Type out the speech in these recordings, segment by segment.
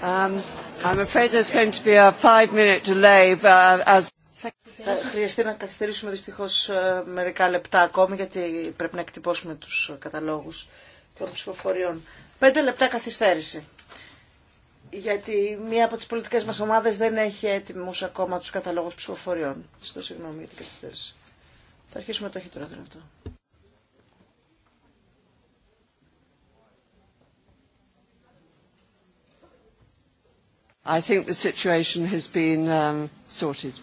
Θα χρειαστεί να καθυστερήσουμε δυστυχώς ε, μερικά λεπτά ακόμη γιατί πρέπει να εκτυπώσουμε τους καταλόγους των ψηφοφοριών. Πέντε λεπτά καθυστέρηση. Γιατί μία από τις πολιτικές μας ομάδες δεν έχει έτοιμους ακόμα τους καταλόγους ψηφοφοριών. Στο συγγνώμη για την καθυστέρηση. Θα αρχίσουμε το τώρα δυνατό. I think the situation has been um, sorted.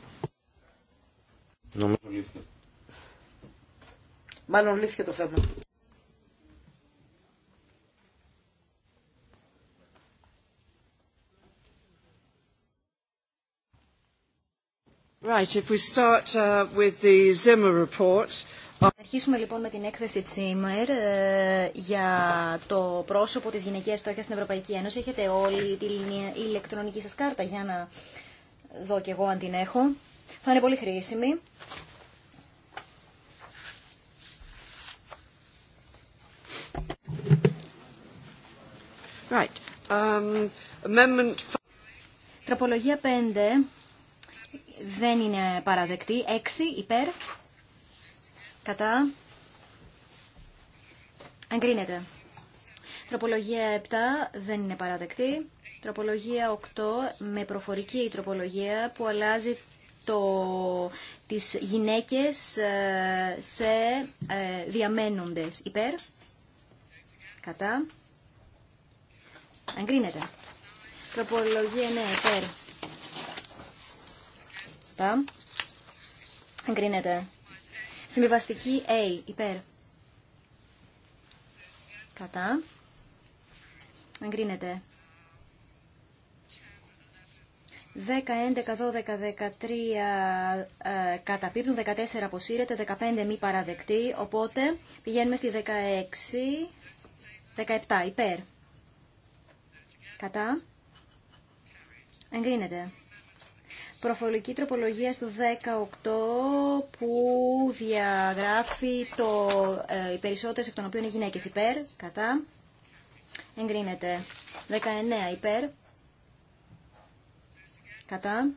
Right, if we start uh, with the Zimmer report, Αρχίσουμε λοιπόν με την έκθεση Τσίμερ ε, για το πρόσωπο της γυναικείας στόχιας στην Ευρωπαϊκή Ένωση. Έχετε όλη την ηλεκτρονική σας κάρτα για να δω κι εγώ αν την έχω. Θα είναι πολύ χρήσιμη. Right. Um, amendment... Τροπολογία 5 δεν είναι παραδεκτή. 6 υπέρ. Κατά. Εγκρίνεται. Τροπολογία 7 δεν είναι παραδεκτή. Τροπολογία 8 με προφορική τροπολογία που αλλάζει το, τις γυναίκες ε, σε ε, διαμένοντες. Υπέρ. Κατά. Εγκρίνεται. Τροπολογία 9 υπέρ. Κατά. Εγκρίνεται. Συμβιβαστική A, υπέρ. Κατά. Εγκρίνεται. 10, 11, 12, 13 ε, καταπίπτουν, 14 αποσύρεται, 15 μη παραδεκτή, οπότε πηγαίνουμε στη 16, 17 υπέρ. Κατά. Εγκρίνεται προφορική τροπολογία στο 18 που διαγράφει το, ε, οι περισσότερες εκ των οποίων οι γυναίκες υπέρ, κατά, εγκρίνεται 19 υπέρ, κατά,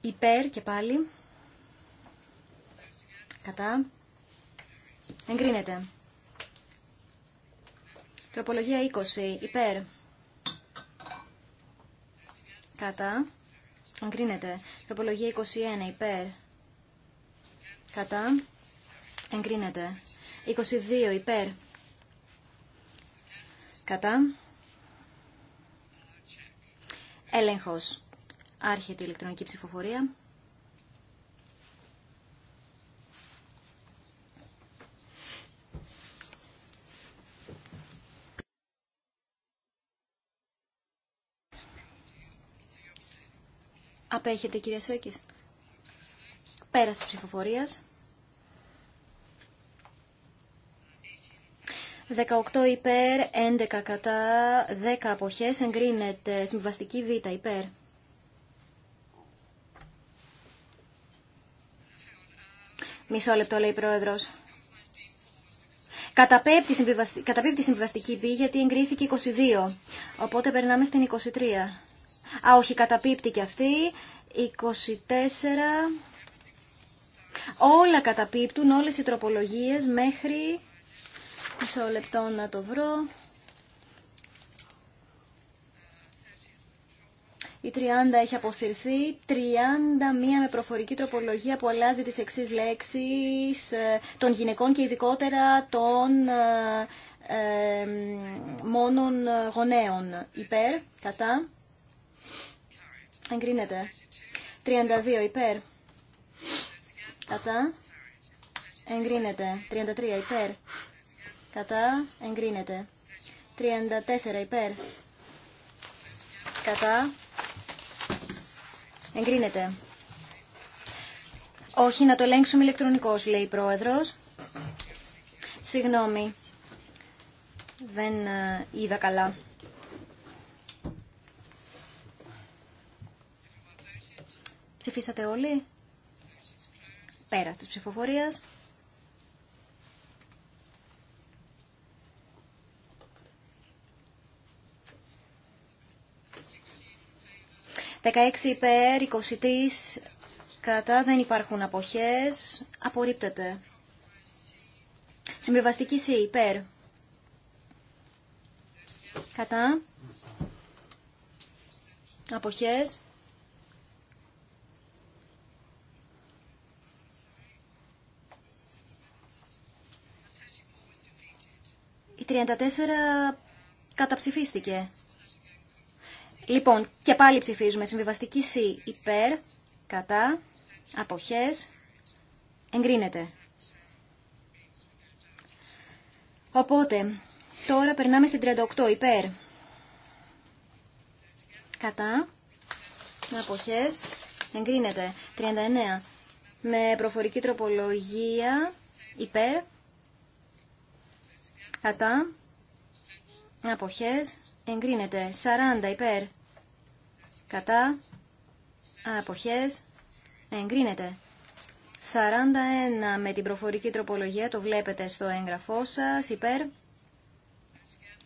υπέρ και πάλι, κατά, εγκρίνεται. Τροπολογία 20, υπέρ, Κατά. Εγκρίνεται. Τροπολογία 21 υπέρ. Κατά. Εγκρίνεται. 22 υπέρ. Κατά. Έλεγχος. Άρχεται η ηλεκτρονική ψηφοφορία. Απέχετε κυρία Σέκης. Πέραση ψηφοφορία. 18 υπέρ, 11 κατά, 10 αποχές, εγκρίνεται συμβαστική β υπέρ. Μισό λεπτό λέει η πρόεδρος. Καταπέπτει συμβιβαστη... συμβιβαστική β γιατί εγκρίθηκε 22, οπότε περνάμε στην 23. Α, όχι, καταπίπτει και αυτή. 24. Όλα καταπίπτουν, όλες οι τροπολογίες μέχρι... Μισό λεπτό να το βρω. Η 30 έχει αποσυρθεί. μία με προφορική τροπολογία που αλλάζει τις εξής λέξεις ε, των γυναικών και ειδικότερα των ε, ε μόνων γονέων. Υπέρ, κατά, Εγκρίνεται. 32 υπέρ. Κατά. Εγκρίνεται. 33 υπέρ. Κατά. Εγκρίνεται. 34 υπέρ. Κατά. Εγκρίνεται. Όχι, να το ελέγξουμε ηλεκτρονικώς, λέει η πρόεδρος. Συγγνώμη. Δεν ε, είδα καλά. Ψηφίσατε όλοι. Πέρα της ψηφοφορίας. Δεκαέξι υπέρ, 23 κατά, δεν υπάρχουν αποχές. Απορρίπτεται. Συμβιβαστική C, υπέρ. Κατά. Αποχές. 34 καταψηφίστηκε. Λοιπόν, και πάλι ψηφίζουμε. Συμβιβαστική C υπέρ, κατά, αποχές, εγκρίνεται. Οπότε, τώρα περνάμε στην 38 υπέρ, κατά, αποχές, εγκρίνεται. 39 με προφορική τροπολογία υπέρ, κατά, αποχές, εγκρίνεται. 40 υπέρ, κατά, αποχές, εγκρίνεται. 41 με την προφορική τροπολογία, το βλέπετε στο έγγραφό σας, υπέρ,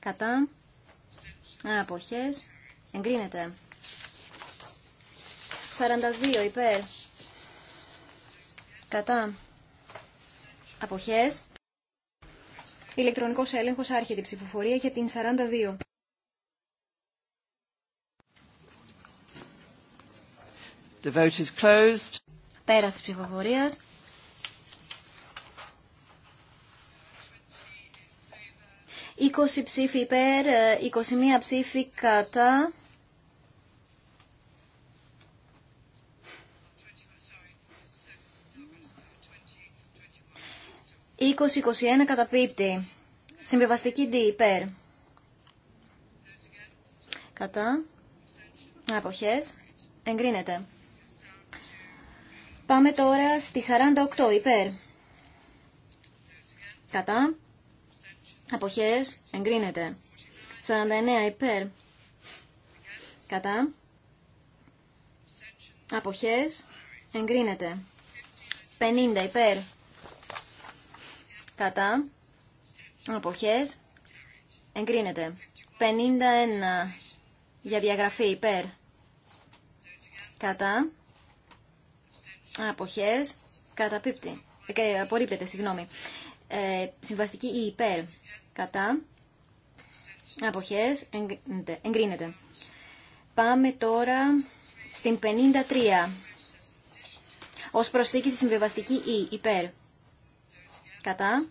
κατά, αποχές, εγκρίνεται. 42 υπέρ, κατά, αποχές, Ηλεκτρονικός έλεγχος άρχεται η ψηφοφορία για την 42. The vote closed. Πέρας ψηφοφορίας. 20 ψήφοι υπέρ, 21 ψήφοι κατά. 20-21 καταπίπτει. Συμβιβαστική D υπέρ. Κατά. Αποχές. Εγκρίνεται. Πάμε τώρα στη 48 υπέρ. Κατά. Αποχές. Εγκρίνεται. 49 υπέρ. Κατά. Αποχές. Εγκρίνεται. 50 υπέρ κατά, αποχές, εγκρίνεται. 51 για διαγραφή υπέρ, κατά, αποχές, καταπίπτει, ε, και απορρίπτεται, συγγνώμη. Ε, συμβαστική ή e υπέρ, κατά, αποχές, εγκρίνεται. Πάμε τώρα στην 53. Ως προσθήκη στη συμβιβαστική e, υπέρ. Κατά.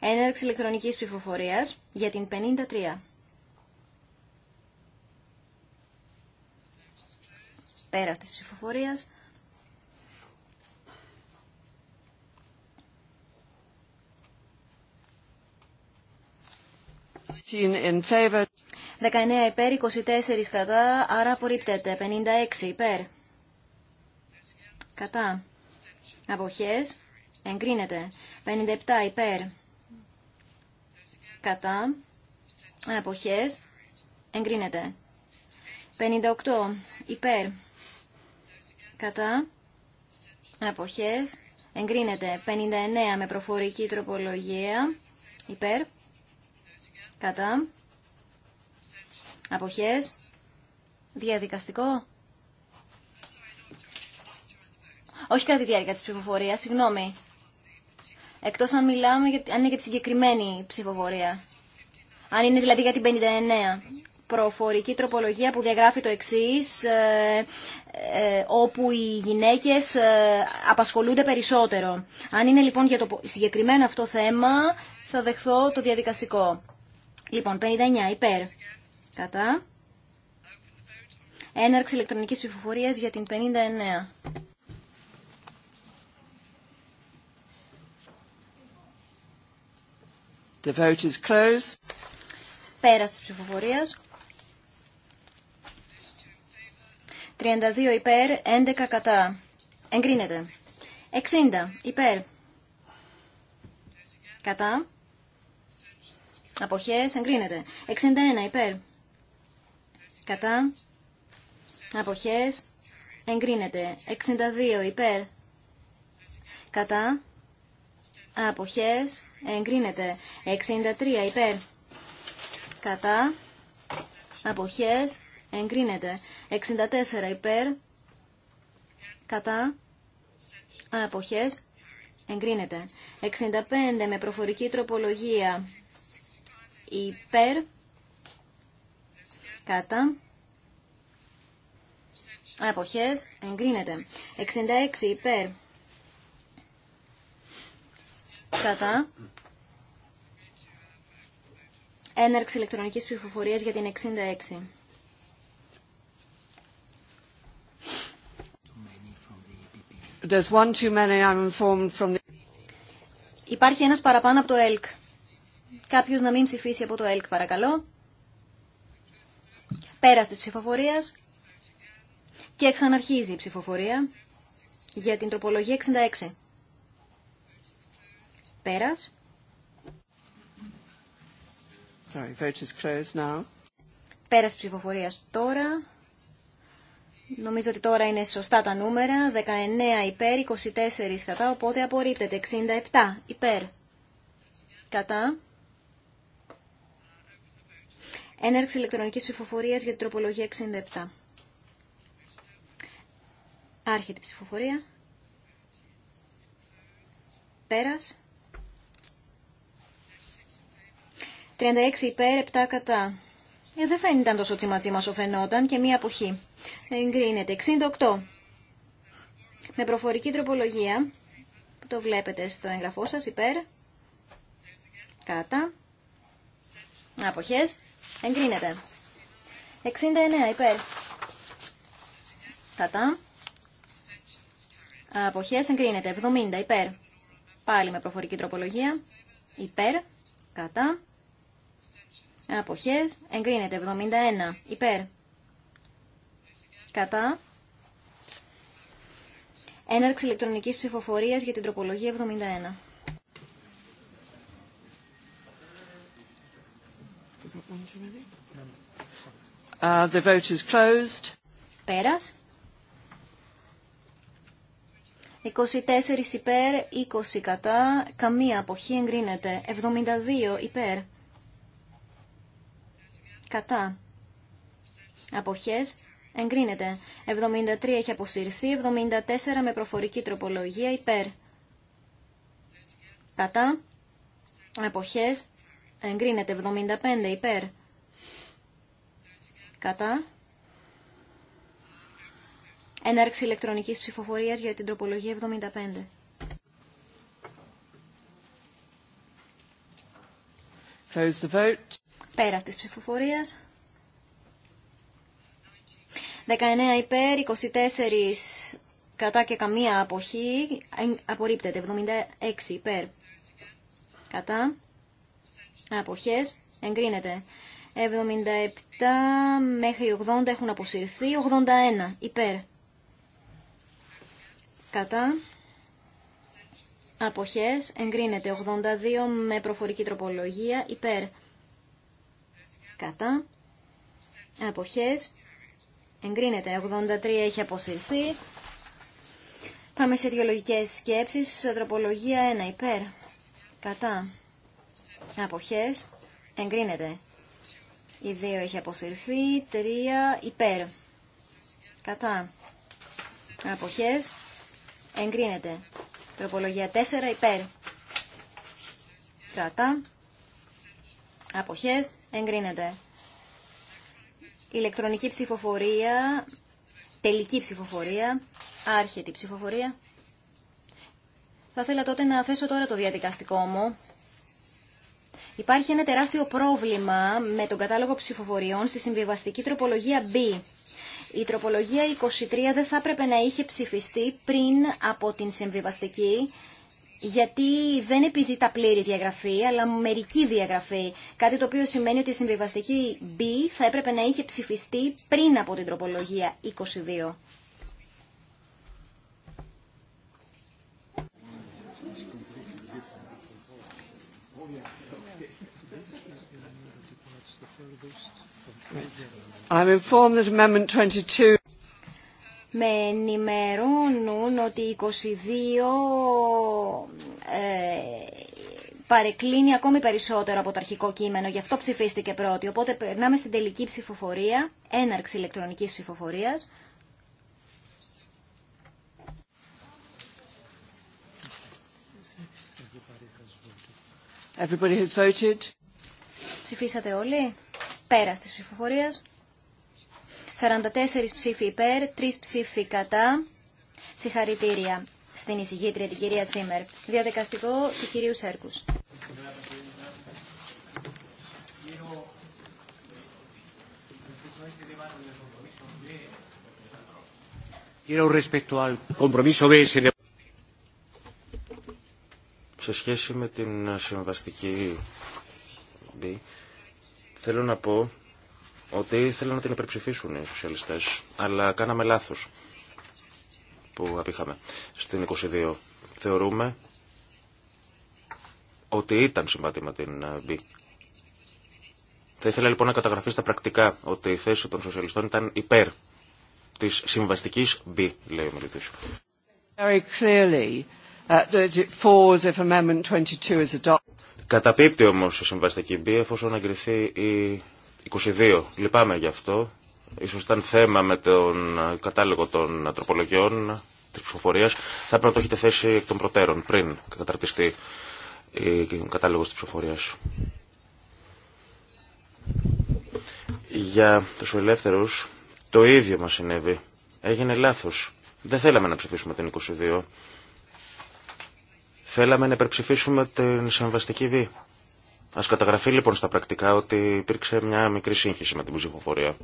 Έναρξη ηλεκτρονικής ψηφοφορίας για την 53. Πέρα της ψηφοφορίας. 19 υπέρ, 24 κατά, άρα απορρίπτεται. 56 υπέρ. Κατά αποχές εγκρίνεται. 57 υπέρ κατά αποχές εγκρίνεται. 58 υπέρ κατά αποχές εγκρίνεται. 59 με προφορική τροπολογία υπέρ κατά αποχές διαδικαστικό Όχι κατά τη διάρκεια τη ψηφοφορία, συγγνώμη. Εκτός αν μιλάμε, αν είναι για τη συγκεκριμένη ψηφοφορία. Αν είναι δηλαδή για την 59. Προφορική τροπολογία που διαγράφει το εξή, ε, ε, όπου οι γυναίκες ε, απασχολούνται περισσότερο. Αν είναι λοιπόν για το συγκεκριμένο αυτό θέμα, θα δεχθώ το διαδικαστικό. Λοιπόν, 59 υπέρ. Κατά. Έναρξη ηλεκτρονικής ψηφοφορίας για την 59. The vote is closed. 32 υπέρ, 11 κατά. Εγκρίνεται. 60 υπέρ. Κατά. Αποχές, εγκρίνεται. 61 υπέρ. Κατά. Αποχές, εγκρίνεται. 62 υπέρ. Κατά. Αποχές, εγκρίνεται. 63 υπέρ κατά αποχές εγκρίνεται. 64 υπέρ κατά αποχές εγκρίνεται. 65 με προφορική τροπολογία υπέρ κατά αποχές εγκρίνεται. 66 υπέρ κατά έναρξη ηλεκτρονικής ψηφοφορίας για την 66. one too many I'm from the... Υπάρχει ένας παραπάνω από το ΕΛΚ. Κάποιος να μην ψηφίσει από το ΕΛΚ, παρακαλώ. Πέρας της ψηφοφορίας. Και ξαναρχίζει η ψηφοφορία για την τροπολογία 66. Πέρας. Sorry, ψηφοφορία τώρα. Νομίζω ότι τώρα είναι σωστά τα νούμερα. 19 υπέρ, 24 κατά, οπότε απορρίπτεται. 67 υπέρ. Κατά. Έναρξη ηλεκτρονικής ψηφοφορίας για την τροπολογία 67. Άρχεται η ψηφοφορία. Πέρας. 36 υπέρ, 7 κατά. Ε, δεν φαίνεται τόσο τσιματσί μας φαινόταν και μία αποχή. Εγκρίνεται. 68. Με προφορική τροπολογία, που το βλέπετε στο εγγραφό σας, υπέρ, κατά, αποχές, εγκρίνεται. 69 υπέρ, κατά, αποχές, εγκρίνεται. 70 υπέρ, πάλι με προφορική τροπολογία, υπέρ, κατά, Αποχές. Εγκρίνεται. 71. Υπέρ. Κατά. Έναρξη ηλεκτρονικής ψηφοφορίας για την τροπολογία 71. Uh, the vote is closed. Πέρας. 24 υπέρ, 20 κατά, καμία αποχή εγκρίνεται. 72 υπέρ κατά αποχές εγκρίνεται. 73 έχει αποσυρθεί, 74 με προφορική τροπολογία υπέρ κατά αποχές εγκρίνεται. 75 υπέρ κατά Έναρξη ηλεκτρονικής ψηφοφορίας για την τροπολογία 75. Close the vote. Πέρας της ψηφοφορίας. 19 υπέρ, 24 κατά και καμία αποχή. Απορρίπτεται. 76 υπέρ. Κατά. Αποχές. Εγκρίνεται. 77 μέχρι 80 έχουν αποσυρθεί. 81 υπέρ. Κατά. Αποχές εγκρίνεται 82 με προφορική τροπολογία υπέρ κατά, αποχές, εγκρίνεται. 83 έχει αποσυρθεί. Πάμε σε ιδεολογικές σκέψεις. Τροπολογία 1 υπέρ, κατά, αποχές, εγκρίνεται. Η 2 έχει αποσυρθεί. 3 υπέρ, κατά, αποχές, εγκρίνεται. Τροπολογία 4 υπέρ, κατά, Αποχές. Εγκρίνεται. Ηλεκτρονική ψηφοφορία. Τελική ψηφοφορία. Άρχεται ψηφοφορία. Θα ήθελα τότε να θέσω τώρα το διαδικαστικό μου. Υπάρχει ένα τεράστιο πρόβλημα με τον κατάλογο ψηφοφοριών στη συμβιβαστική τροπολογία B. Η τροπολογία 23 δεν θα έπρεπε να είχε ψηφιστεί πριν από την συμβιβαστική γιατί δεν επιζητά πλήρη διαγραφή, αλλά μερική διαγραφή. Κάτι το οποίο σημαίνει ότι η συμβιβαστική B θα έπρεπε να είχε ψηφιστεί πριν από την τροπολογία 22. I'm 22 με ενημερώνουν ότι 22 ε, παρεκκλίνει ακόμη περισσότερο από το αρχικό κείμενο. Γι' αυτό ψηφίστηκε πρώτη. Οπότε περνάμε στην τελική ψηφοφορία, έναρξη ηλεκτρονικής ψηφοφορίας. has voted. Ψηφίσατε όλοι. Πέρα της ψηφοφορίας. 44 ψήφοι υπέρ, 3 ψήφοι κατά. Συγχαρητήρια στην εισηγήτρια την κυρία Τσίμερ. Διαδικαστικό του κυρίου Σέρκους. Σε σχέση με την συμβαστική θέλω να πω ότι ήθελαν να την υπερψηφίσουν οι σοσιαλιστέ. αλλά κάναμε λάθος που απήχαμε στην 22. Θεωρούμε ότι ήταν συμβατή την B. Ε, Θα ήθελα λοιπόν να καταγραφεί στα πρακτικά ότι η θέση των σοσιαλιστών ήταν υπέρ της συμβαστική B, λέει ο μιλητή. Uh, Καταπίπτει όμως η συμβαστική B εφόσον εγκριθεί η 22. Λυπάμαι γι' αυτό. Ίσως ήταν θέμα με τον κατάλογο των τροπολογιών της ψηφοφορίας. Θα πρέπει να το έχετε θέσει εκ των προτέρων πριν καταρτιστεί ο κατάλογος της ψηφοφορίας. Για τους ελεύθερους το ίδιο μας συνέβη. Έγινε λάθος. Δεν θέλαμε να ψηφίσουμε την 22. Θέλαμε να υπερψηφίσουμε την συμβαστική βή. Ας καταγραφεί λοιπόν στα πρακτικά ότι υπήρξε μια μικρή σύγχυση με την ψηφοφορία.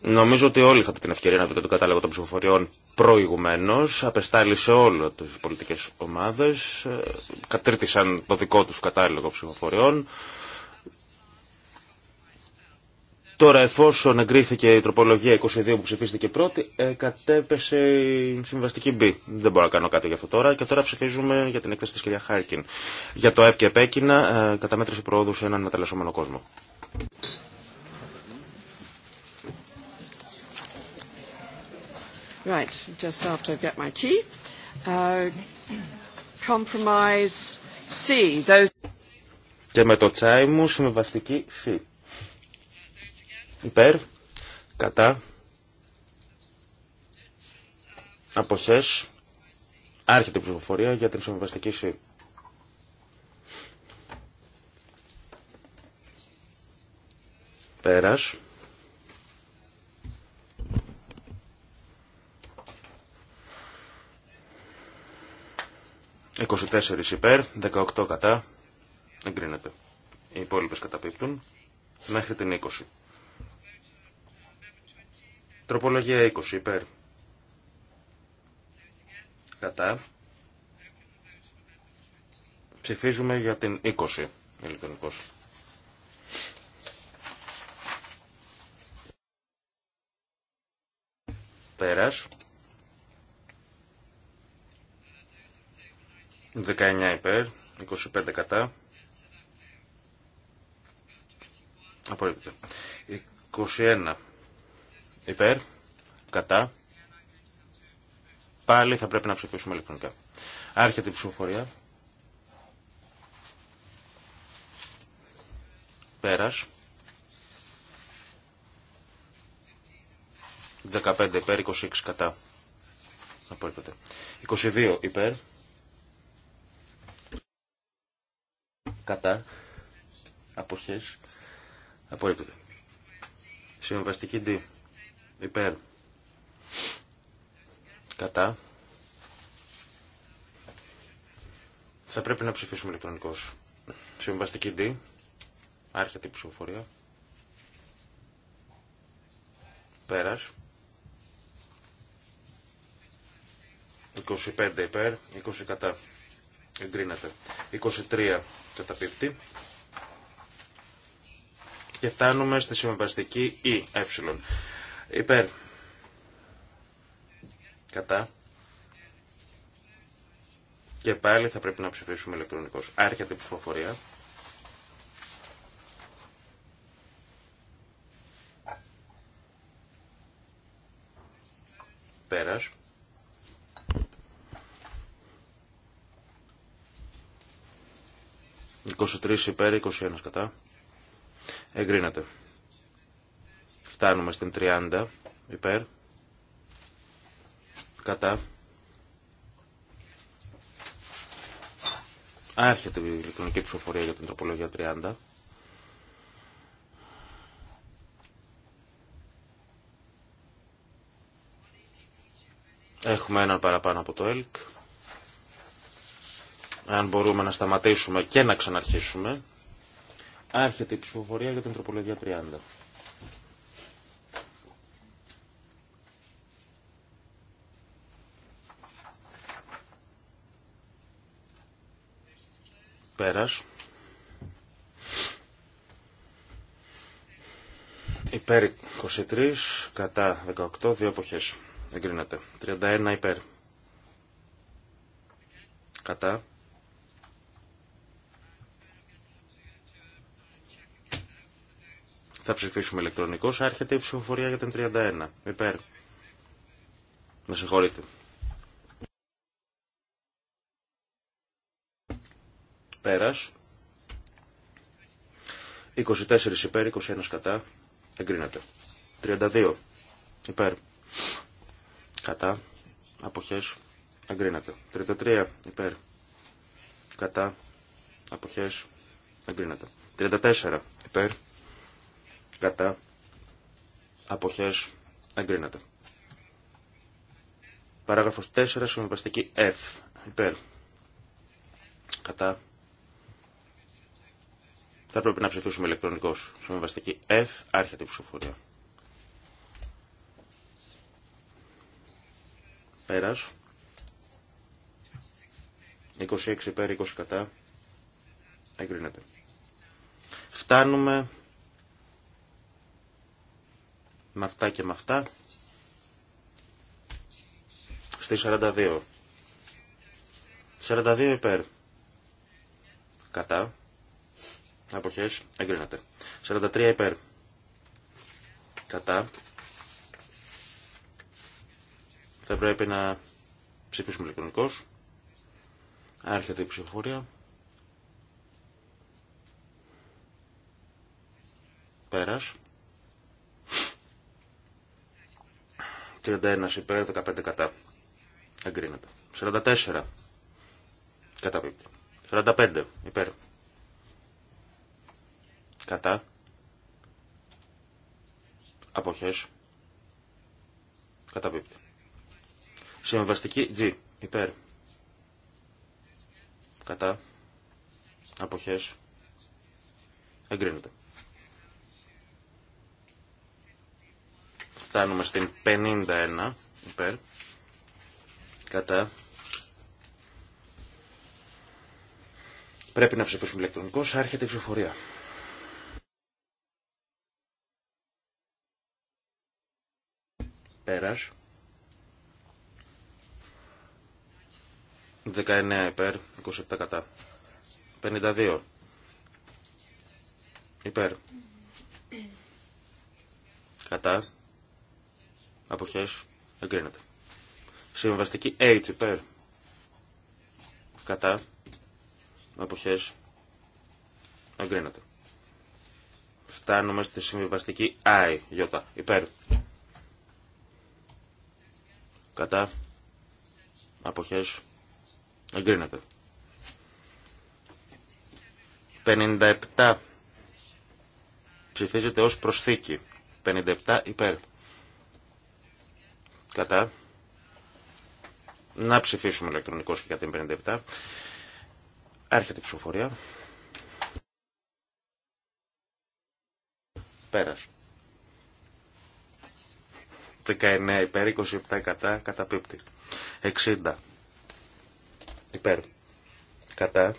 Νομίζω ότι όλοι είχατε την ευκαιρία να δείτε τον κατάλογο των ψηφοφοριών προηγουμένω. Απεστάλησε όλε τι πολιτικέ ομάδε. Ε, κατρίτησαν το δικό του κατάλογο ψηφοφοριών. Τώρα, εφόσον εγκρίθηκε η τροπολογία 22 που ψηφίστηκε πρώτη, ε, κατέπεσε η συμβαστική B. Δεν μπορώ να κάνω κάτι για αυτό τώρα. Και τώρα ψηφίζουμε για την έκθεση της κυρία Χάρκιν. Για το ΕΠ και επέκεινα, ε, καταμέτρηση προόδου σε έναν μεταλλασσόμενο κόσμο. Right, just after I get my tea. Uh, compromise C. Και με το τσάι μου συμβαστική C. Υπέρ. Κατά. Αποχές. Άρχεται η πληροφορία για την συμβαστική ΣΥ. Πέρας. 24 υπέρ, 18 κατά, εγκρίνεται. Οι υπόλοιπες καταπίπτουν μέχρι την 20. Τροπολογία 20 υπέρ. Κατά. Ψηφίζουμε για την 20 ηλεκτρονικός. Πέρας. 19 υπέρ, 25 κατά. Απορρίπτω. 21 Υπέρ. Κατά. Πάλι θα πρέπει να ψηφίσουμε ηλεκτρονικά. Άρχεται η ψηφοφορία. Πέρας. 15 υπέρ, 26 κατά. Απορρίπτεται. 22 υπέρ. Κατά. Αποχές. Απορρίπτεται. Συμβαστική D. Υπέρ. Κατά. Θα πρέπει να ψηφίσουμε ηλεκτρονικώς. Συμβαστική D. Άρχεται η ψηφοφορία. Πέρας. 25 υπέρ, 20 κατά. Εγκρίνεται. 23 πίπτη Και φτάνουμε στη συμβαστική ΙΕ. E, Υπέρ. Κατά. Και πάλι θα πρέπει να ψηφίσουμε ηλεκτρονικώς. Άρχεται η ψηφοφορία. Πέρας. «23 υπέρ, 21 κατά». Εγκρίνεται. Φτάνουμε στην 30 υπέρ. Κατά. Άρχεται η ηλεκτρονική ψηφοφορία για την τροπολογία 30. Έχουμε έναν παραπάνω από το ΕΛΚ. Αν μπορούμε να σταματήσουμε και να ξαναρχίσουμε. Άρχεται η ψηφοφορία για την τροπολογία 30. Πέρας. Υπέρ 23, κατά 18, δύο εποχές. Εγκρίνεται. 31 υπέρ. Κατά. Θα ψηφίσουμε ηλεκτρονικώς. Άρχεται η ψηφοφορία για την 31. Υπέρ. Με συγχωρείτε. πέρας. 24 υπέρ, 21 κατά. Εγκρίνεται. 32 υπέρ. Κατά. Αποχές. Εγκρίνεται. 33 υπέρ. Κατά. Αποχές. Εγκρίνεται. 34 υπέρ. Κατά. Αποχές. Εγκρίνεται. Παράγραφος 4. Συμβαστική F. Υπέρ. Κατά. Θα πρέπει να ψηφίσουμε ηλεκτρονικώς. Συμβαστική F, άρχεται η ψηφοφορία. Πέρας. 26 υπέρ, 20 κατά. Εγκρίνεται. Φτάνουμε με αυτά και με αυτά στη 42. 42 υπέρ. Κατά. Αποχές. Εγκρίνατε. 43 υπέρ. Κατά. Θα πρέπει να ψηφίσουμε ηλεκτρονικώς. Άρχεται η ψηφοφορία. Πέρας. 31 υπέρ, 15 κατά. Εγκρίνεται. 44 καταπίπτει. 45 υπέρ. Κατά. Αποχές. Καταπίπτει. Συμβαστική G. Υπέρ. Κατά. Αποχές. Εγκρίνεται. Φτάνουμε στην 51. Υπέρ. Κατά. Πρέπει να ψηφίσουμε ηλεκτρονικός Άρχεται η ψηφοφορία. Πέρας. 19 υπέρ, 27 κατά. 52 υπέρ. Κατά. Αποχές. Εγκρίνεται. Συμβαστική H υπέρ. Κατά. Αποχές. Εγκρίνεται. Φτάνουμε στη συμβαστική I, Ι, υπέρ. Κατά. Αποχές. Εγκρίνεται. 57 ψηφίζεται ως προσθήκη. 57 υπέρ. Κατά. Να ψηφίσουμε ηλεκτρονικώς και για την 57. Άρχεται η ψηφοφορία. Πέρασε. 19 υπέρ, 27 κατά, καταπίπτει. 60 υπέρ, κατά.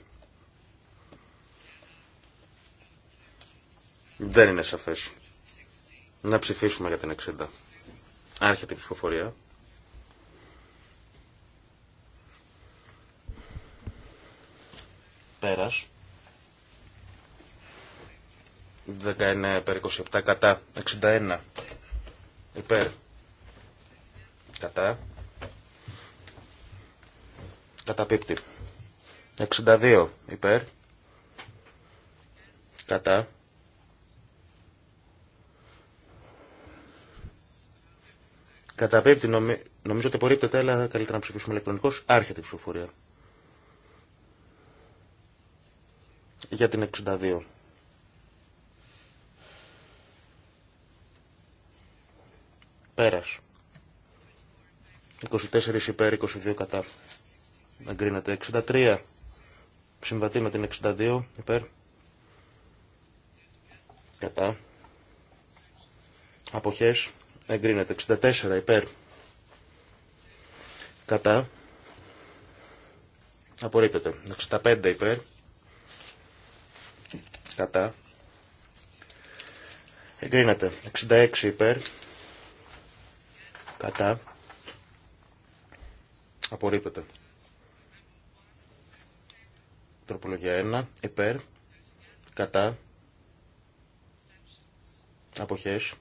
Δεν είναι σαφές. Να ψηφίσουμε για την 60. Άρχεται η ψηφοφορία. Πέρας. 19 υπέρ 27 κατά. 61 υπέρ. Κατά. Καταπίπτει. 62 υπέρ. Κατά. Καταπίπτει. Νομι... Νομίζω ότι απορρίπτεται, αλλά καλύτερα να ψηφίσουμε ηλεκτρονικώς. Άρχεται η ψηφοφορία. Για την 62. Πέρας. 24 υπέρ, 22 κατά. Εγκρίνεται. 63 συμβατεί με την 62 υπέρ. Κατά. Αποχές. Εγκρίνεται. 64 υπέρ. Κατά. Απορρίπτεται. 65 υπέρ. Κατά. Εγκρίνεται. 66 υπέρ. Κατά. Απορρίπτεται. Τροπολογία 1. Υπέρ. Κατά. Αποχές.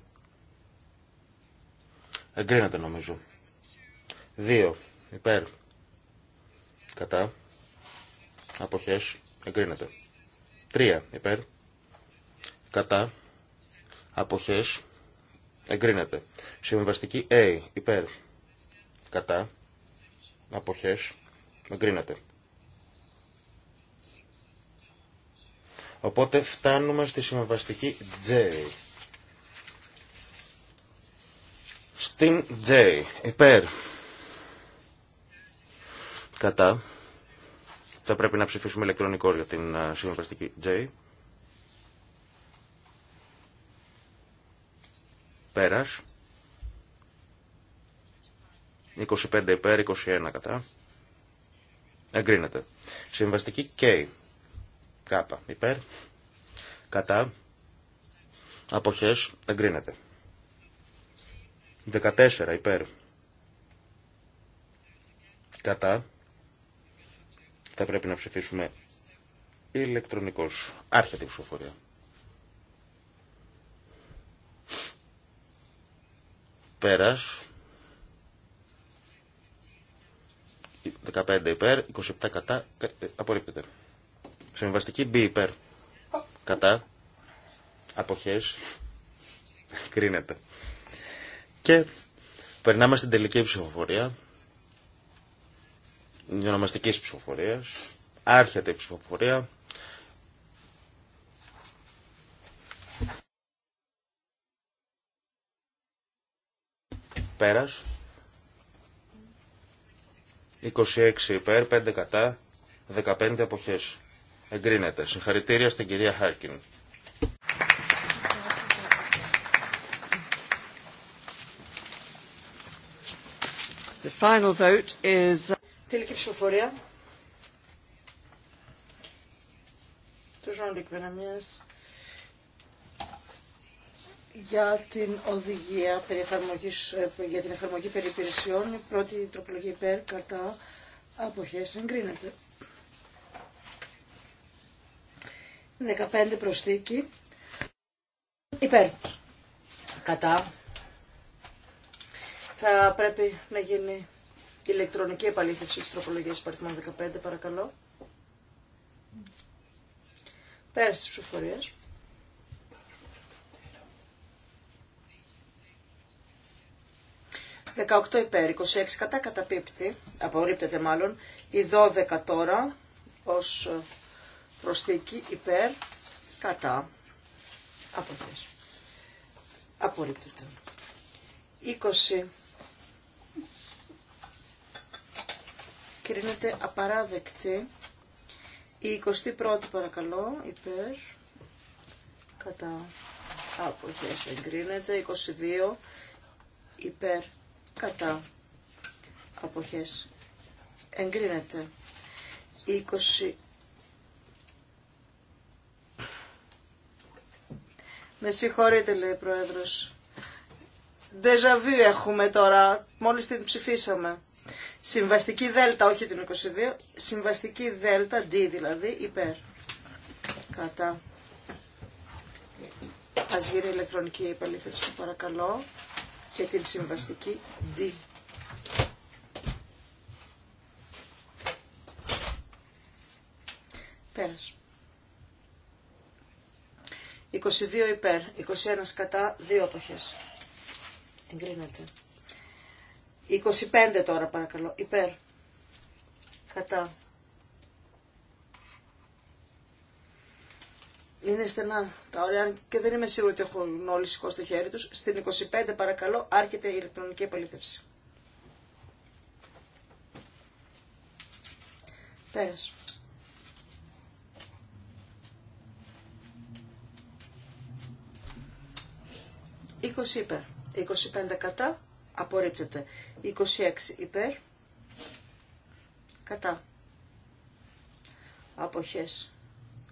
Εγκρίνεται νομίζω. 2. Υπέρ. Κατά. Αποχές. Εγκρίνεται. 3. Υπέρ. Κατά. Αποχές. Εγκρίνεται. Συμβαστική A. Υπέρ. Κατά αποχές εγκρίνεται. Οπότε φτάνουμε στη συμβαστική J. Στην J, υπέρ. Κατά. Θα πρέπει να ψηφίσουμε ηλεκτρονικώς για την συμβαστική J. Πέρας. 25 υπέρ, 21 κατά. Εγκρίνεται. Συμβαστική K. Κάπα υπέρ. Κατά. Αποχές. Εγκρίνεται. 14 υπέρ. Κατά. Θα πρέπει να ψηφίσουμε ηλεκτρονικός. Άρχεται η ψηφοφορία. Πέρας. 15 υπέρ, 27 κατά, ε, απορρίπτεται. Συμβαστική B υπέρ, κατά, αποχές, κρίνεται. Και περνάμε στην τελική ψηφοφορία, διονομαστικής ψηφοφορίας, άρχεται η ψηφοφορία. Πέρας. 26 υπέρ, 5 κατά, 15 αποχές. Εγκρίνεται. Συγχαρητήρια στην κυρία Χάρκιν. The final vote is... Τελική ψηφοφορία. Του Ζων Λικβεναμίας για την οδηγία ε, για την εφαρμογή περί Η πρώτη τροπολογία υπέρ κατά αποχές εγκρίνεται. 15 προσθήκη υπέρ κατά θα πρέπει να γίνει ηλεκτρονική επαλήθευση της τροπολογίας παριθμών 15 παρακαλώ. πέρα της ψηφοφορίας. 18 υπέρ, 26 κατά καταπίπτει, απορρίπτεται μάλλον, η 12 τώρα ως ε, προσθήκη υπέρ, κατά, Απορρίπτεται. 20 κρίνεται απαράδεκτη. Η 21η παρακαλώ, υπέρ, κατά, αποχές εγκρίνεται, 22 υπέρ, κατά αποχές εγκρίνεται 20 Με συγχωρείτε λέει ο Πρόεδρος. Δεζαβίου έχουμε τώρα, μόλις την ψηφίσαμε. Συμβαστική δέλτα, όχι την 22, συμβαστική δέλτα, D δηλαδή, υπέρ. Κατά. Ας γίνει ηλεκτρονική υπαλήθευση παρακαλώ και την συμβαστική D. Πέρας. 22 υπέρ, 21 κατά, δύο αποχές. Εγκρίνεται. 25 τώρα παρακαλώ, υπέρ, κατά, είναι στενά τα ωραία και δεν είμαι σίγουρη ότι έχουν όλοι σηκώσει το χέρι τους. Στην 25 παρακαλώ άρχεται η ηλεκτρονική επαλήθευση. Πέρας. 20 υπέρ, 25 κατά, απορρίπτεται. 26 υπέρ, κατά. Αποχές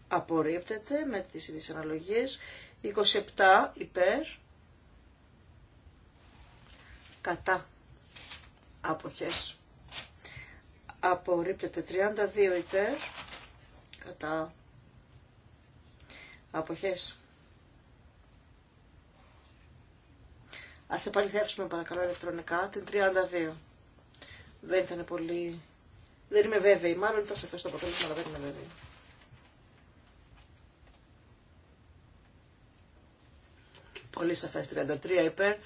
απορρίπτεται με τις ίδιες αναλογίες. 27 υπέρ κατά αποχές. Απορρίπτεται 32 υπέρ κατά αποχές. Ας επαληθεύσουμε παρακαλώ ηλεκτρονικά την 32. Δεν ήταν πολύ... Δεν είμαι βέβαιη. Μάλλον ήταν σαφές το αποτέλεσμα, αλλά δεν είμαι βέβαιη. Πολύ σαφέ. 33 υπέρ,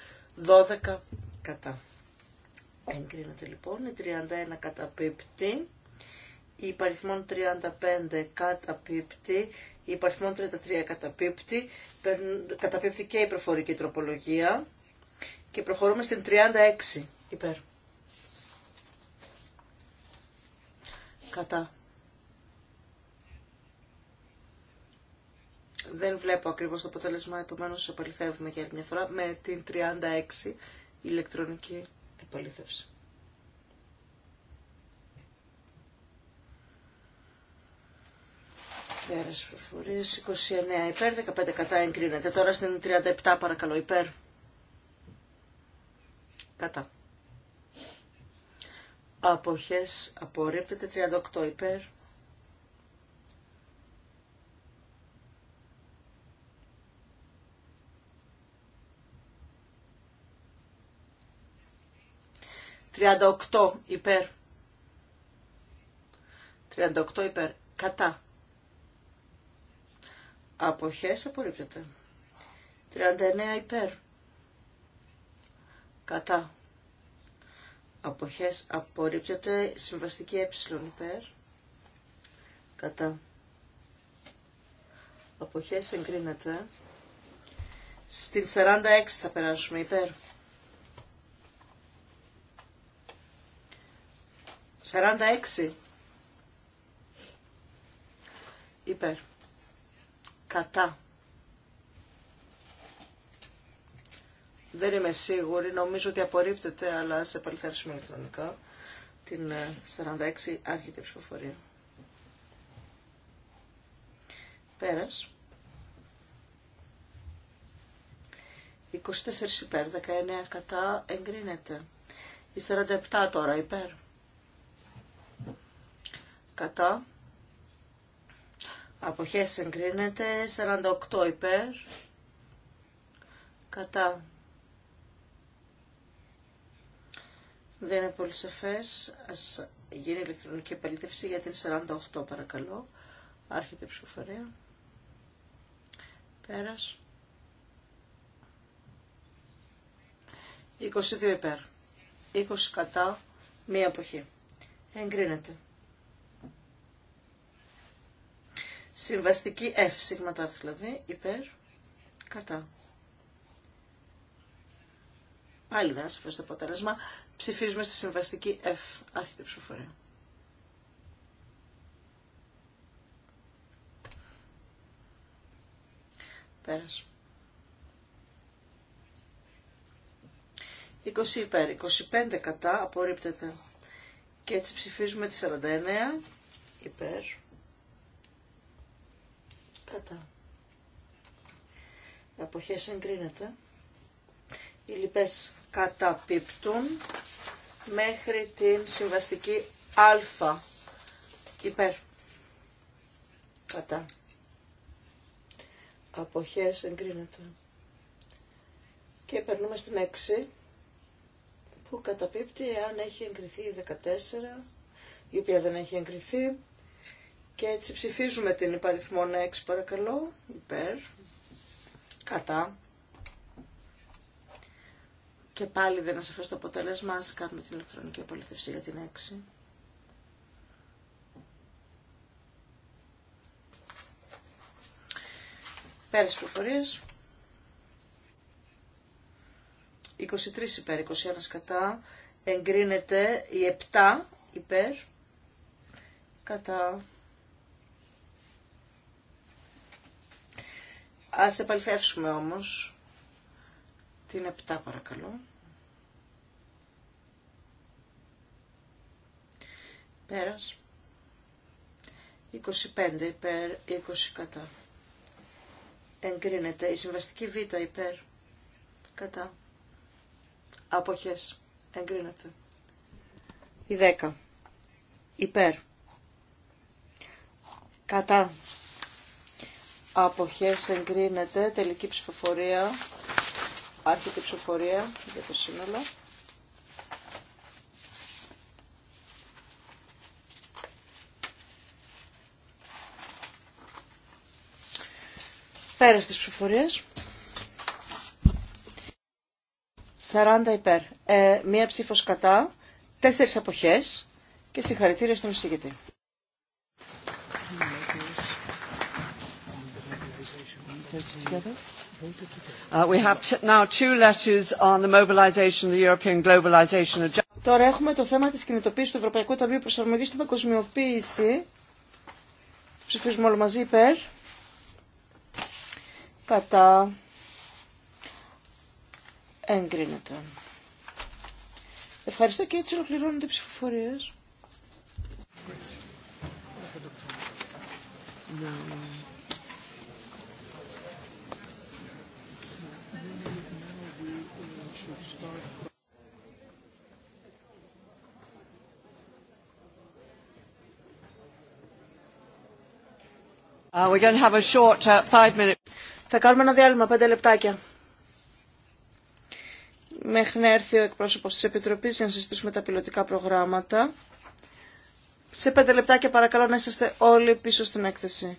12 κατά. Εγκρίνεται λοιπόν, η 31 πίπτη. η υπαριθμόν 35 καταπίπτει, η υπαριθμόν 33 καταπίπτει, καταπίπτει και η προφορική τροπολογία και προχωρούμε στην 36 υπέρ. Κατά. Δεν βλέπω ακριβώς το αποτέλεσμα, επομένως επαληθεύουμε για άλλη μια φορά με την 36 ηλεκτρονική επαληθεύση. Πέρας προφορές. 29 υπέρ, 15 κατά εγκρίνεται. Τώρα στην 37 παρακαλώ υπέρ. Κατά. Αποχές απορρίπτεται 38 υπέρ 38 υπέρ. 38 υπέρ. Κατά. Αποχές απορρίπτεται. 39 υπέρ. Κατά. Αποχές απορρίπτεται. Συμβαστική ε υπέρ. Κατά. Αποχές εγκρίνεται. Στην 46 θα περάσουμε υπέρ. 46 υπέρ κατά δεν είμαι σίγουρη νομίζω ότι απορρίπτεται αλλά σε επαληθεύσουμε ηλεκτρονικά την 46 ε, άρχεται η ψηφοφορία πέρας 24 υπέρ 19 κατά εγκρίνεται η 47 τώρα υπέρ κατά αποχές εγκρίνεται 48 υπέρ κατά δεν είναι πολύ σαφές ας γίνει ηλεκτρονική επαλήθευση για την 48 παρακαλώ άρχεται η ψηφοφορία πέρας 22 υπέρ 20 κατά μία αποχή εγκρίνεται Συμβαστική F, σιγματάφ δηλαδή, υπέρ, κατά. Πάλι δεν σας το αποτέλεσμα. Ψηφίζουμε στη συμβαστική F, άρχιτε ψηφοφορία. Πέρας. 20 υπέρ, 25 κατά, απορρίπτεται. Και έτσι ψηφίζουμε τη 49 υπέρ Κατά. Αποχές εγκρίνεται. Οι λοιπές καταπίπτουν μέχρι την συμβαστική α. Υπέρ. Κατά. Αποχές εγκρίνεται. Και περνούμε στην 6 που καταπίπτει εάν έχει εγκριθεί η 14 η οποία δεν έχει εγκριθεί και έτσι ψηφίζουμε την υπαριθμό 6 παρακαλώ, υπέρ, κατά. Και πάλι δεν είναι το αποτέλεσμα, ας κάνουμε την ηλεκτρονική απολύθευση για την 6. Πέρες προφορίες. 23 υπέρ, 21 κατά. Εγκρίνεται η 7 υπέρ. Κατά Ας επαληθεύσουμε όμως την 7 παρακαλώ. Πέρας. 25 υπέρ, 20 κατά. Εγκρίνεται η συμβαστική β υπέρ, κατά. Αποχές. Εγκρίνεται. Η 10. Υπέρ. Κατά αποχές εγκρίνεται, τελική ψηφοφορία, άρχιτη ψηφοφορία για το σύνολο. Πέρας της ψηφοφορίας. 40 υπέρ. Ε, μία ψήφος κατά, τέσσερις αποχές και συγχαρητήρια στον εισηγητή. together? Uh, we have now two letters on the mobilization of the European globalization agenda. Τώρα έχουμε το θέμα της κινητοποίησης του Ευρωπαϊκού Ταμείου Προσαρμογής στην Παγκοσμιοποίηση. Ψηφίζουμε όλοι μαζί υπέρ. Κατά. Εγκρίνεται. Ευχαριστώ και έτσι ολοκληρώνονται οι ψηφοφορίες. No. Uh, uh, Θα κάνουμε ένα διάλειμμα, πέντε λεπτάκια. Μέχρι να έρθει ο εκπρόσωπο τη Επιτροπή για να συζητήσουμε τα πιλωτικά προγράμματα. Σε πέντε λεπτάκια παρακαλώ να είσαστε όλοι πίσω στην έκθεση.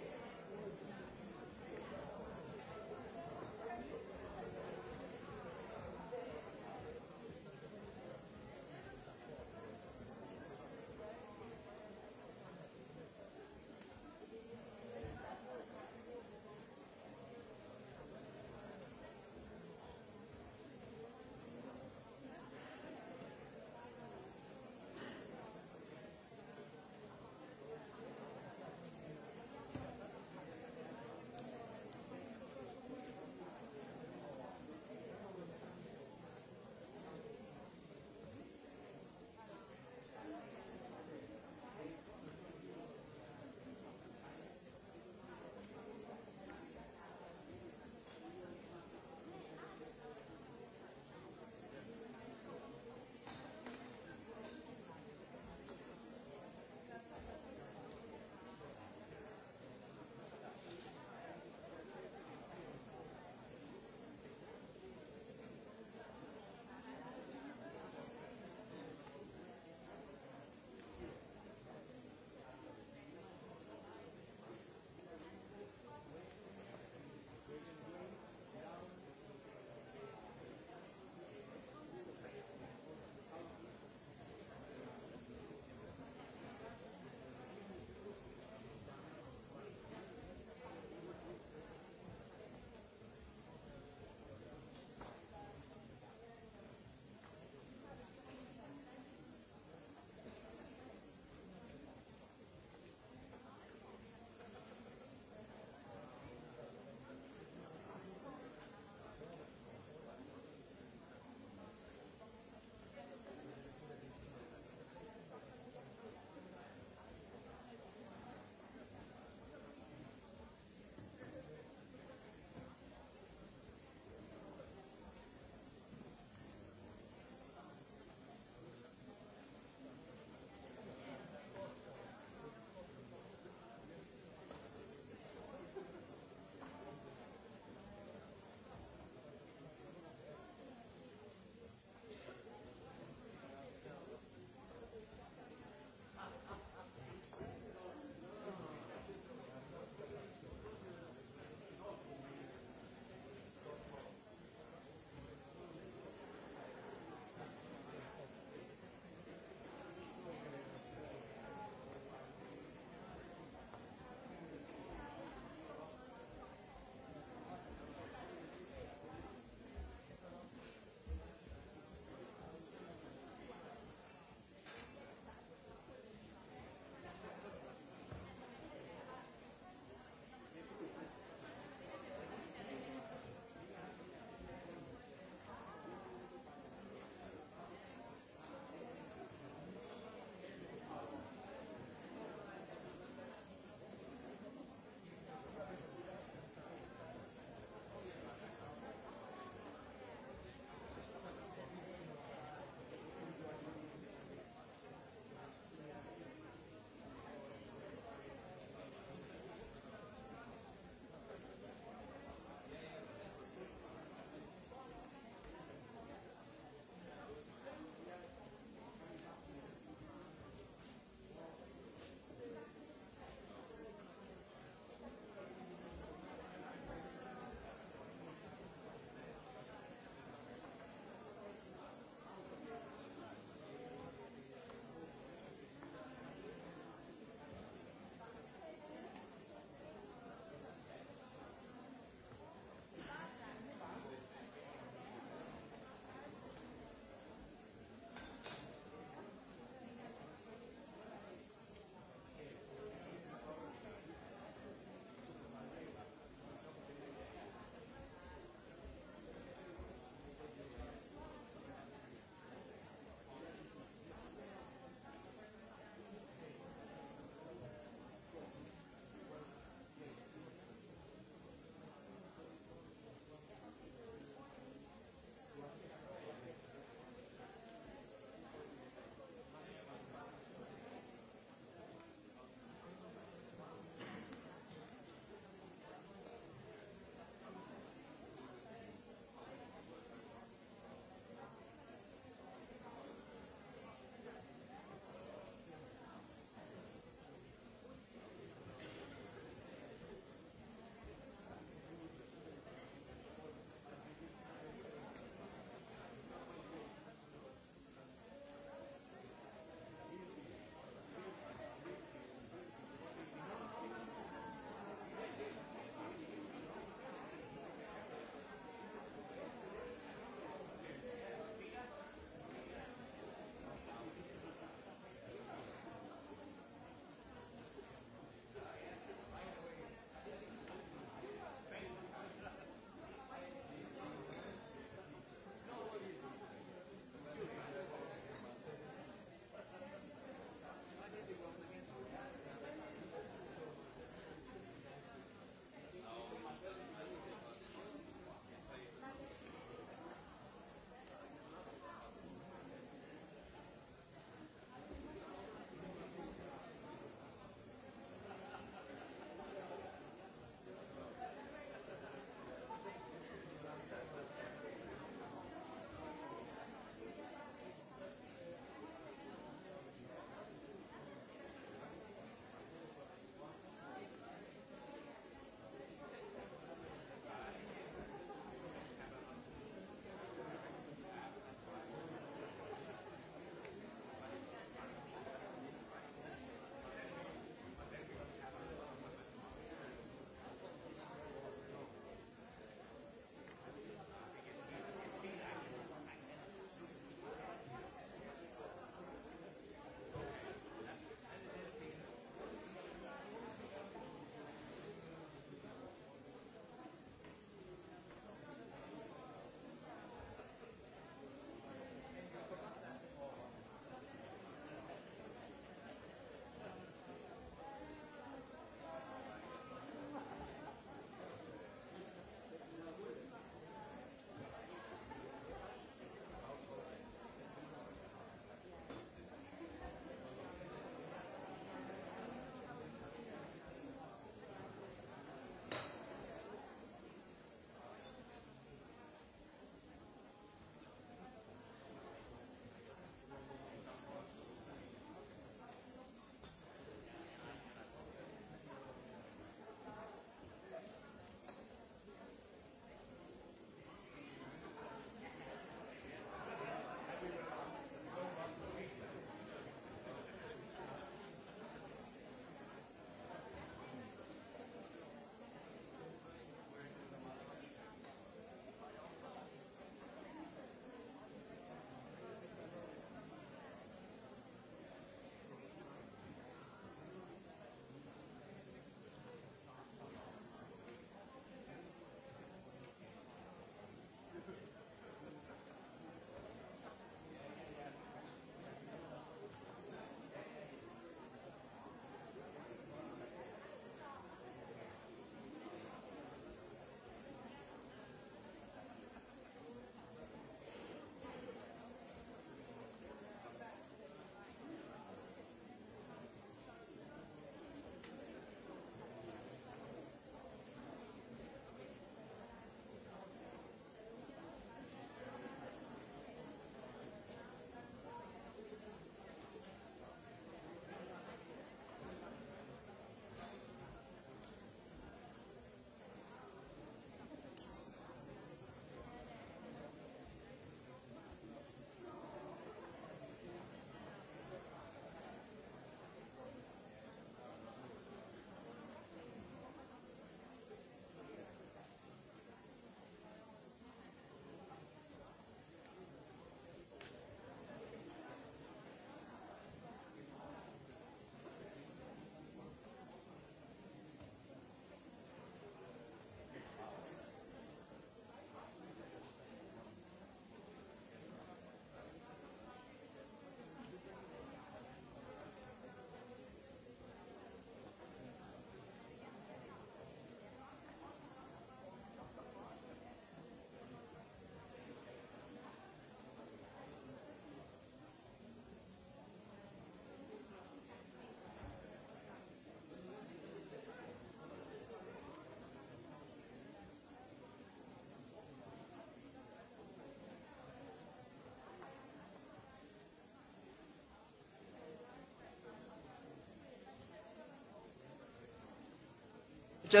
You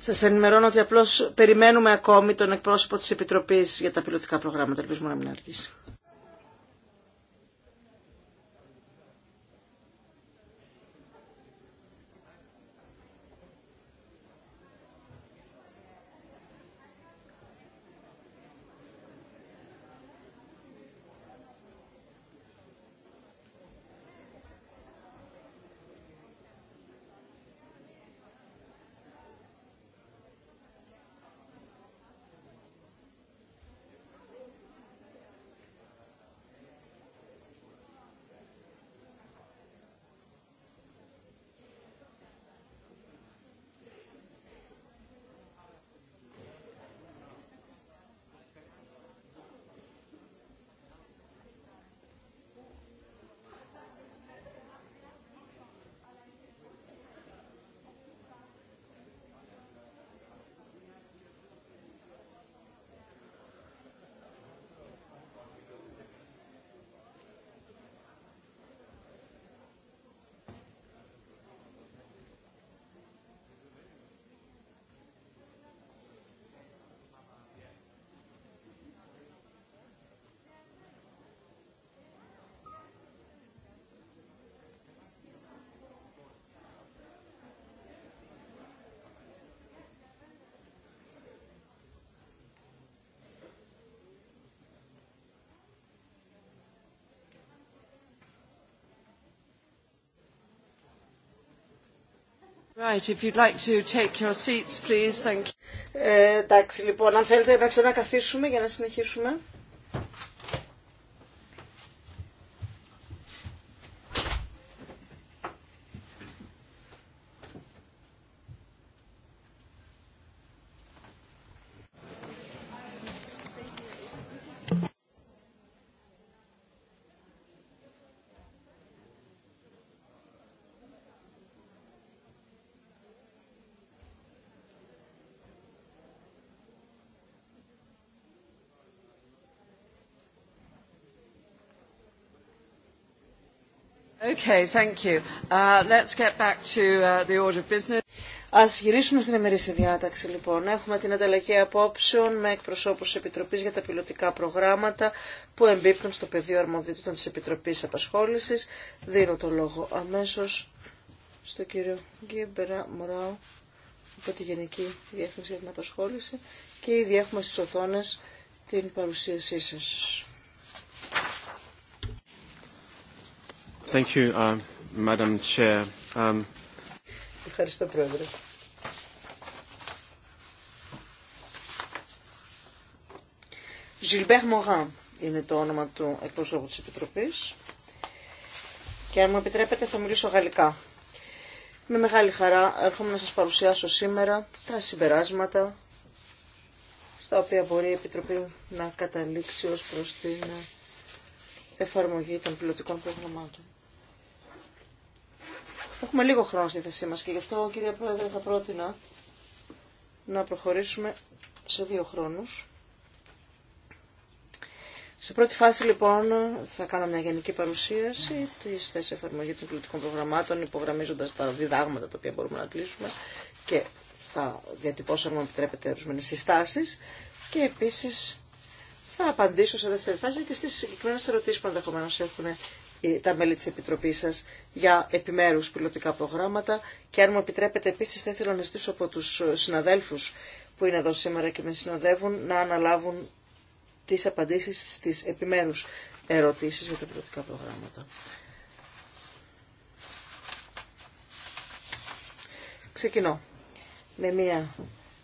Σα ενημερώνω ότι απλώς περιμένουμε ακόμη τον εκπρόσωπο της Επιτροπής για τα πιλωτικά προγράμματα. Ελπίζουμε να μην αργήσει. Right, if you'd like to take your seats, please. Thank you. Ε, εντάξει, λοιπόν, αν θέλετε να ξανακαθίσουμε για να συνεχίσουμε. Okay, thank you. Uh, let's get back to uh, the order of business. Ας γυρίσουμε στην ημερήσια διάταξη λοιπόν. Έχουμε την ανταλλαγή απόψεων με εκπροσώπους της Επιτροπής για τα πιλωτικά προγράμματα που εμπίπτουν στο πεδίο των της Επιτροπής Απασχόλησης. Δίνω το λόγο αμέσως στον κύριο Γκίμπερα Μωράου από τη Γενική Διεύθυνση για την Απασχόληση και ήδη έχουμε στις οθόνες την παρουσίασή σας. Thank you, uh, Madam Chair. Um, Ευχαριστώ, Πρόεδρε. Gilbert Μογάν είναι το όνομα του εκπροσώπου της Επιτροπής και αν μου επιτρέπετε θα μιλήσω γαλλικά. Με μεγάλη χαρά έρχομαι να σας παρουσιάσω σήμερα τα συμπεράσματα στα οποία μπορεί η Επιτροπή να καταλήξει ως προς την εφαρμογή των πιλωτικών προγραμμάτων. Έχουμε λίγο χρόνο στη θέση μας και γι' αυτό, κύριε Πρόεδρε, θα πρότεινα να προχωρήσουμε σε δύο χρόνους. Σε πρώτη φάση λοιπόν θα κάνω μια γενική παρουσίαση της θέσης εφαρμογή των πολιτικών προγραμμάτων υπογραμμίζοντας τα διδάγματα τα οποία μπορούμε να κλείσουμε και θα διατυπώσω αν μου επιτρέπετε ορισμένες συστάσεις και επίσης θα απαντήσω σε δεύτερη φάση και στις συγκεκριμένες ερωτήσεις που ενδεχομένω έχουν ε, τα μέλη της Επιτροπής σας για επιμέρους πιλωτικά προγράμματα και αν μου επιτρέπετε επίσης θα ήθελα να από τους συναδέλφους που είναι εδώ σήμερα και με συνοδεύουν να αναλάβουν τις απαντήσεις στις επιμέρους ερωτήσεις για τα πιλωτικά προγράμματα. Ξεκινώ με μία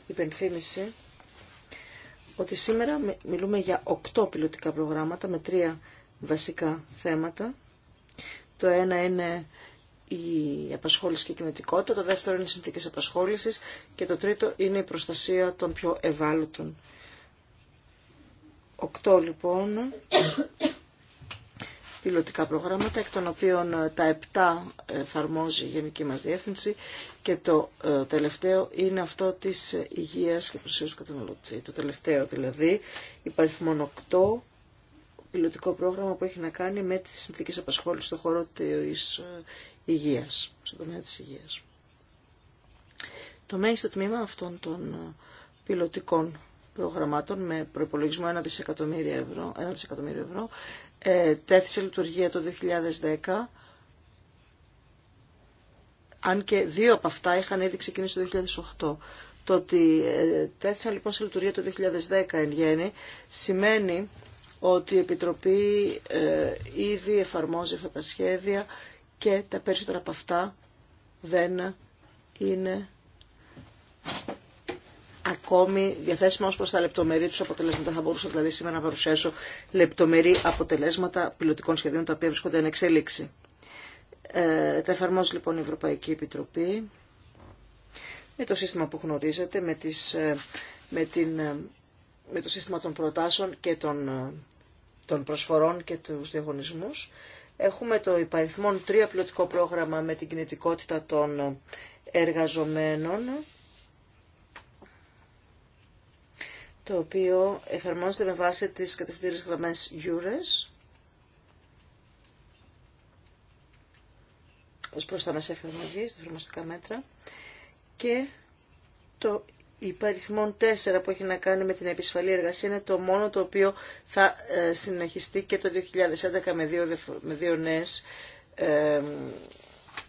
υπενθύμηση ότι σήμερα μιλούμε για οκτώ πιλωτικά προγράμματα με τρία βασικά θέματα το ένα είναι η απασχόληση και η κινητικότητα, το δεύτερο είναι οι συνθήκε απασχόλησης και το τρίτο είναι η προστασία των πιο ευάλωτων. Οκτώ λοιπόν πιλωτικά προγράμματα, εκ των οποίων ε, τα επτά εφαρμόζει η Γενική μας Διεύθυνση και το ε, τελευταίο είναι αυτό της υγείας και του καταναλωτή. Το τελευταίο δηλαδή υπάρχει μόνο οκτώ πιλωτικό πρόγραμμα που έχει να κάνει με τις συνθήκες απασχόλησης στον χώρο της ε, υγείας, στον τομέα της υγείας. Το μέγιστο τμήμα αυτών των ε, πιλωτικών προγραμμάτων με προϋπολογισμό 1 δισεκατομμύριο ευρώ, 1 δισεκατομμύριο ευρώ ε, τέθησε λειτουργία το 2010 αν και δύο από αυτά είχαν ήδη ξεκινήσει το 2008. Το ότι τέθησαν λοιπόν σε λειτουργία το 2010 εν γέννη σημαίνει ότι η Επιτροπή ε, ήδη εφαρμόζει αυτά τα σχέδια και τα περισσότερα από αυτά δεν είναι ακόμη διαθέσιμα ως προς τα λεπτομερή τους αποτελέσματα. Θα μπορούσα δηλαδή σήμερα να παρουσιάσω λεπτομερή αποτελέσματα πιλωτικών σχεδίων τα οποία βρίσκονται εν εξέλιξη. Ε, τα εφαρμόζει λοιπόν η Ευρωπαϊκή Επιτροπή με το σύστημα που γνωρίζετε, με, ε, ε, με το σύστημα των προτάσεων και των των προσφορών και τους διαγωνισμούς. Έχουμε το υπαριθμόν τρία πρόγραμμα με την κινητικότητα των εργαζομένων, το οποίο εφαρμόζεται με βάση τις κατευθυντήρες γραμμές EURES, ως προς τα μέσα εφαρμογής, τα εφαρμοστικά μέτρα, και το παριθμόν 4 που έχει να κάνει με την επισφαλή εργασία είναι το μόνο το οποίο θα ε, συνεχιστεί και το 2011 με δύο, με δύο νέες ε,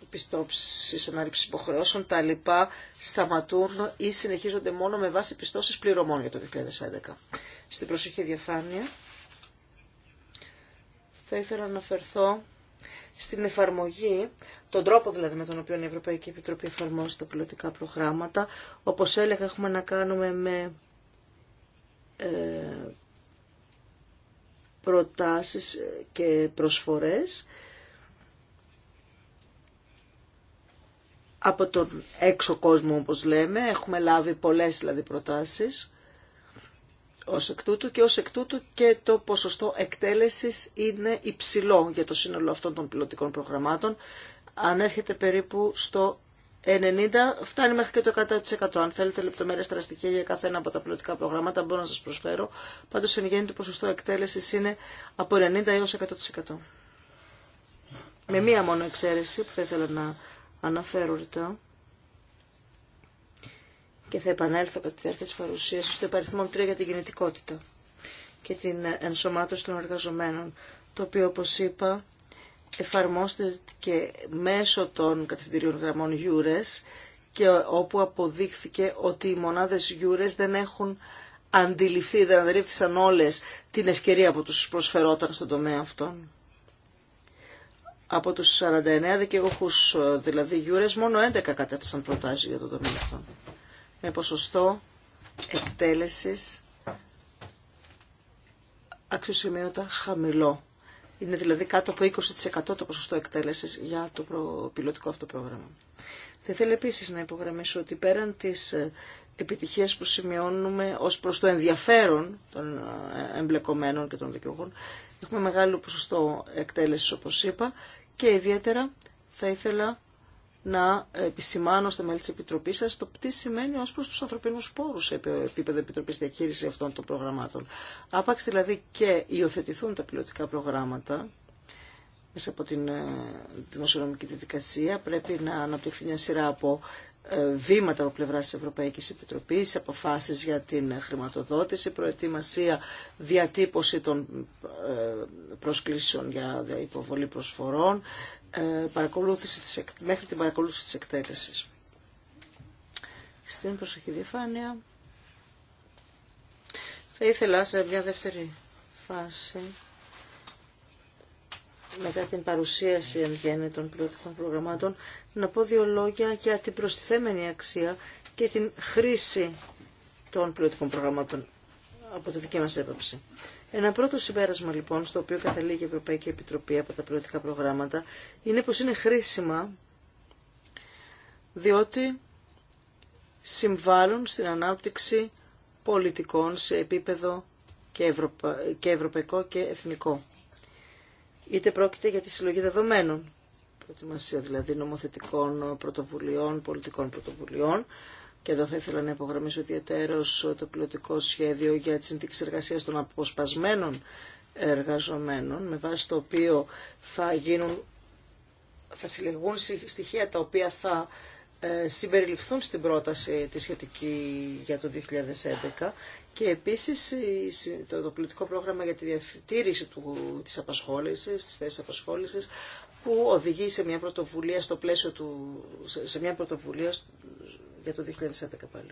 πιστώσεις υποχρεώσεων. Τα λοιπά σταματούν ή συνεχίζονται μόνο με βάση πιστώσεις πληρωμών για το 2011. Στην προσοχή διαφάνεια θα ήθελα να αναφερθώ στην εφαρμογή, τον τρόπο δηλαδή με τον οποίο η Ευρωπαϊκή Επιτροπή εφαρμόζει τα πιλωτικά προγράμματα. Όπως έλεγα έχουμε να κάνουμε με ε, προτάσεις και προσφορές από τον έξω κόσμο όπως λέμε. Έχουμε λάβει πολλές δηλαδή προτάσεις ως εκ τούτου και ως εκ τούτου και το ποσοστό εκτέλεσης είναι υψηλό για το σύνολο αυτών των πιλωτικών προγραμμάτων. Αν έρχεται περίπου στο 90, φτάνει μέχρι και το 100%. Αν θέλετε λεπτομέρειες στραστικές για κάθε ένα από τα πιλωτικά προγράμματα μπορώ να σας προσφέρω. Πάντως εν γέννη το ποσοστό εκτέλεσης είναι από 90 έως 100%. Με μία μόνο εξαίρεση που θα ήθελα να αναφέρω ρητά και θα επανέλθω κατά τη διάρκεια τη παρουσίαση στο υπαριθμό 3 για την κινητικότητα και την ενσωμάτωση των εργαζομένων, το οποίο όπως είπα εφαρμόστηκε μέσω των κατευθυντηρίων γραμμών Eures και όπου αποδείχθηκε ότι οι μονάδες Eures δεν έχουν αντιληφθεί, δεν αντιλήφθησαν όλες την ευκαιρία που τους προσφερόταν στον τομέα αυτόν. Από τους 49 δικαιούχους ε, δηλαδή Eures μόνο 11 κατέθεσαν προτάσεις για τον τομέα αυτόν με ποσοστό εκτέλεσης αξιοσημείωτα χαμηλό. Είναι δηλαδή κάτω από 20% το ποσοστό εκτέλεσης για το πιλωτικό αυτό πρόγραμμα. Θα ήθελα επίσης να υπογραμμίσω ότι πέραν της ε, επιτυχίες που σημειώνουμε ως προς το ενδιαφέρον των ε, εμπλεκομένων και των δικαιούχων, έχουμε μεγάλο ποσοστό εκτέλεσης όπως είπα και ιδιαίτερα θα ήθελα να επισημάνω στα μέλη τη επιτροπή σα το τι σημαίνει ω προ του ανθρωπινού πόρους σε επίπεδο Επιτροπής διαχείριση αυτών των προγραμμάτων. Άπαξ δηλαδή και υιοθετηθούν τα πιλωτικά προγράμματα μέσα από την ε, δημοσιονομική διαδικασία πρέπει να αναπτυχθεί μια σειρά από ε, βήματα από πλευρά τη Ευρωπαϊκή Επιτροπή, αποφάσει για την χρηματοδότηση, προετοιμασία, διατύπωση των ε, προσκλήσεων για υποβολή προσφορών, ε, παρακολούθηση της, μέχρι την παρακολούθηση της εκτέλεσης. Στην προσοχή διαφάνεια θα ήθελα σε μια δεύτερη φάση μετά την παρουσίαση εν γέννη των πιλωτικών προγραμμάτων να πω δύο λόγια για την προστιθέμενη αξία και την χρήση των πιλωτικών προγραμμάτων από τη δική μας έποψη. Ένα πρώτο συμπέρασμα λοιπόν, στο οποίο καταλήγει η Ευρωπαϊκή Επιτροπή από τα πολιτικά προγράμματα, είναι πως είναι χρήσιμα διότι συμβάλλουν στην ανάπτυξη πολιτικών σε επίπεδο και, και ευρωπαϊκό και εθνικό. Είτε πρόκειται για τη συλλογή δεδομένων, προετοιμασία δηλαδή νομοθετικών πρωτοβουλειών, πολιτικών πρωτοβουλειών, και εδώ θα ήθελα να υπογραμμίσω ιδιαίτερως το πιλωτικό σχέδιο για τη συνθήκη εργασία των αποσπασμένων εργαζομένων, με βάση το οποίο θα, γίνουν, θα συλλεγούν στοιχεία τα οποία θα ε, συμπεριληφθούν στην πρόταση τη σχετική για το 2011 και επίσης το, το πολιτικό πρόγραμμα για τη διατήρηση του, της απασχόλησης, της θέσης απασχόλησης που οδηγεί σε μια πρωτοβουλία στο πλαίσιο του, σε μια πρωτοβουλία για το 2011 πάλι.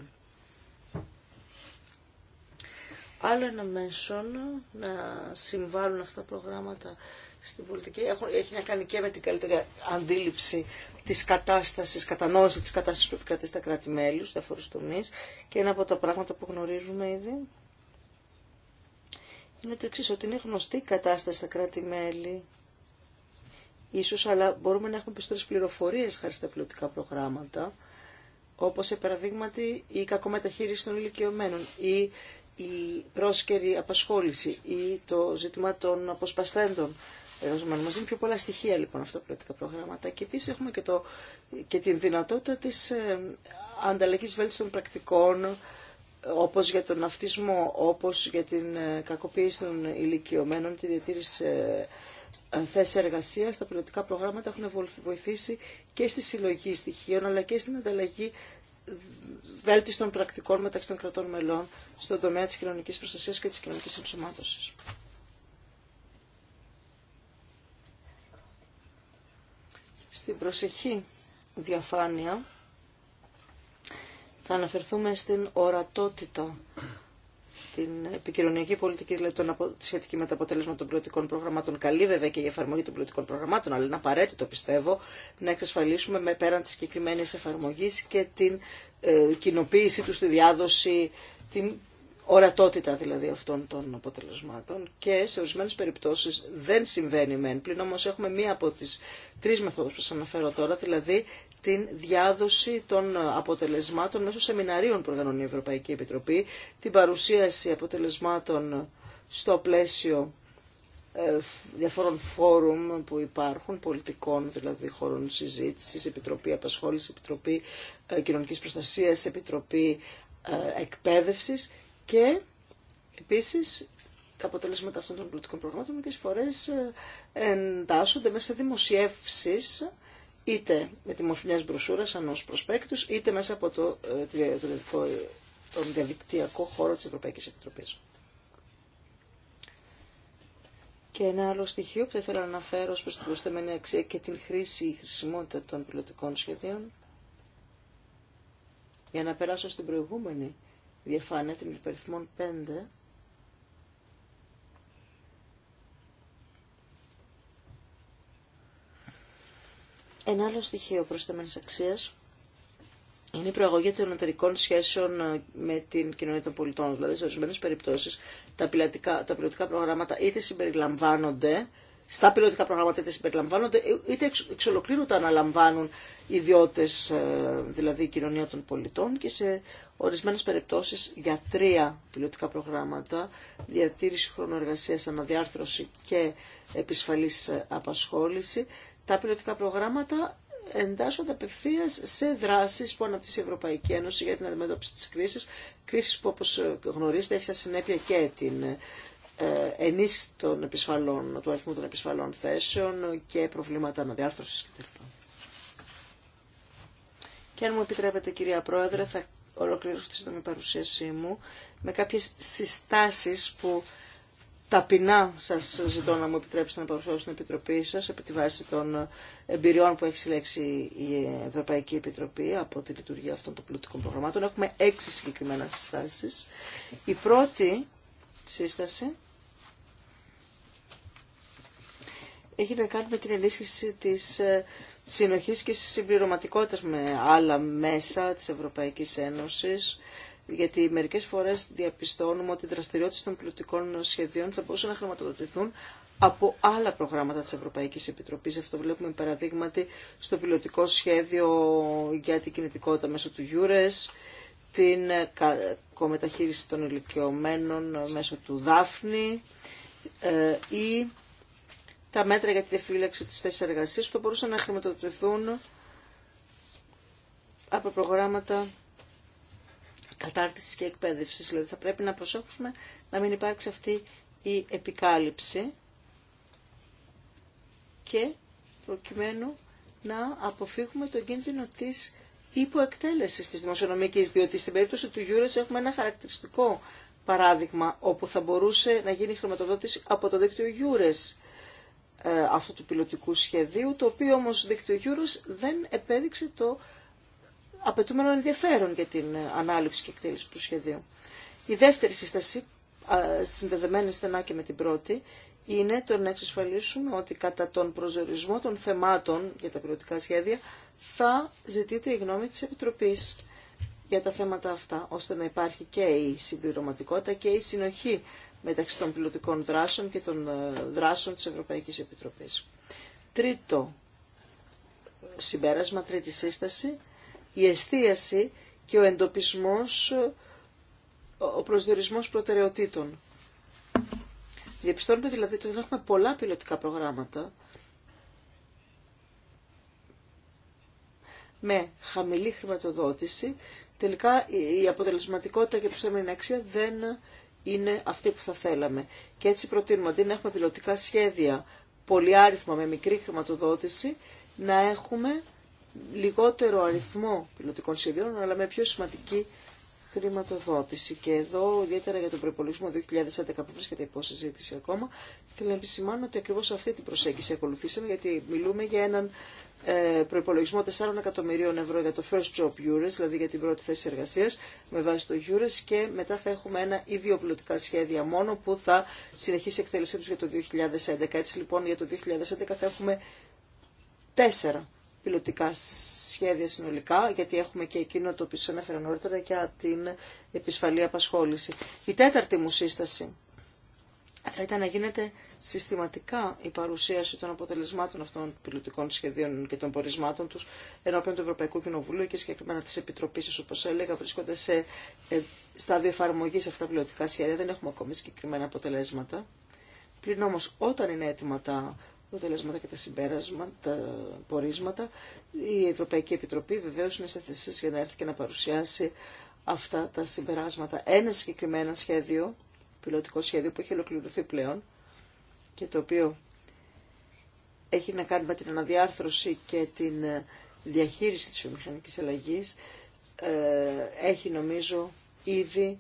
Άλλο ένα μέσο να συμβάλλουν αυτά τα προγράμματα στην πολιτική έχει να κάνει και με την καλύτερη αντίληψη της κατάστασης, κατανόηση της κατάστασης που επικρατεί στα κράτη-μέλη, στους διαφορούς τομείς και ένα από τα πράγματα που γνωρίζουμε ήδη είναι το εξής, ότι είναι γνωστή η κατάσταση στα κράτη-μέλη ίσως, αλλά μπορούμε να έχουμε περισσότερες πληροφορίες χάρη στα πιλωτικά προγράμματα όπως παραδείγματι, η κακομεταχείριση των ηλικιωμένων ή η πρόσκαιρη απασχόληση ή το ζήτημα των αποσπαστέντων εργαζομένων. Μας δίνουν πιο πολλά στοιχεία λοιπόν αυτά τα προγράμματα και επίσης έχουμε και, το, και την δυνατότητα της ε, ανταλλαγής βέλτιστων πρακτικών όπως για τον αυτισμό, όπως για την ε, κακοποίηση των ηλικιωμένων, τη διατήρηση ε, θέσει εργασία. Τα πιλωτικά προγράμματα έχουν βοηθήσει και στη συλλογή στοιχείων αλλά και στην ανταλλαγή βέλτιστων πρακτικών μεταξύ των κρατών μελών στον τομέα της κοινωνικής προστασίας και της κοινωνικής ενσωμάτωσης. Στην προσεχή διαφάνεια θα αναφερθούμε στην ορατότητα την επικοινωνιακή πολιτική, δηλαδή τον απο... σχετική με τα αποτέλεσμα των πολιτικών προγραμμάτων. Καλή βέβαια και η εφαρμογή των πολιτικών προγραμμάτων, αλλά είναι απαραίτητο πιστεύω να εξασφαλίσουμε με πέραν τη συγκεκριμένη εφαρμογή και την ε, κοινοποίησή του στη διάδοση, την ορατότητα δηλαδή αυτών των αποτελεσμάτων και σε ορισμένε περιπτώσει δεν συμβαίνει μεν. Πλην όμω έχουμε μία από τι τρει μεθόδου που σα αναφέρω τώρα, δηλαδή την διάδοση των αποτελεσμάτων μέσω σεμιναρίων που οργανώνει η Ευρωπαϊκή Επιτροπή, την παρουσίαση αποτελεσμάτων στο πλαίσιο ε, διαφόρων φόρουμ που υπάρχουν, πολιτικών δηλαδή χώρων συζήτησης, Επιτροπή Απασχόλησης, Επιτροπή ε, Κοινωνικής Προστασίας, Επιτροπή ε, Εκπαίδευσης και επίσης τα αποτελέσματα αυτών των πολιτικών προγραμμάτων μερικές φορές εντάσσονται μέσα σε δημοσιεύσεις είτε με τη μορφή μιας μπροσούρας, προσπέκτους, είτε μέσα από το, ε, το, τον διαδικτυακό χώρο της Ευρωπαϊκής Επιτροπής. Και ένα άλλο στοιχείο που θα ήθελα να αναφέρω ως προς την προσθεμένη αξία και την χρήση ή χρησιμότητα των πιλωτικών σχεδίων, για να περάσω στην προηγούμενη διαφάνεια, την υπεριθμών 5, Ένα άλλο στοιχείο προσθέμενης αξίας είναι η προαγωγή των εταιρικών σχέσεων ε, με την κοινωνία των πολιτών. Δηλαδή, σε ορισμένε περιπτώσει, τα, πιλωτικά, τα πιλωτικά προγράμματα είτε συμπεριλαμβάνονται, στα πιλωτικά προγράμματα είτε συμπεριλαμβάνονται, ε, είτε εξ, εξ ολοκλήρου αναλαμβάνουν ιδιώτε, ε, δηλαδή η κοινωνία των πολιτών, και σε ορισμένε περιπτώσει για τρία πιλωτικά προγράμματα, διατήρηση χρόνου αναδιάρθρωση και επισφαλή απασχόληση, τα πιλωτικά προγράμματα εντάσσονται απευθεία σε δράσει που αναπτύσσει η Ευρωπαϊκή Ένωση για την αντιμετώπιση τη κρίση. Κρίση που, όπω γνωρίζετε, έχει σαν συνέπεια και την ε, ενίσχυση των επισφαλών, του αριθμού των επισφαλών θέσεων και προβλήματα αναδιάρθρωση κτλ. Και αν μου επιτρέπετε, κυρία Πρόεδρε, θα ολοκληρώσω τη σύντομη παρουσίασή μου με κάποιε συστάσει που ταπεινά σα ζητώ να μου επιτρέψετε να παρουσιάσω στην Επιτροπή σας επί τη βάση των εμπειριών που έχει συλλέξει η Ευρωπαϊκή Επιτροπή από τη λειτουργία αυτών των πολιτικών προγραμμάτων. Έχουμε έξι συγκεκριμένα συστάσει. Η πρώτη σύσταση έχει να κάνει με την ενίσχυση της συνοχής και συμπληρωματικότητα με άλλα μέσα της Ευρωπαϊκή Ένωση γιατί μερικέ φορέ διαπιστώνουμε ότι οι δραστηριότητε των πιλωτικών σχεδίων θα μπορούσαν να χρηματοδοτηθούν από άλλα προγράμματα τη Ευρωπαϊκή Επιτροπή. Αυτό βλέπουμε παραδείγματι στο πιλωτικό σχέδιο για την κινητικότητα μέσω του Γιούρες, την κακομεταχείριση των ηλικιωμένων μέσω του Δάφνη ε, ή τα μέτρα για τη διαφύλαξη της θέσης εργασίας που θα μπορούσαν να χρηματοδοτηθούν από προγράμματα κατάρτισης και εκπαίδευσης. Δηλαδή θα πρέπει να προσέχουμε να μην υπάρξει αυτή η επικάλυψη και προκειμένου να αποφύγουμε τον κίνδυνο της υποεκτέλεσης της δημοσιονομικής, διότι στην περίπτωση του Γιούρες έχουμε ένα χαρακτηριστικό παράδειγμα όπου θα μπορούσε να γίνει χρηματοδότηση από το δίκτυο Γιούρες αυτού του πιλωτικού σχεδίου, το οποίο όμως δίκτυο Γιούρες δεν επέδειξε το απαιτούμενο ενδιαφέρον για την ε, ανάληψη και εκτέλεση του σχεδίου. Η δεύτερη σύσταση, συνδεδεμένη στενά και με την πρώτη, είναι το να εξασφαλίσουμε ότι κατά τον προσδιορισμό των θεμάτων για τα πιλωτικά σχέδια θα ζητείται η γνώμη της Επιτροπής για τα θέματα αυτά, ώστε να υπάρχει και η συμπληρωματικότητα και η συνοχή μεταξύ των πιλωτικών δράσεων και των ε, δράσεων της Ευρωπαϊκής Επιτροπής. Τρίτο συμπέρασμα, τρίτη σύσταση, η εστίαση και ο εντοπισμός, ο προσδιορισμός προτεραιοτήτων. Διαπιστώνουμε δηλαδή ότι έχουμε πολλά πιλωτικά προγράμματα με χαμηλή χρηματοδότηση. Τελικά η αποτελεσματικότητα και η προσθέμενη αξία δεν είναι αυτή που θα θέλαμε. Και έτσι προτείνουμε αντί να έχουμε πιλωτικά σχέδια πολυάριθμα με μικρή χρηματοδότηση, να έχουμε λιγότερο αριθμό πιλωτικών σχεδίων, αλλά με πιο σημαντική χρηματοδότηση. Και εδώ, ιδιαίτερα για τον προπολογισμό 2011 που βρίσκεται υπό συζήτηση ακόμα, θέλω να επισημάνω ότι ακριβώ αυτή την προσέγγιση ακολουθήσαμε, γιατί μιλούμε για έναν ε, προπολογισμό 4 εκατομμυρίων ευρώ για το First Job Eures, δηλαδή για την πρώτη θέση εργασία, με βάση το Eures και μετά θα έχουμε ένα ή δύο πιλωτικά σχέδια μόνο που θα συνεχίσει η εκτέλεσή του για το 2011. Έτσι λοιπόν για το 2011 θα έχουμε τέσσερα πιλωτικά σχέδια συνολικά, γιατί έχουμε και εκείνο το οποίο σας ανέφερα νωρίτερα για την επισφαλή απασχόληση. Η τέταρτη μου σύσταση θα ήταν να γίνεται συστηματικά η παρουσίαση των αποτελεσμάτων αυτών των πιλωτικών σχεδίων και των πορισμάτων τους ενώπιον του Ευρωπαϊκού Κοινοβουλίου και συγκεκριμένα της Επιτροπής, όπως έλεγα, βρίσκονται σε ε, στάδιο εφαρμογή αυτά τα πιλωτικά σχέδια. Δεν έχουμε ακόμη συγκεκριμένα αποτελέσματα. Πλην όμως όταν είναι έτοιμα τα αποτελέσματα και τα συμπέρασματα, τα πορίσματα. Η Ευρωπαϊκή Επιτροπή βεβαίω είναι σε θέση για να έρθει και να παρουσιάσει αυτά τα συμπεράσματα. Ένα συγκεκριμένο σχέδιο, πιλωτικό σχέδιο που έχει ολοκληρωθεί πλέον και το οποίο έχει να κάνει με την αναδιάρθρωση και την ε, διαχείριση της βιομηχανικής αλλαγής ε, έχει νομίζω ήδη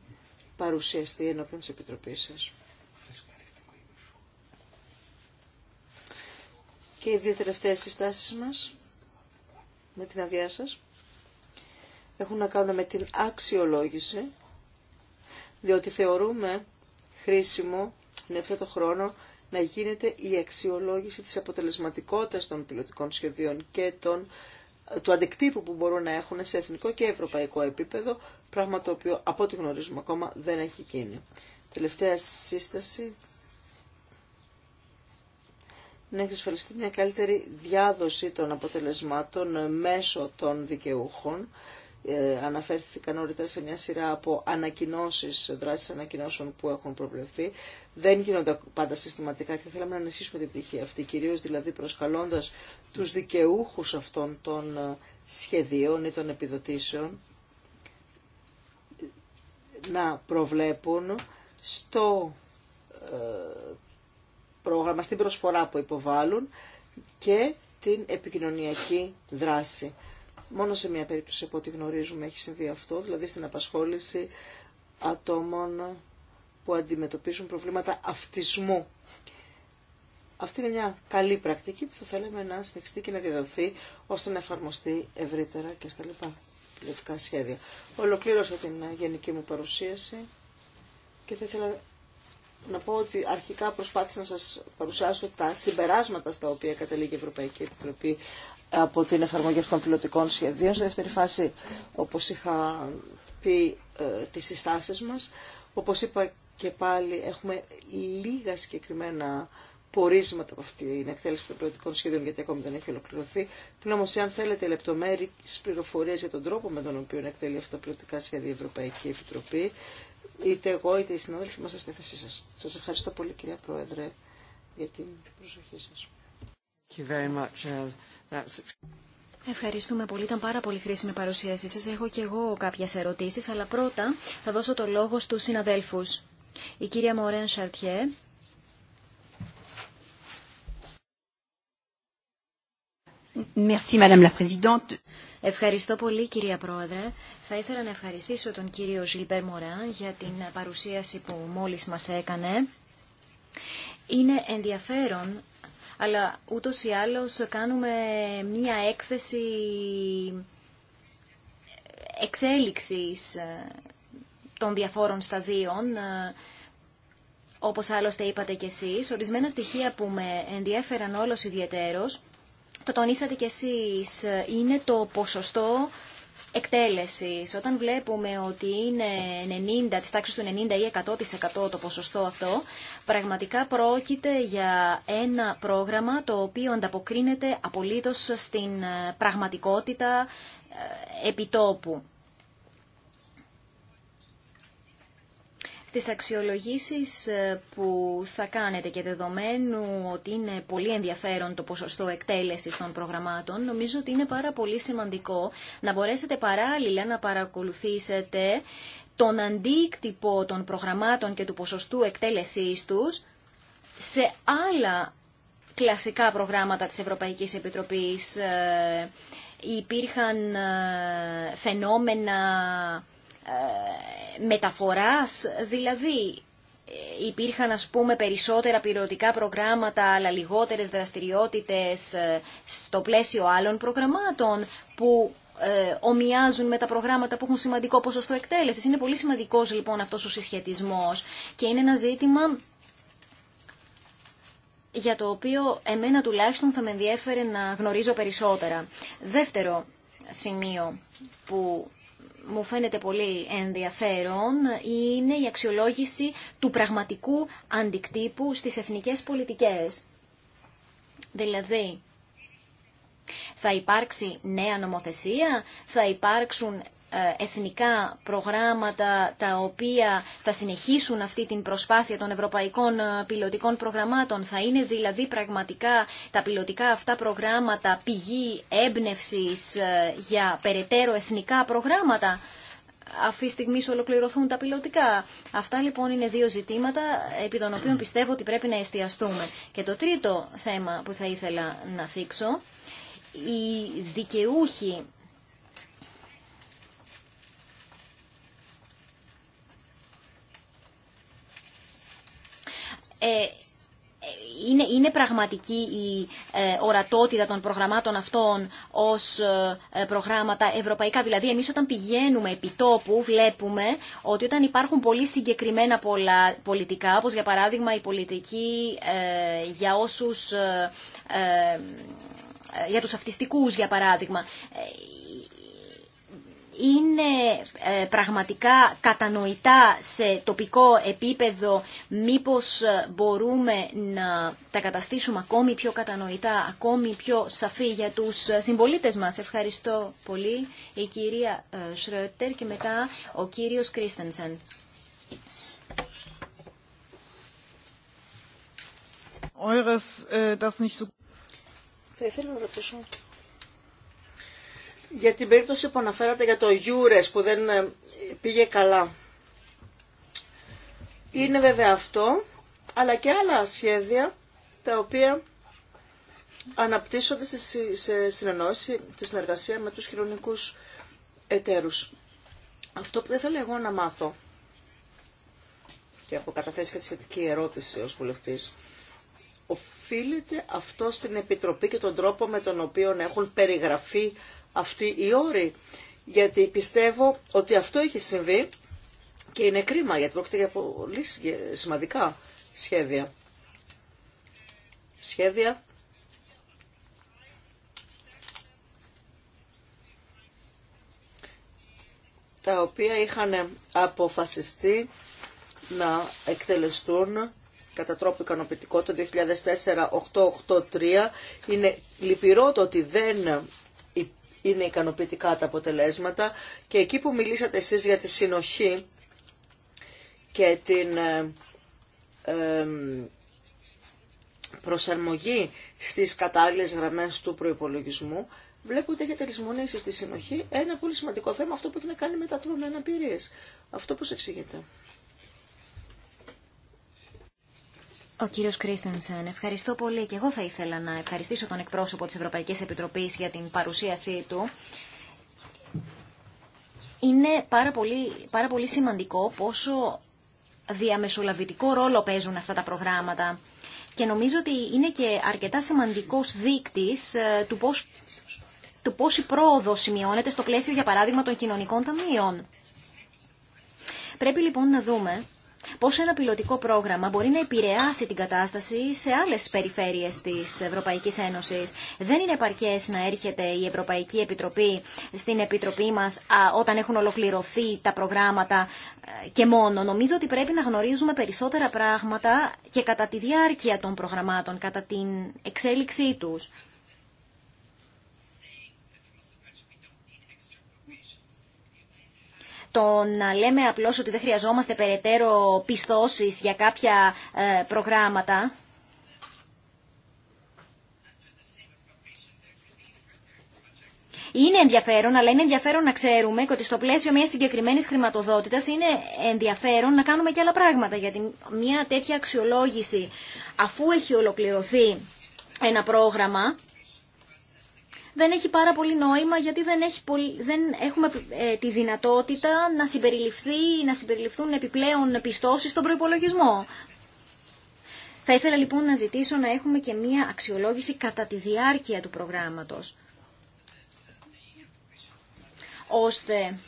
παρουσιαστεί ενώπιον της Επιτροπής σας. και οι δύο τελευταίες συστάσεις μας, με την αδειά σας, έχουν να κάνουν με την αξιολόγηση, διότι θεωρούμε χρήσιμο, με αυτό το χρόνο, να γίνεται η αξιολόγηση της αποτελεσματικότητας των πιλωτικών σχεδίων και των, του αντικτύπου που μπορούν να έχουν σε εθνικό και ευρωπαϊκό επίπεδο, πράγμα το οποίο από ό,τι γνωρίζουμε ακόμα δεν έχει γίνει. Τελευταία σύσταση να εξασφαλιστεί μια καλύτερη διάδοση των αποτελεσμάτων μέσω των δικαιούχων. Ε, αναφέρθηκα σε μια σειρά από ανακοινώσει δράσεις ανακοινώσεων που έχουν προβλεφθεί. Δεν γίνονται πάντα συστηματικά και θέλαμε να ενισχύσουμε την πτυχή αυτή, κυρίως δηλαδή προσκαλώντα τους δικαιούχου αυτών των ε, σχεδίων ή των επιδοτήσεων να προβλέπουν στο ε, πρόγραμμα, στην προσφορά που υποβάλλουν και την επικοινωνιακή δράση. Μόνο σε μια περίπτωση από ό,τι γνωρίζουμε έχει συμβεί αυτό, δηλαδή στην απασχόληση ατόμων που αντιμετωπίζουν προβλήματα αυτισμού. Αυτή είναι μια καλή πρακτική που θα θέλαμε να συνεχιστεί και να διαδοθεί ώστε να εφαρμοστεί ευρύτερα και στα λοιπά σχέδια. Ολοκλήρωσα την γενική μου παρουσίαση και θα ήθελα να πω ότι αρχικά προσπάθησα να σας παρουσιάσω τα συμπεράσματα στα οποία καταλήγει η Ευρωπαϊκή Επιτροπή από την εφαρμογή αυτών των πιλωτικών σχεδίων. Στη δεύτερη φάση, όπως είχα πει, τι ε, τις συστάσεις μας. Όπως είπα και πάλι, έχουμε λίγα συγκεκριμένα πορίσματα από αυτή την εκτέλεση των πιλωτικών σχεδίων, γιατί ακόμη δεν έχει ολοκληρωθεί. Πλην όμως, αν θέλετε λεπτομέρειε πληροφορίες για τον τρόπο με τον οποίο εκτελεί αυτά τα πιλωτικά σχέδια Ευρωπαϊκή Επιτροπή, είτε εγώ είτε οι συνάδελφοι μας στη θέση σας. Σας ευχαριστώ πολύ κυρία Πρόεδρε για την προσοχή σας. Uh, Ευχαριστούμε πολύ. Ήταν πάρα πολύ χρήσιμη η παρουσίασή σας. Έχω και εγώ κάποιες ερωτήσεις, αλλά πρώτα θα δώσω το λόγο στους συναδέλφους. Η κυρία Μωρέν Σαρτιέ Ευχαριστώ πολύ κυρία Πρόεδρε. Θα ήθελα να ευχαριστήσω τον κύριο Ζιλμπέρ Μωράν για την παρουσίαση που μόλις μας έκανε. Είναι ενδιαφέρον, αλλά ούτως ή άλλως κάνουμε μία έκθεση εξέλιξης ε, των διαφόρων σταδίων, ε, όπως άλλωστε είπατε κι εσείς. Ορισμένα στοιχεία που με ενδιαφέραν όλος ιδιαίτερος το τονίσατε κι εσείς, ε, είναι το ποσοστό εκτέλεσης. Όταν βλέπουμε ότι είναι 90, της τάξης του 90 ή 100% το ποσοστό αυτό, πραγματικά πρόκειται για ένα πρόγραμμα το οποίο ανταποκρίνεται απολύτως στην ε, πραγματικότητα ε, επιτόπου. στις αξιολογήσεις ε, που θα κάνετε και δεδομένου ότι είναι πολύ ενδιαφέρον το ποσοστό εκτέλεσης των προγραμμάτων, νομίζω ότι είναι πάρα πολύ σημαντικό να μπορέσετε παράλληλα να παρακολουθήσετε τον αντίκτυπο των προγραμμάτων και του ποσοστού εκτέλεσής τους σε άλλα κλασικά προγράμματα της Ευρωπαϊκής Επιτροπής. Ε, υπήρχαν ε, φαινόμενα ε, μεταφοράς, δηλαδή ε, υπήρχαν ας πούμε περισσότερα πυροτικά προγράμματα αλλά λιγότερες δραστηριότητες ε, στο πλαίσιο άλλων προγραμμάτων που ομοιάζουν με τα προγράμματα που έχουν σημαντικό ποσοστό εκτέλεσης. Είναι πολύ σημαντικός λοιπόν αυτός ο συσχετισμός και είναι ένα ζήτημα για το οποίο εμένα τουλάχιστον θα με ενδιέφερε να γνωρίζω περισσότερα. Δεύτερο σημείο που μου φαίνεται πολύ ενδιαφέρον είναι η αξιολόγηση του πραγματικού αντικτύπου στις εθνικές πολιτικές. Δηλαδή, θα υπάρξει νέα νομοθεσία, θα υπάρξουν ε, εθνικά προγράμματα τα οποία θα συνεχίσουν αυτή την προσπάθεια των ευρωπαϊκών ε, πιλωτικών προγραμμάτων. Θα είναι δηλαδή πραγματικά τα πιλωτικά αυτά προγράμματα πηγή έμπνευσης ε, για περαιτέρω εθνικά προγράμματα. Αυτή τη στιγμή ολοκληρωθούν τα πιλωτικά. Αυτά λοιπόν είναι δύο ζητήματα επί των οποίων πιστεύω ότι πρέπει να εστιαστούμε. Και το τρίτο θέμα που θα ήθελα να θίξω, οι δικαιούχοι Ε, ε, είναι, είναι πραγματική η ε, ορατότητα των προγραμμάτων αυτών ως προγράμματα ευρωπαϊκά. Δηλαδή, εμείς όταν πηγαίνουμε επί τόπου βλέπουμε ότι όταν υπάρχουν πολύ συγκεκριμένα πολλά πολιτικά, όπως για παράδειγμα η πολιτική για όσους... για τους αυτιστικούς, για παράδειγμα είναι ε, πραγματικά κατανοητά σε τοπικό επίπεδο, μήπως ε, μπορούμε να τα καταστήσουμε ακόμη πιο κατανοητά, ακόμη πιο σαφή για τους ε, συμπολίτες μας. Ευχαριστώ πολύ η κυρία Σρότερ και μετά ο κύριος Κρίστενσεν. Θα ήθελα να για την περίπτωση που αναφέρατε για το Γιούρες που δεν ε, πήγε καλά. Είναι βέβαια αυτό, αλλά και άλλα σχέδια τα οποία αναπτύσσονται σε συνεννόηση, τη συνεργασία με τους χειρονικούς εταίρους. Αυτό που δεν θέλω εγώ να μάθω, και έχω καταθέσει και τη σχετική ερώτηση ως βουλευτής, οφείλεται αυτό στην Επιτροπή και τον τρόπο με τον οποίο έχουν περιγραφεί αυτή η όροι. Γιατί πιστεύω ότι αυτό έχει συμβεί και είναι κρίμα γιατί πρόκειται για πολύ σημαντικά σχέδια. Σχέδια τα οποία είχαν αποφασιστεί να εκτελεστούν κατά τρόπο ικανοποιητικό το 2004-883. Είναι λυπηρό το ότι δεν είναι ικανοποιητικά τα αποτελέσματα και εκεί που μιλήσατε εσείς για τη συνοχή και την ε, προσαρμογή στις κατάλληλες γραμμές του προϋπολογισμού, βλέπω ότι έχετε λησμονήσει στη συνοχή ένα πολύ σημαντικό θέμα, αυτό που έχει να κάνει με τα τρόμενα αναπηρίες. Αυτό πώς εξηγείται. Ο κύριος Κρίστενσεν, ευχαριστώ πολύ και εγώ θα ήθελα να ευχαριστήσω τον εκπρόσωπο της Ευρωπαϊκής Επιτροπής για την παρουσίασή του. Είναι πάρα πολύ, σημαντικό πόσο διαμεσολαβητικό ρόλο παίζουν αυτά τα προγράμματα. Και νομίζω ότι είναι και αρκετά σημαντικός δείκτης ε, του πώς, του πόση πρόοδο σημειώνεται στο πλαίσιο, για παράδειγμα, των κοινωνικών ταμείων. Πρέπει λοιπόν να δούμε πώς ένα πιλωτικό πρόγραμμα μπορεί να επηρεάσει την κατάσταση σε άλλες περιφέρειες της Ευρωπαϊκής Ένωσης. Δεν είναι επαρκές να έρχεται η Ευρωπαϊκή Επιτροπή στην Επιτροπή μας όταν έχουν ολοκληρωθεί τα προγράμματα ε, και μόνο. Νομίζω ότι πρέπει να γνωρίζουμε περισσότερα πράγματα και κατά τη διάρκεια των προγραμμάτων, κατά την εξέλιξή τους. το να λέμε απλώς ότι δεν χρειαζόμαστε περαιτέρω πιστώσεις για κάποια ε, προγράμματα... Είναι ενδιαφέρον, αλλά είναι ενδιαφέρον να ξέρουμε ότι στο πλαίσιο μια συγκεκριμένη χρηματοδότητα είναι ενδιαφέρον να κάνουμε και άλλα πράγματα. Γιατί μια τέτοια αξιολόγηση, αφού έχει ολοκληρωθεί ένα πρόγραμμα, δεν έχει πάρα πολύ νόημα γιατί δεν, έχει πολύ, δεν έχουμε ε, τη δυνατότητα να, συμπεριληφθεί, να συμπεριληφθούν επιπλέον πιστώσει στον προϋπολογισμό. Θα ήθελα λοιπόν να ζητήσω να έχουμε και μία αξιολόγηση κατά τη διάρκεια του προγράμματος. Ώστε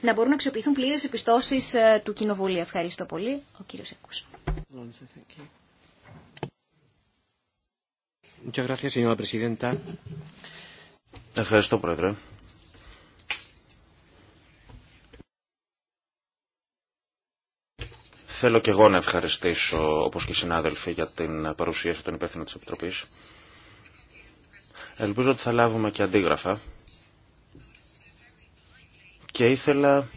να μπορούν να αξιοποιηθούν πλήρες επιστώσεις ε, του Κοινοβουλίου. Ευχαριστώ πολύ. Ο κύριος Εκούς. Ευχαριστώ, Πρόεδρε. Θέλω και εγώ να ευχαριστήσω, όπως και οι συνάδελφοι, για την παρουσίαση των υπεύθυνων της Επιτροπής. Ελπίζω ότι θα λάβουμε και αντίγραφα. Και ήθελα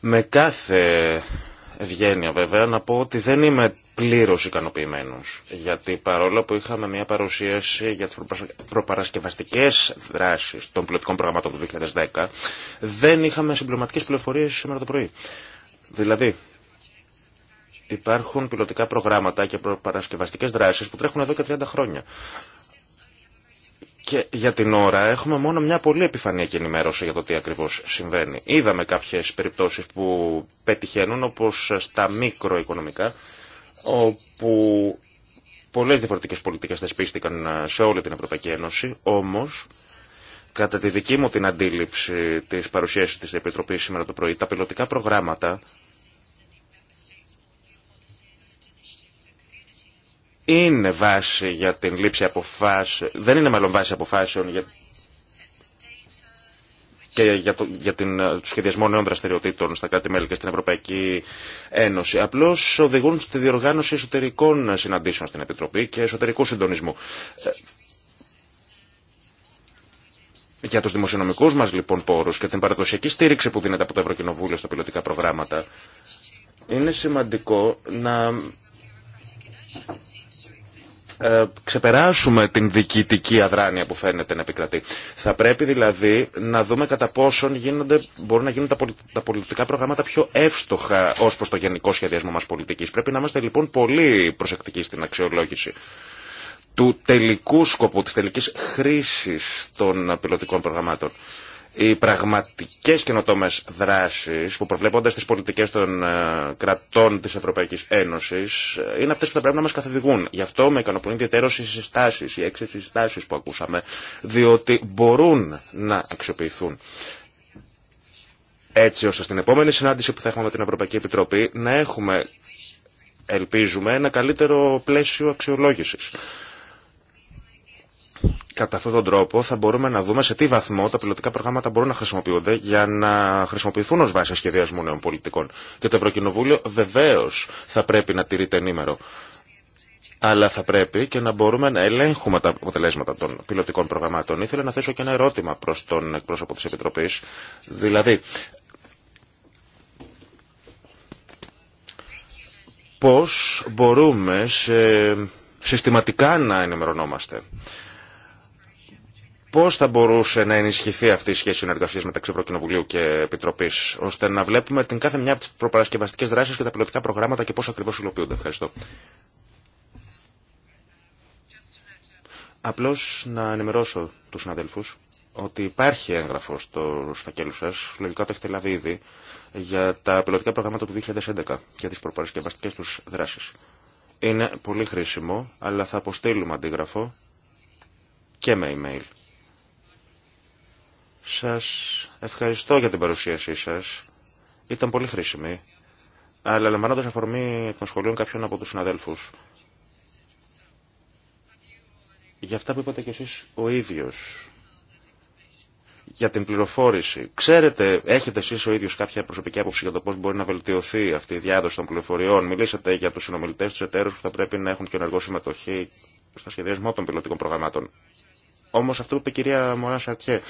με κάθε ευγένεια βέβαια να πω ότι δεν είμαι πλήρως ικανοποιημένους. Γιατί παρόλο που είχαμε μια παρουσίαση για τις προπαρασκευαστικές δράσεις των πιλωτικών προγραμμάτων του 2010, δεν είχαμε συμπληρωματικές πληροφορίες σήμερα το πρωί. Δηλαδή, υπάρχουν πιλωτικά προγράμματα και προπαρασκευαστικές δράσεις που τρέχουν εδώ και 30 χρόνια. Και για την ώρα έχουμε μόνο μια πολύ επιφανειακή ενημέρωση για το τι ακριβώς συμβαίνει. Είδαμε κάποιες περιπτώσεις που πετυχαίνουν όπως στα μικροοικονομικά όπου πολλές διαφορετικές πολιτικές θεσπίστηκαν ε, σε όλη την Ευρωπαϊκή Ένωση, όμως κατά τη δική μου την αντίληψη της παρουσίασης της Επιτροπής σήμερα το πρωί, τα πιλωτικά προγράμματα είναι βάση για την λήψη αποφάσεων, δεν είναι μάλλον βάση αποφάσεων για και για, το, για την, ε, σχεδιασμό νέων δραστηριοτήτων στα κράτη-μέλη και στην Ευρωπαϊκή Ένωση. Απλώ οδηγούν στη διοργάνωση εσωτερικών συναντήσεων στην Επιτροπή και εσωτερικού συντονισμού. Ε, για του δημοσιονομικού μα λοιπόν πόρου και την παραδοσιακή στήριξη που δίνεται από το Ευρωκοινοβούλιο στα πιλωτικά προγράμματα, είναι σημαντικό να ε, ξεπεράσουμε την διοικητική αδράνεια που φαίνεται να επικρατεί. Θα πρέπει δηλαδή να δούμε κατά πόσον γίνονται, μπορούν να γίνουν τα, πολιτικά προγράμματα πιο εύστοχα ως προς το γενικό σχεδιασμό μας πολιτικής. Πρέπει να είμαστε λοιπόν πολύ προσεκτικοί στην αξιολόγηση του τελικού σκοπού, της τελικής χρήσης των πιλωτικών προγραμμάτων. Οι πραγματικές καινοτόμες δράσεις που προβλέπονται στις πολιτικές των ε, κρατών της Ευρωπαϊκής Ένωσης ε, είναι αυτές που θα πρέπει να μας καθοδηγούν. Γι' αυτό με ικανοποιούν ιδιαίτερως οι συστάσεις, οι έξι συστάσεις που ακούσαμε, διότι μπορούν να αξιοποιηθούν έτσι ώστε στην επόμενη συνάντηση που θα έχουμε με την Ευρωπαϊκή Επιτροπή να έχουμε, ελπίζουμε, ένα καλύτερο πλαίσιο αξιολόγησης. Κατά αυτόν τον τρόπο θα μπορούμε να δούμε σε τι βαθμό τα πιλωτικά προγράμματα μπορούν να χρησιμοποιούνται για να χρησιμοποιηθούν ω βάση σχεδιασμού νέων πολιτικών. Και το Ευρωκοινοβούλιο βεβαίω θα πρέπει να τηρείται ενήμερο. Αλλά θα πρέπει και να μπορούμε να ελέγχουμε τα αποτελέσματα των πιλωτικών προγραμμάτων. Ήθελα να θέσω και ένα ερώτημα προ τον εκπρόσωπο τη Επιτροπή. Δηλαδή, πώ μπορούμε συστηματικά να ενημερωνόμαστε Πώ θα μπορούσε να ενισχυθεί αυτή η σχέση συνεργασία μεταξύ Ευρωκοινοβουλίου και Επιτροπή, ώστε να βλέπουμε την κάθε μια από τι προπαρασκευαστικέ δράσει και τα πιλωτικά προγράμματα και πώ ακριβώ υλοποιούνται. Ευχαριστώ. Απλώ να ενημερώσω του συναδέλφου ότι υπάρχει έγγραφο στο φακέλου σα, λογικά το έχετε λάβει ήδη, για τα πιλωτικά προγράμματα του 2011 και τι προπαρασκευαστικέ του δράσει. Είναι πολύ χρήσιμο, αλλά θα αποστείλουμε αντίγραφο και με email σας ευχαριστώ για την παρουσίασή σας. Ήταν πολύ χρήσιμη. Αλλά λαμβάνοντα αφορμή των σχολείων κάποιων από τους συναδέλφους. Για αυτά που είπατε κι εσείς ο ίδιος. Για την πληροφόρηση. Ξέρετε, έχετε εσείς ο ίδιος κάποια προσωπική άποψη για το πώς μπορεί να βελτιωθεί αυτή η διάδοση των πληροφοριών. Μιλήσατε για τους συνομιλητές, τους εταίρους που θα πρέπει να έχουν και ενεργό συμμετοχή στα σχεδιασμό των πιλωτικών προγραμμάτων. Όμω αυτό που είπε η κυρία Μωρά Σαρτιέ,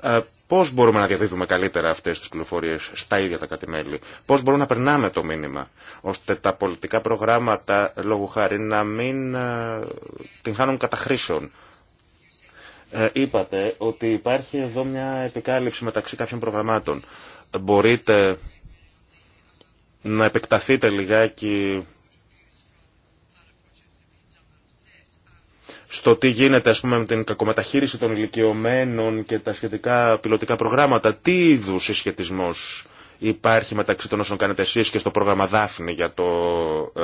ε, πώ μπορούμε να διαδίδουμε καλύτερα αυτέ τι πληροφορίε στα ίδια τα κατημέλη, πώ μπορούμε να περνάμε το μήνυμα, ώστε τα πολιτικά προγράμματα λόγω χάρη να μην ε, την χάνουν καταχρήσεων. Ε, είπατε ότι υπάρχει εδώ μια επικάλυψη μεταξύ κάποιων προγραμμάτων. Μπορείτε να επεκταθείτε λιγάκι στο τι γίνεται ας πούμε, με την κακομεταχείριση των ηλικιωμένων και τα σχετικά πιλωτικά προγράμματα. Τι είδου συσχετισμό υπάρχει μεταξύ των όσων κάνετε εσείς και στο πρόγραμμα Δάφνη για, το, ε,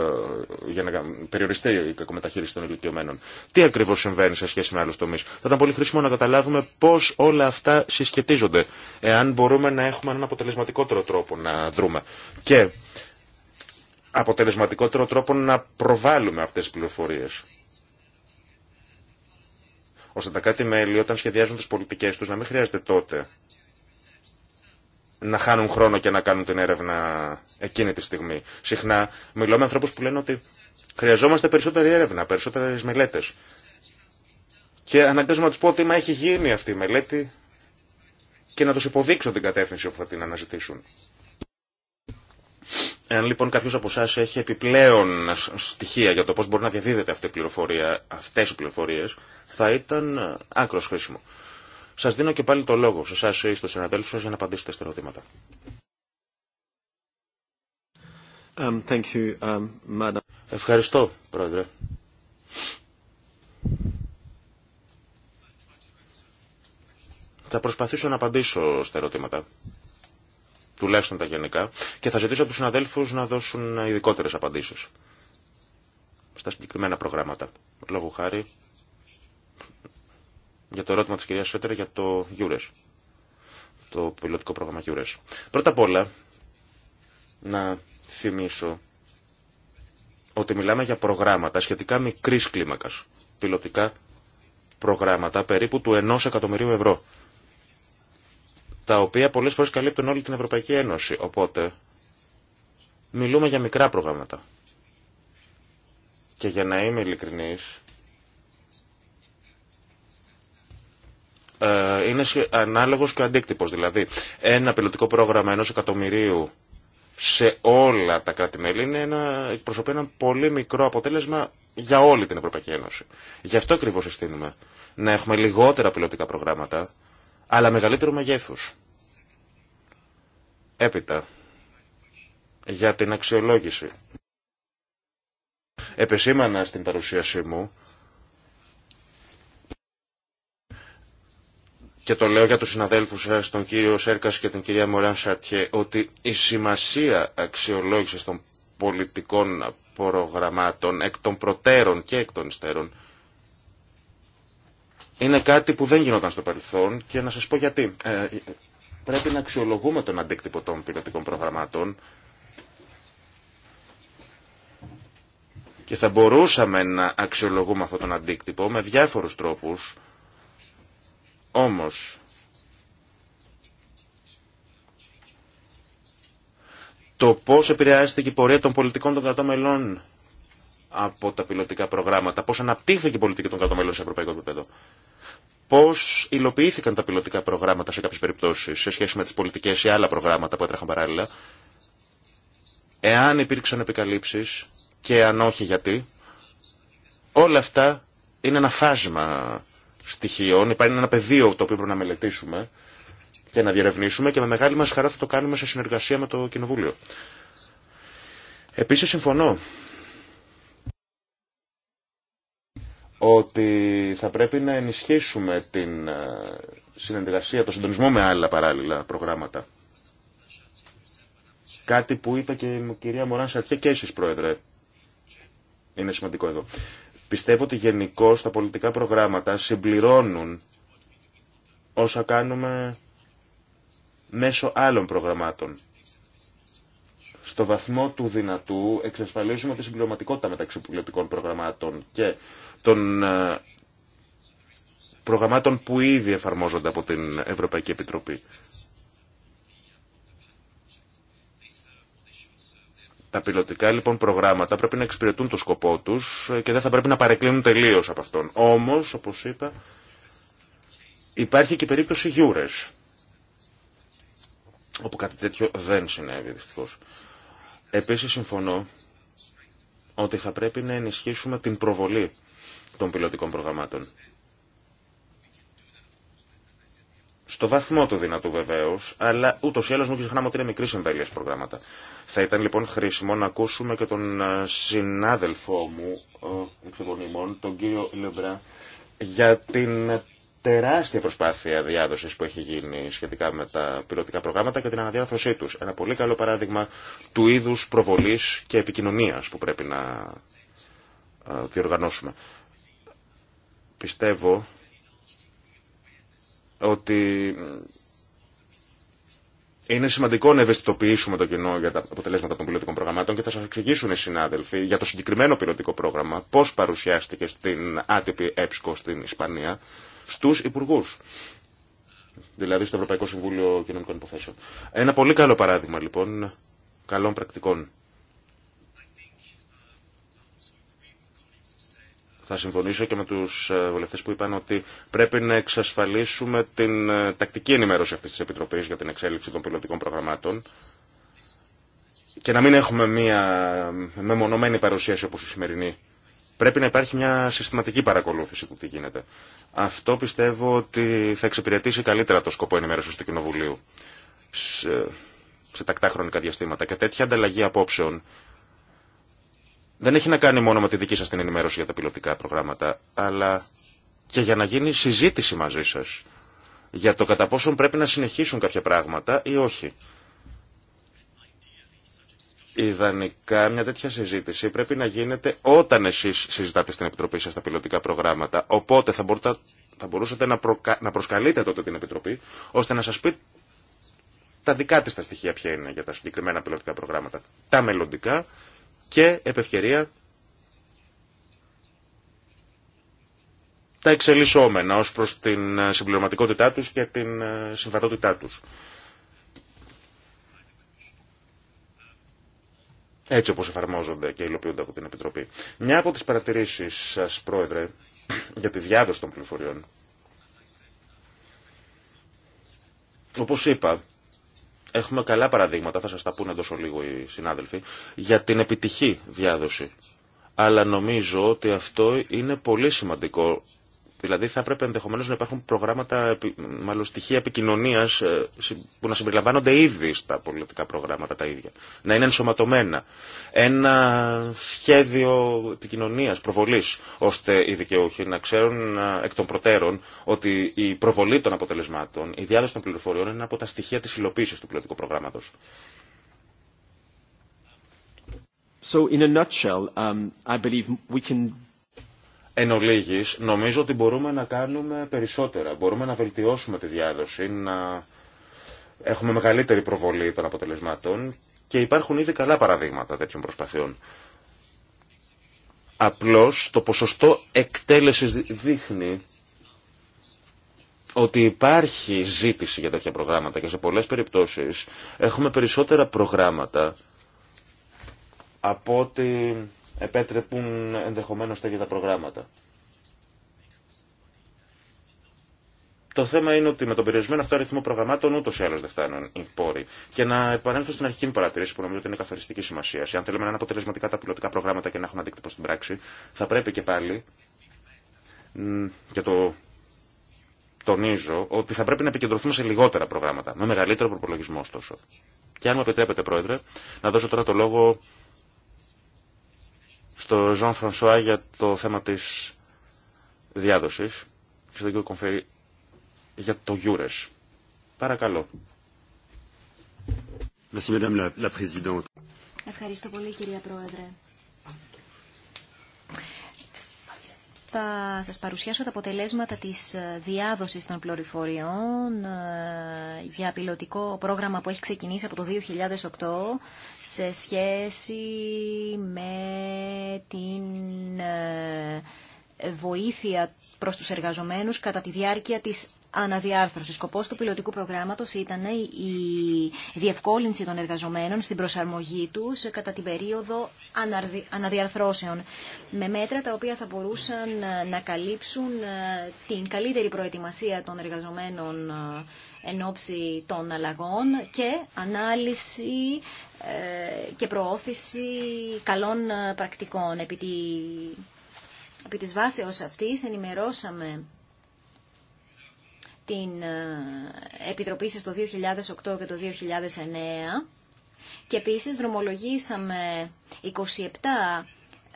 για να περιοριστεί η κακομεταχείριση των ηλικιωμένων. Τι ακριβώς συμβαίνει σε σχέση με άλλου τομείς. Θα ήταν πολύ χρήσιμο να καταλάβουμε πώ όλα αυτά συσχετίζονται. Εάν μπορούμε να έχουμε έναν αποτελεσματικότερο τρόπο να δρούμε. Και αποτελεσματικότερο τρόπο να προβάλλουμε αυτές τις πληροφορίες ώστε τα κράτη-μέλη όταν σχεδιάζουν τις πολιτικές τους να μην χρειάζεται τότε να χάνουν χρόνο και να κάνουν την έρευνα εκείνη τη στιγμή. Συχνά μιλώ με ανθρώπους που λένε ότι χρειαζόμαστε περισσότερη έρευνα, περισσότερες μελέτες. Και αναγκάζομαι να του πω ότι μα έχει γίνει αυτή η μελέτη και να του υποδείξω την κατεύθυνση που θα την αναζητήσουν. Εάν λοιπόν κάποιο από εσά έχει επιπλέον στοιχεία για το πώ μπορεί να διαδίδεται αυτή η πληροφορία, αυτέ οι πληροφορίε, θα ήταν ε, άκρο χρήσιμο. Σα δίνω και πάλι το λόγο σε εσά ή στου συναδέλφου σα για να απαντήσετε στα ερωτήματα. Um, thank you, um, madam. Ευχαριστώ, Πρόεδρε. Θα προσπαθήσω να απαντήσω στα ερωτήματα τουλάχιστον τα γενικά, και θα ζητήσω από του συναδέλφου να δώσουν ειδικότερε απαντήσει στα συγκεκριμένα προγράμματα. Λόγω χάρη για το ερώτημα τη κυρία Σέτερα για το Γιούρες, το πιλωτικό πρόγραμμα Γιούρες. Πρώτα απ' όλα, να θυμίσω ότι μιλάμε για προγράμματα σχετικά μικρή κλίμακα. Πιλωτικά προγράμματα περίπου του 1 εκατομμυρίου ευρώ τα οποία πολλές φορές καλύπτουν όλη την Ευρωπαϊκή Ένωση. Οπότε μιλούμε για μικρά προγράμματα. Και για να είμαι ειλικρινής, ε, είναι ανάλογος και αντίκτυπος. Δηλαδή, ένα πιλωτικό πρόγραμμα ενός εκατομμυρίου σε όλα τα κράτη-μέλη είναι ένα, ένα πολύ μικρό αποτέλεσμα για όλη την Ευρωπαϊκή Ένωση. Γι' αυτό ακριβώ συστήνουμε να έχουμε λιγότερα πιλωτικά προγράμματα αλλά μεγαλύτερου μεγέθους. Έπειτα, για την αξιολόγηση. Επεσήμανα στην παρουσίασή μου και το λέω για τους συναδέλφους σας, τον κύριο Σέρκας και την κυρία Μωράν Σαρτιέ, ότι η σημασία αξιολόγησης των πολιτικών προγραμμάτων εκ των προτέρων και εκ των υστέρων είναι κάτι που δεν γινόταν στο παρελθόν και να σας πω γιατί. Ε, πρέπει να αξιολογούμε τον αντίκτυπο των πιλωτικών προγραμμάτων και θα μπορούσαμε να αξιολογούμε αυτόν τον αντίκτυπο με διάφορους τρόπους, όμως το πώς επηρεάστηκε η πορεία των πολιτικών των κρατών μελών από τα πιλωτικά προγράμματα, πώς αναπτύχθηκε η πολιτική των κρατομέλων σε ευρωπαϊκό επίπεδο, Πώ υλοποιήθηκαν τα πιλωτικά προγράμματα σε κάποιε περιπτώσει σε σχέση με τι πολιτικέ ή άλλα προγράμματα που έτρεχαν παράλληλα, εάν υπήρξαν επικαλύψεις και αν όχι γιατί, όλα αυτά είναι ένα φάσμα στοιχείων, υπάρχει ένα πεδίο το οποίο πρέπει να μελετήσουμε και να διερευνήσουμε και με μεγάλη μας χαρά θα το κάνουμε σε συνεργασία με το Κοινοβούλιο. Επίσης συμφωνώ ότι θα πρέπει να ενισχύσουμε την ε, συνεργασία, το συντονισμό με άλλα παράλληλα προγράμματα. Κάτι που είπε και η κυρία Μωράν Σαρτιέ και εσείς, Πρόεδρε. Είναι σημαντικό εδώ. Πιστεύω ότι γενικώ τα πολιτικά προγράμματα συμπληρώνουν όσα κάνουμε μέσω άλλων προγραμμάτων. Στο βαθμό του δυνατού εξασφαλίζουμε τη συμπληρωματικότητα μεταξύ πολιτικών προγραμμάτων και των ε, προγραμμάτων που ήδη εφαρμόζονται από την Ευρωπαϊκή Επιτροπή. Τα πιλωτικά λοιπόν προγράμματα πρέπει να εξυπηρετούν το σκοπό τους και δεν θα πρέπει να παρεκκλίνουν τελείως από αυτόν. Όμως, όπως είπα, υπάρχει και περίπτωση γιούρες, όπου κάτι τέτοιο δεν συνέβη δυστυχώς. Επίσης συμφωνώ ότι θα πρέπει να ενισχύσουμε την προβολή των πιλωτικών προγραμμάτων. Στο βαθμό του δυνατού βεβαίω, αλλά ούτω ή άλλω μην ξεχνάμε ότι είναι μικρή εμβέλεια προγράμματα. Θα ήταν λοιπόν χρήσιμο να ακούσουμε και τον ε, συνάδελφό μου, ε, εξ τον κύριο Λεμπρά, για την ε, τεράστια προσπάθεια διάδοση που έχει γίνει σχετικά με τα πιλωτικά προγράμματα και την αναδιάρθρωσή του. Ένα πολύ καλό παράδειγμα του είδου προβολή και επικοινωνία που πρέπει να διοργανώσουμε. Πιστεύω ότι είναι σημαντικό να ευαισθητοποιήσουμε το κοινό για τα αποτελέσματα των πιλωτικών προγραμμάτων και θα σας εξηγήσουν οι συνάδελφοι για το συγκεκριμένο πιλωτικό πρόγραμμα πώς παρουσιάστηκε στην άτυπη ΕΠΣΚΟ στην Ισπανία στους υπουργού. Δηλαδή στο Ευρωπαϊκό Συμβούλιο Κοινωνικών Υποθέσεων. Ένα πολύ καλό παράδειγμα λοιπόν καλών πρακτικών. Θα συμφωνήσω και με του ε, βουλευτέ που είπαν ότι πρέπει να εξασφαλίσουμε την ε, τακτική ενημέρωση αυτή τη Επιτροπή για την εξέλιξη των πιλωτικών προγραμμάτων και να μην έχουμε μία ε, μεμονωμένη παρουσίαση όπως η σημερινή. Πρέπει να υπάρχει μια συστηματική παρακολούθηση του τι γίνεται. Αυτό πιστεύω ότι θα εξυπηρετήσει καλύτερα το σκοπό ενημέρωση του Κοινοβουλίου σε, σε τακτά χρονικά διαστήματα. Και τέτοια ανταλλαγή απόψεων δεν έχει να κάνει μόνο με τη δική σας την ενημέρωση για τα πιλωτικά προγράμματα, αλλά και για να γίνει συζήτηση μαζί σας για το κατά πόσον πρέπει να συνεχίσουν κάποια πράγματα ή όχι. Ιδανικά μια τέτοια συζήτηση πρέπει να γίνεται όταν εσείς συζητάτε στην Επιτροπή σας τα πιλωτικά προγράμματα. Οπότε θα, θα μπορούσατε να, προκα... να προσκαλείτε τότε την Επιτροπή ώστε να σας πει τα δικά της τα στοιχεία ποια είναι για τα συγκεκριμένα πιλωτικά προγράμματα. Τα μελλοντικά και επευκαιρία τα εξελισσόμενα ως προς την ε, συμπληρωματικότητά τους και την ε, συμβατότητά τους. Έτσι όπως εφαρμόζονται και υλοποιούνται από την Επιτροπή. Μια από τις παρατηρήσεις σας, Πρόεδρε, για τη διάδοση των πληροφοριών. Όπως είπα, Έχουμε καλά παραδείγματα, θα σας τα πούνε τόσο λίγο οι συνάδελφοι, για την επιτυχή διάδοση. Αλλά νομίζω ότι αυτό είναι πολύ σημαντικό Δηλαδή θα έπρεπε ενδεχομένω να υπάρχουν προγράμματα, μάλλον στοιχεία επικοινωνία ε, που να συμπεριλαμβάνονται ήδη στα πολιτικά προγράμματα τα ίδια. Να είναι ενσωματωμένα. Ένα σχέδιο επικοινωνία, προβολή, ώστε οι δικαιούχοι να ξέρουν ε, εκ των προτέρων ότι η προβολή των αποτελεσμάτων, η διάδοση των πληροφοριών είναι από τα στοιχεία τη υλοποίηση του πολιτικού προγράμματο. So in a nutshell, um, I Εν ολίγης, νομίζω ότι μπορούμε να κάνουμε περισσότερα. Μπορούμε να βελτιώσουμε τη διάδοση, να έχουμε μεγαλύτερη προβολή των αποτελεσμάτων και υπάρχουν ήδη καλά παραδείγματα τέτοιων προσπαθειών. Απλώς το ποσοστό εκτέλεσης δείχνει ότι υπάρχει ζήτηση για τέτοια προγράμματα και σε πολλές περιπτώσεις έχουμε περισσότερα προγράμματα από ότι επέτρεπουν ενδεχομένως τέτοια τα προγράμματα. Το θέμα είναι ότι με τον περιορισμένο αυτό αριθμό προγραμμάτων ούτω ή άλλω δεν φτάνουν οι πόροι. Και να επανέλθω στην αρχική μου παρατηρήση που νομίζω ότι είναι καθοριστική σημασία. Αν θέλουμε να είναι αποτελεσματικά τα πιλωτικά προγράμματα και να έχουν αντίκτυπο στην πράξη, θα πρέπει και πάλι. Και το τονίζω ότι θα πρέπει να επικεντρωθούμε σε λιγότερα προγράμματα, με μεγαλύτερο προπολογισμό ωστόσο. Και αν μου επιτρέπετε, Πρόεδρε, να δώσω τώρα το λόγο στο Ζων Φρανσουά για το θέμα της διάδοσης και στον κύριο Κομφέρη για το Γιούρες. Παρακαλώ. Ευχαριστώ πολύ κυρία Πρόεδρε. θα σας παρουσιάσω τα αποτελέσματα της ε, διάδοσης των πληροφοριών ε, για πιλωτικό πρόγραμμα που έχει ξεκινήσει από το 2008 σε σχέση με την ε, βοήθεια προς τους εργαζομένους κατά τη διάρκεια της αναδιάρθρωση. Σκοπό του πιλωτικού προγράμματος ήταν η διευκόλυνση των εργαζομένων στην προσαρμογή τους κατά την περίοδο αναδιαρθρώσεων, με μέτρα τα οποία θα μπορούσαν ε, να καλύψουν ε, την καλύτερη προετοιμασία των εργαζομένων ε, εν ώψη των αλλαγών και ανάλυση και προώθηση καλών πρακτικών. Επί, τη... Επί της αυτής ενημερώσαμε την ε, Επιτροπή σας το 2008 και το 2009 και επίσης δρομολογήσαμε 27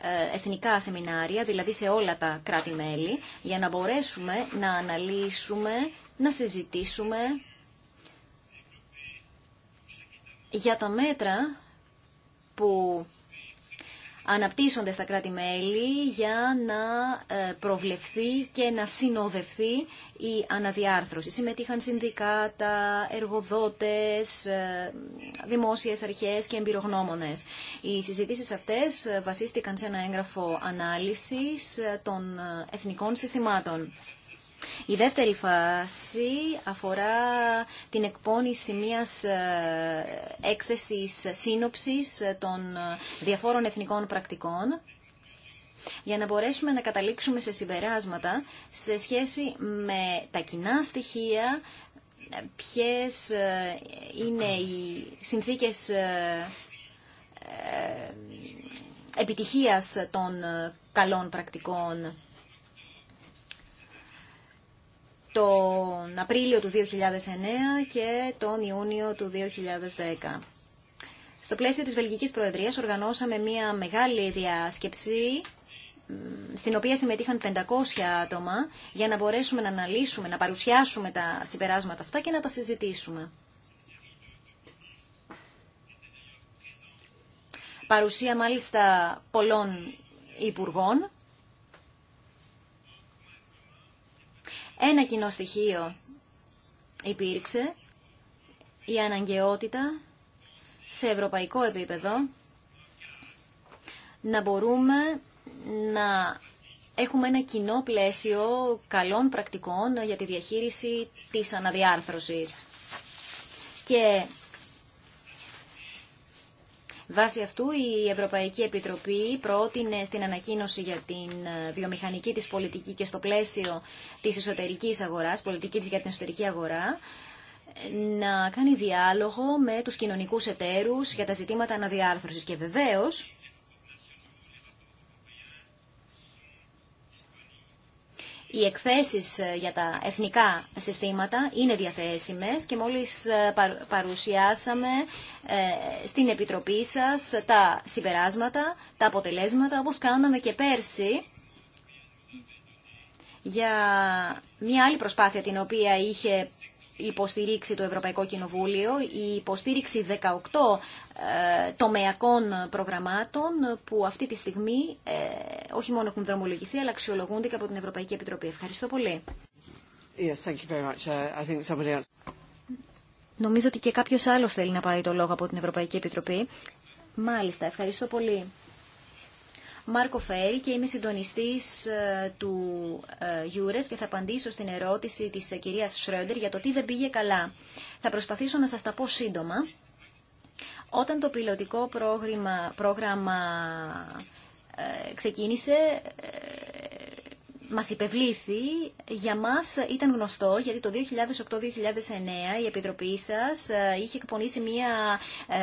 ε, εθνικά σεμινάρια, δηλαδή σε όλα τα κράτη-μέλη, για να μπορέσουμε να αναλύσουμε, να συζητήσουμε για τα μέτρα που αναπτύσσονται στα κράτη-μέλη για να ε, προβλεφθεί και να σύνοδευθεί η αναδιάρθρωση. Συμμετείχαν συνδικάτα, εργοδότες, ε, δημόσιες αρχές και εμπειρογνώμονες. Οι συζητήσεις αυτές βασίστηκαν σε ένα έγγραφο ανάλυσης ε, των εθνικών συστημάτων. Η δεύτερη φάση αφορά την εκπόνηση μιας ε, έκθεσης σύνοψης ε, των ε, διαφόρων εθνικών πρακτικών για να μπορέσουμε να καταλήξουμε σε συμπεράσματα σε σχέση με τα κοινά στοιχεία, ποιες είναι οι συνθήκες επιτυχίας των καλών πρακτικών τον Απρίλιο του 2009 και τον Ιούνιο του 2010. Στο πλαίσιο της Βελγικής Προεδρίας οργανώσαμε μια μεγάλη διάσκεψη στην οποία συμμετείχαν 500 άτομα για να μπορέσουμε να αναλύσουμε, να παρουσιάσουμε τα συμπεράσματα αυτά και να τα συζητήσουμε. Παρουσία μάλιστα πολλών υπουργών Ένα κοινό στοιχείο υπήρξε, η αναγκαιότητα σε ευρωπαϊκό επίπεδο να μπορούμε να έχουμε ένα κοινό πλαίσιο καλών πρακτικών για τη διαχείριση της αναδιάρθρωσης. Και Βάσει αυτού η Ευρωπαϊκή Επιτροπή πρότεινε στην ανακοίνωση για την ε, βιομηχανική της πολιτική και στο πλαίσιο της εσωτερικής αγοράς, πολιτική της για την εσωτερική αγορά, να κάνει διάλογο με τους κοινωνικούς εταίρους για τα ζητήματα αναδιάρθρωσης και βεβαίως Οι εκθέσεις ε, για τα εθνικά συστήματα είναι διαθέσιμες και μόλις ε, παρουσιάσαμε ε, στην Επιτροπή σας τα συμπεράσματα, τα αποτελέσματα, όπως κάναμε και πέρσι, για μια άλλη προσπάθεια την οποία είχε υποστήριξη το Ευρωπαϊκό Κοινοβούλιο, η υποστήριξη 18 ε, τομεακών προγραμμάτων που αυτή τη στιγμή ε, όχι μόνο έχουν δρομολογηθεί αλλά αξιολογούνται και από την Ευρωπαϊκή Επιτροπή. Ευχαριστώ πολύ. Yes, thank you very much. Uh, I think somebody else... Νομίζω ότι και κάποιος άλλος θέλει να πάρει το λόγο από την Ευρωπαϊκή Επιτροπή. Μάλιστα, ευχαριστώ πολύ. Μάρκο Φέρι και είμαι συντονιστής ε, του Γιούρες και θα απαντήσω στην ερώτηση της ε, κυρίας Σρόντερ για το τι δεν πήγε καλά. Θα προσπαθήσω να σας τα πω σύντομα. Όταν το πιλωτικό πρόγραμμα, πρόγραμμα ε, ξεκίνησε, μας υπευλήθη, για μας ήταν γνωστό, γιατί το 2008-2009 η Επιτροπή σας ε, είχε εκπονήσει μία ε,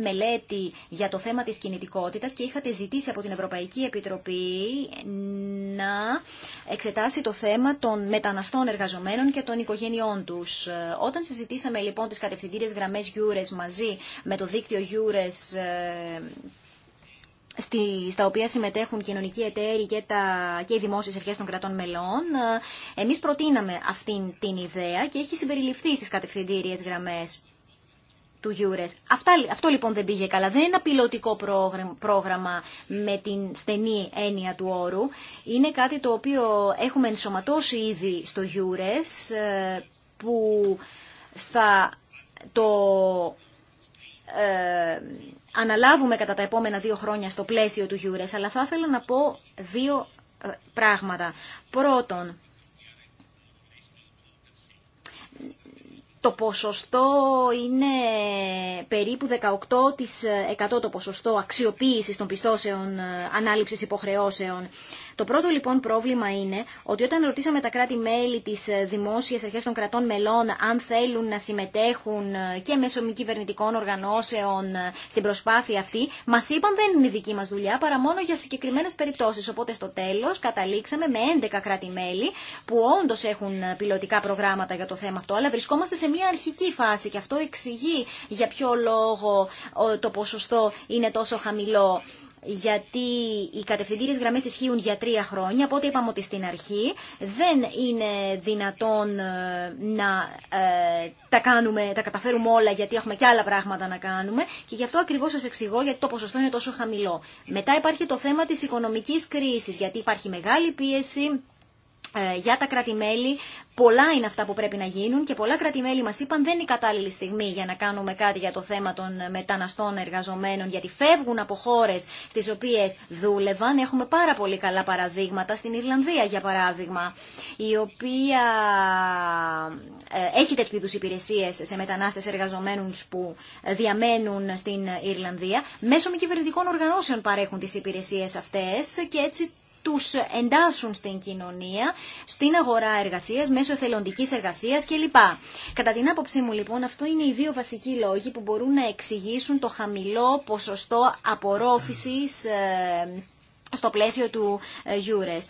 μελέτη για το θέμα της κινητικότητας και είχατε ζητήσει από την Ευρωπαϊκή Επιτροπή να εξετάσει το θέμα των μεταναστών εργαζομένων και των οικογένειών τους. Ε, όταν συζητήσαμε λοιπόν τις κατευθυντήριες γραμμές Γιούρες μαζί με το δίκτυο ε, στη, στα οποία συμμετέχουν κοινωνικοί εταίροι και, τα, και οι δημόσιες αρχές των κρατών μελών. Ε, εμείς προτείναμε αυτήν την ιδέα και έχει συμπεριληφθεί στις κατευθυντήριες γραμμές του Γιούρες. αυτό λοιπόν δεν πήγε καλά. Δεν είναι ένα πιλωτικό πρόγραμμα με την στενή έννοια του όρου. Είναι κάτι το οποίο έχουμε ενσωματώσει ήδη στο Γιούρες ε, που θα το... Ε, αναλάβουμε κατά τα επόμενα δύο χρόνια στο πλαίσιο του Γιούρες, αλλά θα ήθελα να πω δύο ε, πράγματα. Πρώτον, το ποσοστό είναι περίπου 18% το ποσοστό αξιοποίησης των πιστώσεων ε, ανάληψης υποχρεώσεων. Το πρώτο λοιπόν πρόβλημα είναι ότι όταν ρωτήσαμε τα κράτη-μέλη τη ε, δημόσια αρχέ των κρατών μελών αν θέλουν να συμμετέχουν ε, και μέσω μη κυβερνητικών οργανώσεων ε, στην προσπάθεια αυτή, μα είπαν δεν είναι δική μα δουλειά παρά μόνο για συγκεκριμένε περιπτώσει. Οπότε στο τέλο καταλήξαμε με 11 κράτη-μέλη που όντω έχουν πιλωτικά προγράμματα για το θέμα αυτό, αλλά βρισκόμαστε σε μια αρχική φάση και αυτό εξηγεί για ποιο λόγο το ποσοστό είναι τόσο χαμηλό γιατί οι κατευθυντήριες γραμμές ισχύουν για τρία χρόνια, οπότε είπαμε ότι στην αρχή δεν είναι δυνατόν ε, να ε, τα, κάνουμε, τα καταφέρουμε όλα γιατί έχουμε και άλλα πράγματα να κάνουμε και γι' αυτό ακριβώς σας εξηγώ γιατί το ποσοστό είναι τόσο χαμηλό. Μετά υπάρχει το θέμα της οικονομικής κρίσης γιατί υπάρχει μεγάλη πίεση ε, για τα κρατημέλη πολλά είναι αυτά που πρέπει να γίνουν και πολλα κρατημέλη κράτη-μέλη μας είπαν δεν είναι η κατάλληλη στιγμή για να κάνουμε κάτι για το θέμα των μεταναστών εργαζομένων γιατί φεύγουν από χώρε στις οποίες δούλευαν. Έχουμε πάρα πολύ καλά παραδείγματα στην Ιρλανδία για παράδειγμα η οποία ε, έχει τέτοιου είδου υπηρεσίες σε μετανάστες εργαζομένου που διαμένουν στην Ιρλανδία. Μέσω μη κυβερνητικών οργανώσεων παρέχουν τι υπηρεσίε αυτέ. και έτσι τους εντάσσουν στην κοινωνία, στην αγορά εργασίας, μέσω εθελοντικής εργασίας κλπ. Κατά την άποψή μου λοιπόν αυτό είναι οι δύο βασικοί λόγοι που μπορούν να εξηγήσουν το χαμηλό ποσοστό απορρόφησης ε, στο πλαίσιο του ε, ε,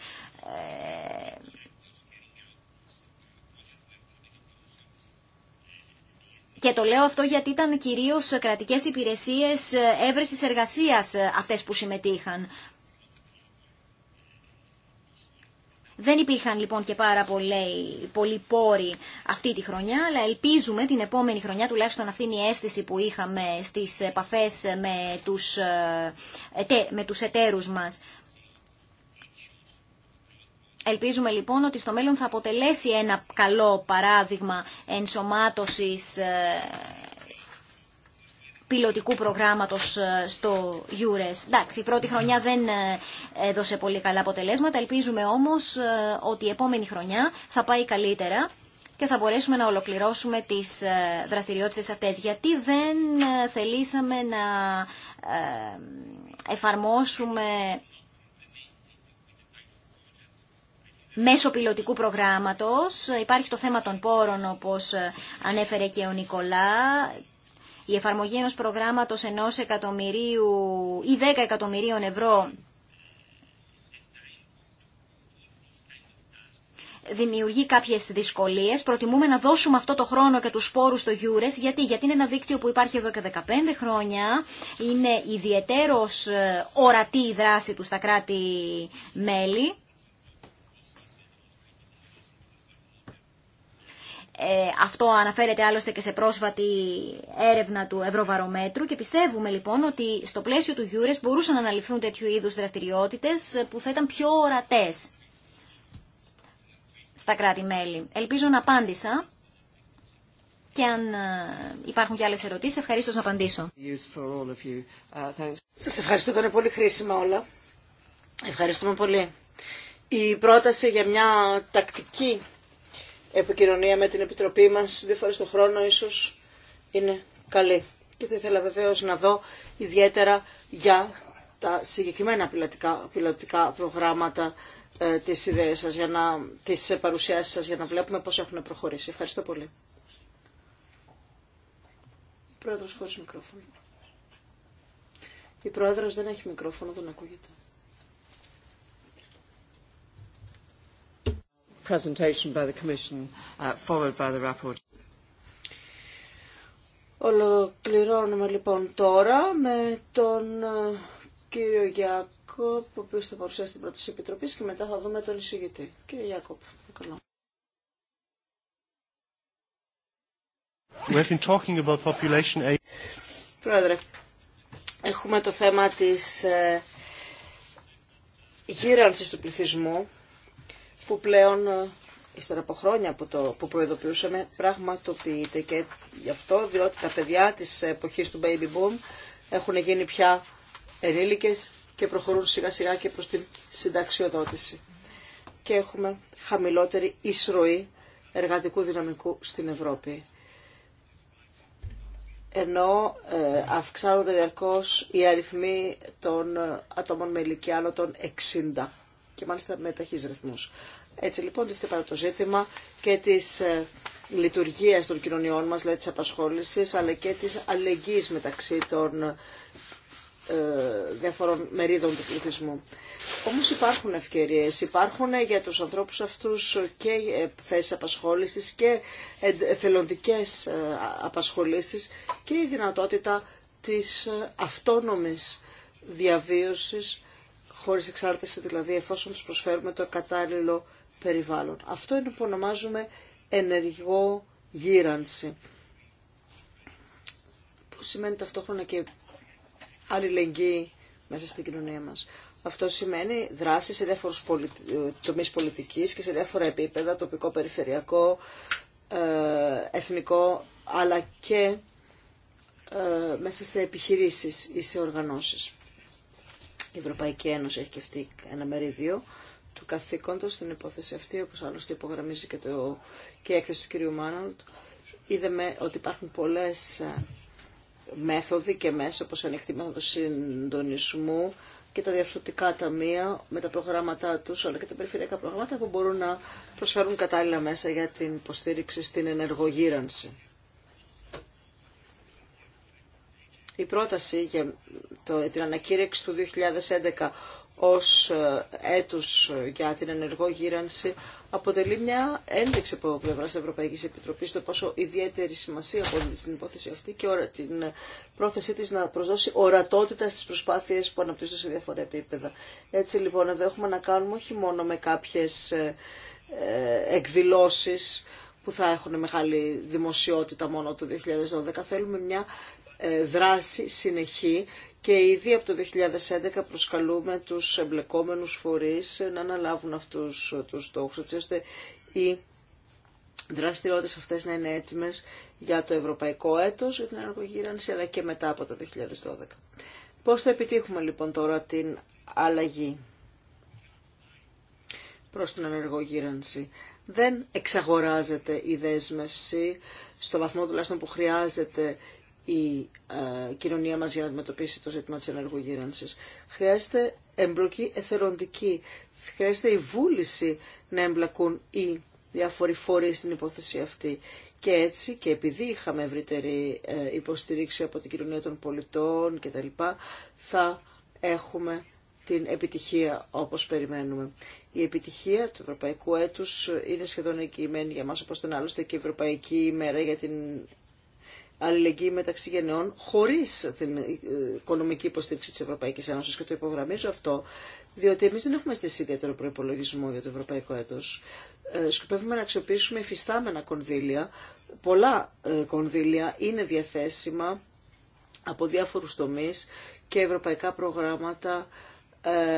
Και το λέω αυτό γιατί ήταν κυρίως κρατικές υπηρεσίες ε, έβρεσης εργασίας αυτές που συμμετείχαν. Δεν υπήρχαν λοιπόν και πάρα πολλοί, πολλοί πόροι αυτή τη χρονιά, αλλά ελπίζουμε την επόμενη χρονιά, τουλάχιστον αυτή είναι η αίσθηση που είχαμε στις επαφές με τους, ε, με τους εταίρους μας, Ελπίζουμε λοιπόν ότι στο μέλλον θα αποτελέσει ένα καλό παράδειγμα ενσωμάτωσης ε, πιλωτικού προγράμματος ε, στο EURES. Εντάξει, η πρώτη χρονιά δεν ε, έδωσε πολύ καλά αποτελέσματα, ελπίζουμε όμως ε, ότι η επόμενη χρονιά θα πάει καλύτερα και θα μπορέσουμε να ολοκληρώσουμε τις δραστηριότητες αυτές. Γιατί δεν θελήσαμε να εφαρμόσουμε μέσω πιλωτικού προγράμματος. Υπάρχει το θέμα των πόρων, όπως ανέφερε και ο Νικολά, η εφαρμογή ενός προγράμματος ενός εκατομμυρίου ή δέκα εκατομμυρίων ευρώ δημιουργεί κάποιες δυσκολίες. Προτιμούμε να δώσουμε αυτό το χρόνο και τους σπόρους στο Γιούρε. Γιατί? Γιατί είναι ένα δίκτυο που υπάρχει εδώ και 15 χρόνια. Είναι ιδιαίτερο ορατή η δράση του στα κράτη-μέλη. Ε, αυτό αναφέρεται άλλωστε και σε πρόσφατη έρευνα του Ευρωβαρομέτρου και πιστεύουμε λοιπόν ότι στο πλαίσιο του Γιούρες μπορούσαν να αναλυφθούν τέτοιου είδους δραστηριότητες που θα ήταν πιο ορατές στα κράτη-μέλη. Ελπίζω να απάντησα και αν ε, υπάρχουν και άλλες ερωτήσεις, ευχαρίστω να απαντήσω. Uh, Σας ευχαριστώ, ήταν πολύ χρήσιμα όλα. Ευχαριστούμε πολύ. Η πρόταση για μια τακτική επικοινωνία με την Επιτροπή μας δύο φορές το χρόνο ίσως είναι καλή. Και θα ήθελα βεβαίω να δω ιδιαίτερα για τα συγκεκριμένα πιλωτικά, προγράμματα ε, τις ιδέες σας, για να, τις παρουσιάσεις σας για να βλέπουμε πώς έχουν προχωρήσει. Ευχαριστώ πολύ. Πρόεδρος χωρίς μικρόφωνο. Η πρόεδρος δεν έχει μικρόφωνο, δεν ακούγεται. presentation by the Commission uh, followed by the rapport. Ολοκληρώνουμε λοιπόν τώρα με τον ε, κύριο Γιάκοπ, ο οποίος θα παρουσιάσει την πρώτη επιτροπή και μετά θα δούμε τον εισηγητή. Κύριε Γιάκοπ, καλό. We've been talking about population Πρόεδρε, έχουμε το θέμα της ε, γύρανσης του πληθυσμού που πλέον, ε, ύστερα από χρόνια που, το, που προειδοποιούσαμε, πραγματοποιείται και γι' αυτό διότι τα παιδιά της εποχής του baby boom έχουν γίνει πια ενήλικες και προχωρούν σιγά σιγά και προς την συνταξιοδότηση. Και έχουμε χαμηλότερη εισρωή εργατικού δυναμικού στην Ευρώπη. Ενώ ε, αυξάνονται διαρκώς οι αριθμοί των ε, ατόμων με ηλικία των 60 και μάλιστα με ταχύς ρυθμούς. Έτσι λοιπόν τίθεται παρά το ζήτημα και της ε, λειτουργίας των κοινωνιών μας, δηλαδή της απασχόλησης, αλλά και της αλληλεγγύης μεταξύ των ε, διαφορών μερίδων του πληθυσμού. Όμω υπάρχουν ευκαιρίες, υπάρχουν για τους ανθρώπους αυτούς και θέσει απασχόλησης και θελοντικές ε, απασχολήσει και η δυνατότητα της αυτόνομη διαβίωσης χωρίς εξάρτηση δηλαδή εφόσον τους προσφέρουμε το κατάλληλο περιβάλλον. Αυτό είναι που ονομάζουμε ενεργό γύρανση που σημαίνει ταυτόχρονα και αλληλεγγύη μέσα στην κοινωνία μας. Αυτό σημαίνει δράση σε διάφορους πολι... Ε, τομείς πολιτικής και σε διάφορα επίπεδα, τοπικό, περιφερειακό, ε, εθνικό, αλλά και ε, μέσα σε επιχειρήσεις ή σε οργανώσεις. Η Ευρωπαϊκή Ένωση έχει κεφτεί ένα μερίδιο του καθήκοντος στην υπόθεση αυτή, όπως άλλωστε υπογραμμίζει και, το, και η έκθεση του κ. Μάνολτ. Είδαμε ότι υπάρχουν πολλές ε, μέθοδοι και μέσα, όπως η ανοιχτή μέθοδος συντονισμού και τα διαφορετικά ταμεία με τα προγράμματά τους, αλλά και τα περιφερειακά προγράμματα που μπορούν να προσφέρουν κατάλληλα μέσα για την υποστήριξη στην ενεργογύρανση. η πρόταση για το, την ανακήρυξη του 2011 ως ε, έτους για την ενεργό γύρανση αποτελεί μια ένδειξη από πλευρά της Ευρωπαϊκής Επιτροπής το πόσο ιδιαίτερη σημασία από στην υπόθεση αυτή και την πρόθεσή της να προσδώσει ορατότητα στις προσπάθειες που αναπτύσσονται σε διάφορα επίπεδα. Έτσι λοιπόν εδώ έχουμε να κάνουμε όχι μόνο με κάποιες ε, ε, εκδηλώσεις που θα έχουν μεγάλη δημοσιότητα μόνο το 2012. Θέλουμε μια ε, δράση συνεχή και ήδη από το 2011 προσκαλούμε τους εμπλεκόμενους φορείς να αναλάβουν αυτούς τους στόχους, έτσι ώστε οι δραστηριότητες αυτές να είναι έτοιμες για το ευρωπαϊκό έτος, για την ενεργογύρανση, αλλά και μετά από το 2012. Πώς θα επιτύχουμε λοιπόν τώρα την αλλαγή προς την ανεργογύρανση. Δεν εξαγοράζεται η δέσμευση στο βαθμό τουλάχιστον που χρειάζεται η ε, κοινωνία μας για να αντιμετωπίσει το ζήτημα της ενεργογύρανσης. Χρειάζεται εμπλοκή εθελοντική, χρειάζεται η βούληση να εμπλακούν οι διάφοροι φορεί στην υπόθεση αυτή. Και έτσι και επειδή είχαμε ευρύτερη ε, υποστηρίξη από την κοινωνία των πολιτών κτλ. θα έχουμε την επιτυχία όπως περιμένουμε. Η επιτυχία του Ευρωπαϊκού Έτους είναι σχεδόν εγγυημένη για μας, όπως τον άλλωστε και η Ευρωπαϊκή ημέρα για την αλληλεγγύη μεταξύ γενεών χωρί την ε, οικονομική υποστήριξη της Ευρωπαϊκής Ένωσης και το υπογραμμίζω αυτό, διότι εμείς δεν έχουμε στήσει ιδιαίτερο προπολογισμό για το ευρωπαϊκό έτος. Ε, σκοπεύουμε να αξιοποιήσουμε υφιστάμενα κονδύλια. Πολλά ε, κονδύλια είναι διαθέσιμα από διάφορους τομείς και ευρωπαϊκά προγράμματα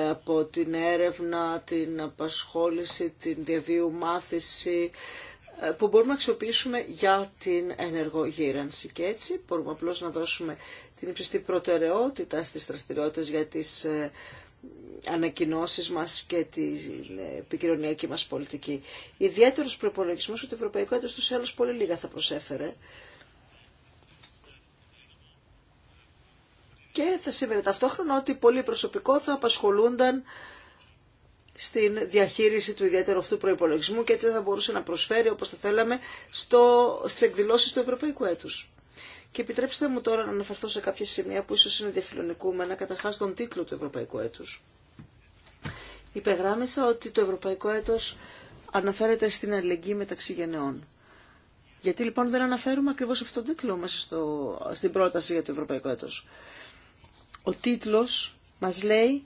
από την έρευνα, την απασχόληση, την διαβίου μάθηση, ε, που μπορούμε να αξιοποιήσουμε για την ενεργογύρανση. Και έτσι μπορούμε απλώς να δώσουμε την υψηλή προτεραιότητα στις δραστηριότητε για τις ε, ανακοινώσει μας και την επικοινωνιακή μας πολιτική. Ιδιαίτερος προπολογισμός ότι το Ευρωπαϊκό Έντος του άλλους πολύ λίγα θα προσέφερε. Και θα σήμαινε ταυτόχρονα ότι πολύ προσωπικό θα απασχολούνταν στην διαχείριση του ιδιαίτερου αυτού προπολογισμού και έτσι θα μπορούσε να προσφέρει όπω το θέλαμε στι εκδηλώσει του Ευρωπαϊκού Έτου. Και επιτρέψτε μου τώρα να αναφερθώ σε κάποια σημεία που ίσω είναι διαφιλονικούμενα, καταρχά τον τίτλο του Ευρωπαϊκού Έτου. Υπεγράμισα ότι το Ευρωπαϊκό Έτο αναφέρεται στην αλληλεγγύη μεταξύ γενεών. Γιατί λοιπόν δεν αναφέρουμε ακριβώ αυτόν τον τίτλο μέσα στο, στην πρόταση για το Ευρωπαϊκό έτο. Ο τίτλο μα λέει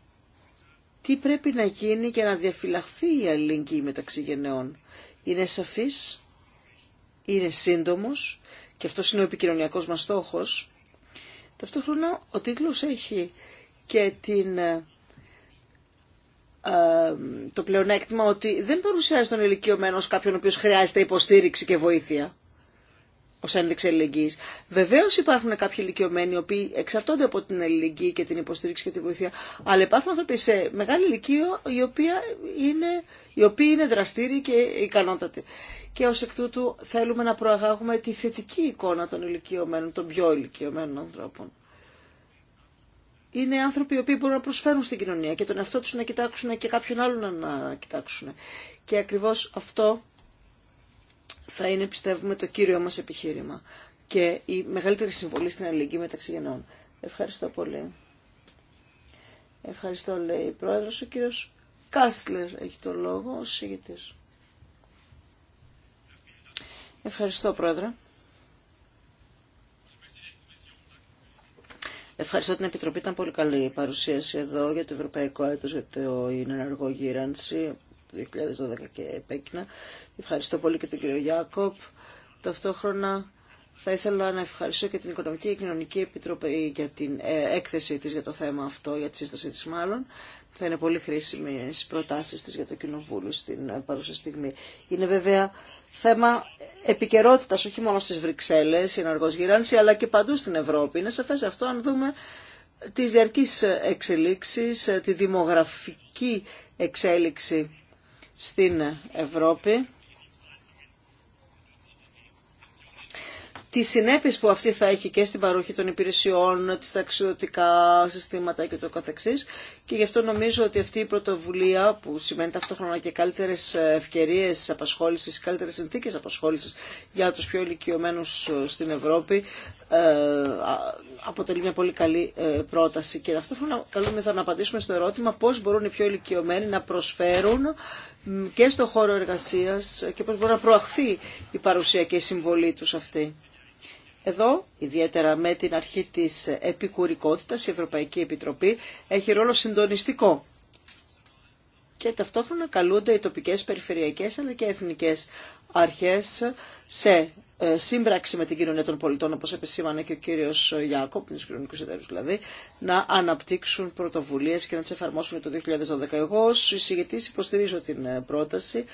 τι πρέπει να γίνει για να διαφυλαχθεί η αλληλεγγύη μεταξύ γενναιών. Είναι σαφής, είναι σύντομος και αυτό είναι ο επικοινωνιακός μας στόχος. Ταυτόχρονα ο τίτλος έχει και την, ε, ε, το πλεονέκτημα ότι δεν παρουσιάζει τον ηλικιωμένο κάποιον ο οποίος χρειάζεται υποστήριξη και βοήθεια ω ένδειξη αλληλεγγύη. Βεβαίω υπάρχουν κάποιοι ηλικιωμένοι οι οποίοι εξαρτώνται από την ελληνική και την υποστήριξη και τη βοήθεια, αλλά υπάρχουν άνθρωποι σε μεγάλη ηλικία οι οποίοι είναι, οι οποίοι είναι δραστήριοι και ικανότατοι. Και ω εκ τούτου θέλουμε να προαγάγουμε τη θετική εικόνα των ηλικιωμένων, των πιο ηλικιωμένων ανθρώπων. Είναι άνθρωποι οι οποίοι μπορούν να προσφέρουν στην κοινωνία και τον εαυτό του να κοιτάξουν και κάποιον άλλον να κοιτάξουν. Και ακριβώ αυτό θα είναι πιστεύουμε το κύριο μας επιχείρημα και η μεγαλύτερη συμβολή στην αλληλεγγύη μεταξύ γενών. Ευχαριστώ πολύ. Ευχαριστώ λέει η πρόεδρος. Ο κύριος Κάσλερ έχει το λόγο ως συγητής. Ευχαριστώ πρόεδρε. Ευχαριστώ την Επιτροπή. Ήταν πολύ καλή η παρουσίαση εδώ για το Ευρωπαϊκό Έτος για το ενεργό γύρανση το 2012 και επέκεινα. Ευχαριστώ πολύ και τον κύριο Γιάκοπ. Ταυτόχρονα θα ήθελα να ευχαριστώ και την Οικονομική και Κοινωνική Επιτροπή για την ε, έκθεση της για το θέμα αυτό, για τη σύσταση της μάλλον. Θα είναι πολύ χρήσιμη οι προτάσεις της για το Κοινοβούλιο στην ε, παρούσα στιγμή. Είναι βέβαια θέμα επικαιρότητα όχι μόνο στι Βρυξέλλες, η ενεργός γυράνση, αλλά και παντού στην Ευρώπη. Είναι σαφές αυτό αν δούμε τις διαρκείς εξελίξεις, ε, τη δημογραφική εξέλιξη στην Ευρώπη. Τι συνέπειες που αυτή θα έχει και στην παροχή των υπηρεσιών, της ταξιδιωτικά συστήματα και το καθεξής. Και γι' αυτό νομίζω ότι αυτή η πρωτοβουλία που σημαίνει ταυτόχρονα και καλύτερες ευκαιρίες απασχόλησης, καλύτερες συνθήκες απασχόλησης για τους πιο ηλικιωμένους στην Ευρώπη, ε, αποτελεί μια πολύ καλή ε, πρόταση και ταυτόχρονα καλούμεθα να απαντήσουμε στο ερώτημα πώς μπορούν οι πιο ηλικιωμένοι να προσφέρουν και στο χώρο εργασίας και πώς μπορεί να προαχθεί η παρουσία και η συμβολή τους αυτή. Εδώ, ιδιαίτερα με την αρχή της επικουρικότητας, η Ευρωπαϊκή Επιτροπή έχει ρόλο συντονιστικό και ταυτόχρονα καλούνται οι τοπικές, περιφερειακές αλλά και εθνικές αρχές σε ε, σύμπραξη με την κοινωνία των πολιτών, όπως επισήμανε και ο κύριος Γιάκοπ, τους κοινωνικούς εταίρους δηλαδή, να αναπτύξουν πρωτοβουλίες και να τις εφαρμόσουν το 2012. Εγώ ως εισηγητής υποστηρίζω την ε, πρόταση,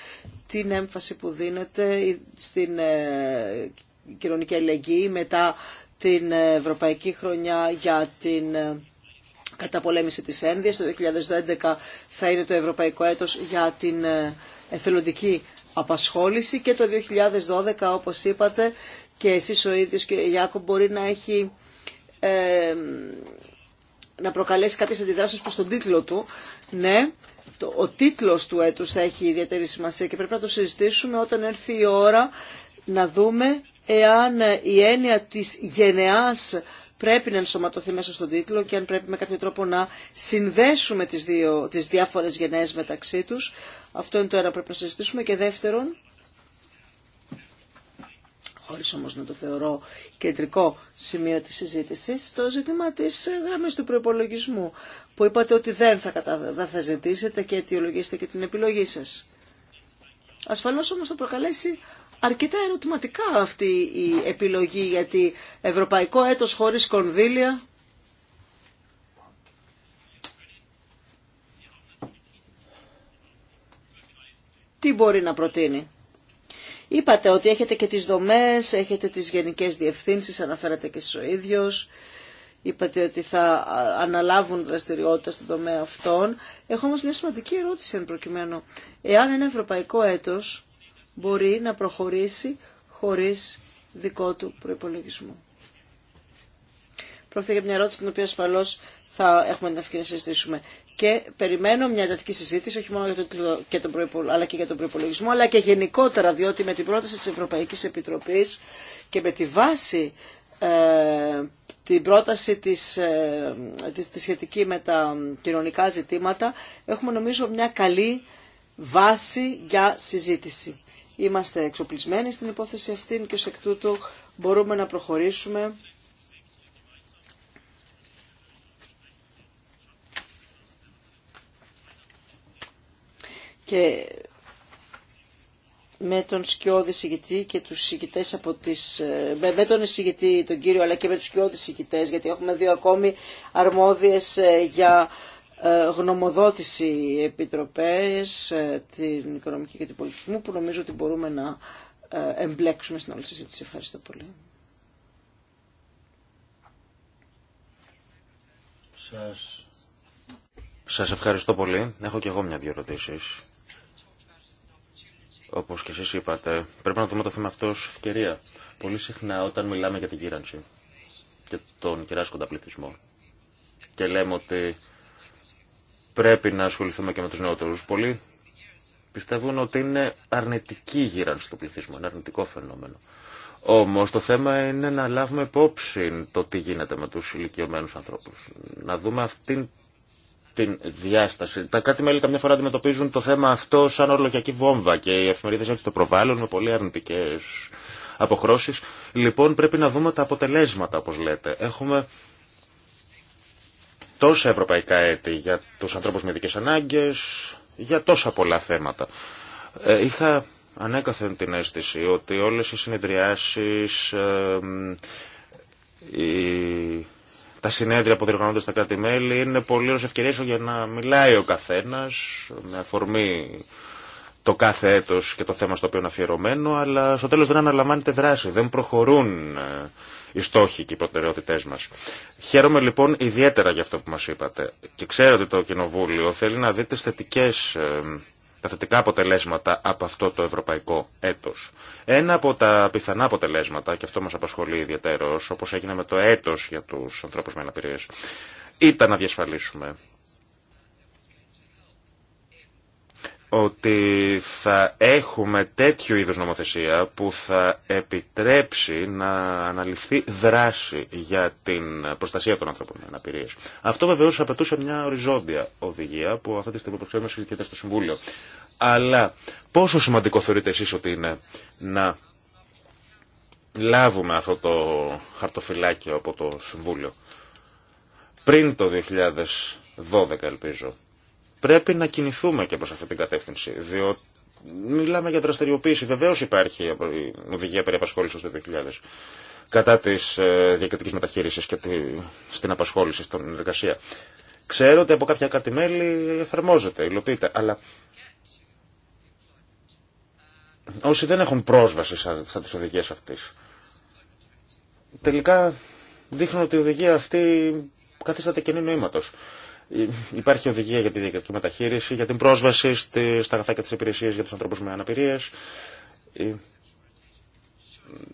την έμφαση που δίνεται στην ε, κοινωνική αλληλεγγύη μετά την Ευρωπαϊκή Χρονιά για την καταπολέμηση της ένδυας. Το 2011 θα είναι το Ευρωπαϊκό έτος για την εθελοντική απασχόληση και το 2012 όπως είπατε και εσείς ο ίδιος και Γιάκο μπορεί να έχει να προκαλέσει κάποιες αντιδράσεις προς τον τίτλο του. Ναι, το, ο τίτλος του έτους θα έχει ιδιαίτερη σημασία και πρέπει να το συζητήσουμε όταν έρθει η ώρα να δούμε εάν η έννοια της γενεάς πρέπει να ενσωματωθεί μέσα στον τίτλο και αν πρέπει με κάποιο τρόπο να συνδέσουμε τις, δύο, τις διάφορες γενναίες μεταξύ τους. Αυτό είναι το ένα που πρέπει να συζητήσουμε. Και δεύτερον, χωρίς όμως να το θεωρώ κεντρικό σημείο της συζήτησης, το ζήτημα της γραμμής του προπολογισμού, που είπατε ότι δεν θα, κατα... δεν θα ζητήσετε και αιτιολογήσετε και την επιλογή σας. Ασφαλώς όμως θα προκαλέσει αρκετά ερωτηματικά αυτή η επιλογή γιατί ευρωπαϊκό έτος χωρίς κονδύλια τι μπορεί να προτείνει. Είπατε ότι έχετε και τις δομές, έχετε τις γενικές διευθύνσεις, αναφέρατε και ο ίδιος. Είπατε ότι θα αναλάβουν δραστηριότητα στον τομέα αυτών. Έχω όμως μια σημαντική ερώτηση εν προκειμένου. Εάν ένα ευρωπαϊκό έτος μπορεί να προχωρήσει χωρίς δικό του προϋπολογισμό. Πρόκειται για μια ερώτηση την οποία ασφαλώ θα έχουμε την ευκαιρία να συζητήσουμε. Και περιμένω μια εντατική συζήτηση, όχι μόνο για το, και τον αλλά και για τον προπολογισμό, αλλά και γενικότερα, διότι με την πρόταση της Ευρωπαϊκής Επιτροπής και με τη βάση ε, πρόταση της, ε, της, τη σχετική με τα κοινωνικά ζητήματα, έχουμε νομίζω μια καλή βάση για συζήτηση. Είμαστε εξοπλισμένοι στην υπόθεση αυτήν και ως εκ τούτου μπορούμε να προχωρήσουμε και με τον σκιώδη συγκητή και τους συγκητές από τις... Ε, με τον τον κύριο αλλά και με τους σκιώδη συγκητές γιατί έχουμε δύο ακόμη αρμόδιες ε, για ε, γνωμοδότηση επιτροπές, ε, την οικονομική και την πολιτισμού, που νομίζω ότι μπορούμε να ε, εμπλέξουμε στην όλη συζήτηση. Ευχαριστώ πολύ. Σας... Σας ευχαριστώ πολύ. Έχω και εγώ μια-δυο ερωτήσεις. Όπως και εσείς είπατε, πρέπει να δούμε το θέμα αυτό ως ευκαιρία. Πολύ συχνά όταν μιλάμε για την κύρανση και τον κυράσκοντα πληθυσμό και λέμε ότι πρέπει να ασχοληθούμε και με τους νεότερους. Πολλοί πιστεύουν ότι είναι αρνητική γύρανση του πληθυσμού, Είναι αρνητικό φαινόμενο. Όμως το θέμα είναι να λάβουμε υπόψη το τι γίνεται με τους ηλικιωμένους ανθρώπους. Να δούμε αυτήν την διάσταση. Τα κάτι μελη καμιά φορά αντιμετωπίζουν το θέμα αυτό σαν ορολογιακή βόμβα και οι εφημερίδες έτσι το προβάλλουν με πολύ αρνητικές αποχρώσεις. Λοιπόν πρέπει να δούμε τα αποτελέσματα όπως λέτε. Έχουμε τόσα ευρωπαϊκά έτη για τους ανθρώπους με ειδικές ανάγκες, για τόσα πολλά θέματα. Ε, είχα ανέκαθεν την αίσθηση ότι όλες οι συνεδριάσεις, ε, τα συνέδρια που διοργανώνται στα κράτη-μέλη είναι πολύ ως ευκαιρίες για να μιλάει ο καθένας με αφορμή το κάθε έτος και το θέμα στο οποίο είναι αφιερωμένο, αλλά στο τέλος δεν αναλαμβάνεται δράση, δεν προχωρούν ε, οι στόχοι και οι προτεραιότητές μας. Χαίρομαι λοιπόν ιδιαίτερα για αυτό που μας είπατε και ξέρω ότι το Κοινοβούλιο θέλει να δείτε τα θετικά αποτελέσματα από αυτό το ευρωπαϊκό έτος. Ένα από τα πιθανά αποτελέσματα, και αυτό μας απασχολεί ιδιαίτερος, όπως έγινε με το έτος για τους ανθρώπους με αναπηρίες, ήταν να διασφαλίσουμε ότι θα έχουμε τέτοιο είδο νομοθεσία που θα επιτρέψει να αναλυθεί δράση για την προστασία των ανθρώπων με αναπηρίες. Αυτό βεβαίω απαιτούσε μια οριζόντια οδηγία που αυτή τη στιγμή που ξέρουμε στο Συμβούλιο. Αλλά πόσο σημαντικό θεωρείτε εσείς ότι είναι να λάβουμε αυτό το χαρτοφυλάκιο από το Συμβούλιο πριν το 2012 ελπίζω Πρέπει να κινηθούμε και προς αυτή την κατεύθυνση, διότι μιλάμε για δραστηριοποίηση. βεβαίω υπάρχει η οδηγία περί απασχόλησης το 2000 κατά της ε, διακριτική μεταχείριση και στην απασχόληση στην εργασία. Ξέρω ότι από κάποια μέλη εφαρμόζεται, υλοποιείται, αλλά όσοι δεν έχουν πρόσβαση σαν τις οδηγίες αυτής, τελικά δείχνουν ότι η οδηγία αυτή καθίσταται κοινή νοήματος. Υπάρχει οδηγία για τη διακριτική μεταχείριση, για την πρόσβαση στα αγαθάκια και τι για του ανθρώπου με αναπηρίε,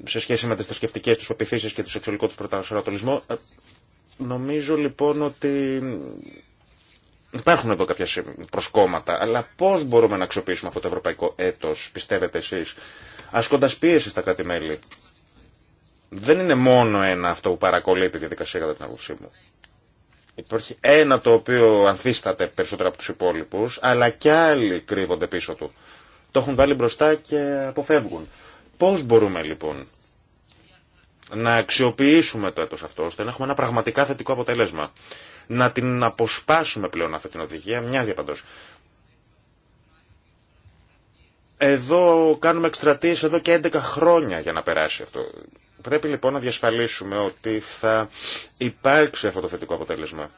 σε σχέση με τι θρησκευτικέ του πεπιθήσει και του σεξουαλικό του προσανατολισμό. Ε, νομίζω λοιπόν ότι υπάρχουν εδώ κάποια προσκόμματα, αλλά πώ μπορούμε να αξιοποιήσουμε αυτό το ευρωπαϊκό έτο, πιστεύετε εσεί, ασκώντα πίεση στα κράτη-μέλη. Δεν είναι μόνο ένα αυτό που παρακολεί τη διαδικασία κατά την άποψή μου. Υπάρχει ένα το οποίο ανθίσταται περισσότερο από τους υπόλοιπους, αλλά και άλλοι κρύβονται πίσω του. Το έχουν βάλει μπροστά και αποφεύγουν. Πώς μπορούμε λοιπόν να αξιοποιήσουμε το έτος αυτό, ώστε να έχουμε ένα πραγματικά θετικό αποτέλεσμα. Να την αποσπάσουμε πλέον αυτή την οδηγία, μια διαπαντό. Εδώ κάνουμε εκστρατείες εδώ και 11 χρόνια για να περάσει αυτό. Πρέπει λοιπόν να διασφαλίσουμε ότι θα υπάρξει αυτό το θετικό αποτέλεσμα.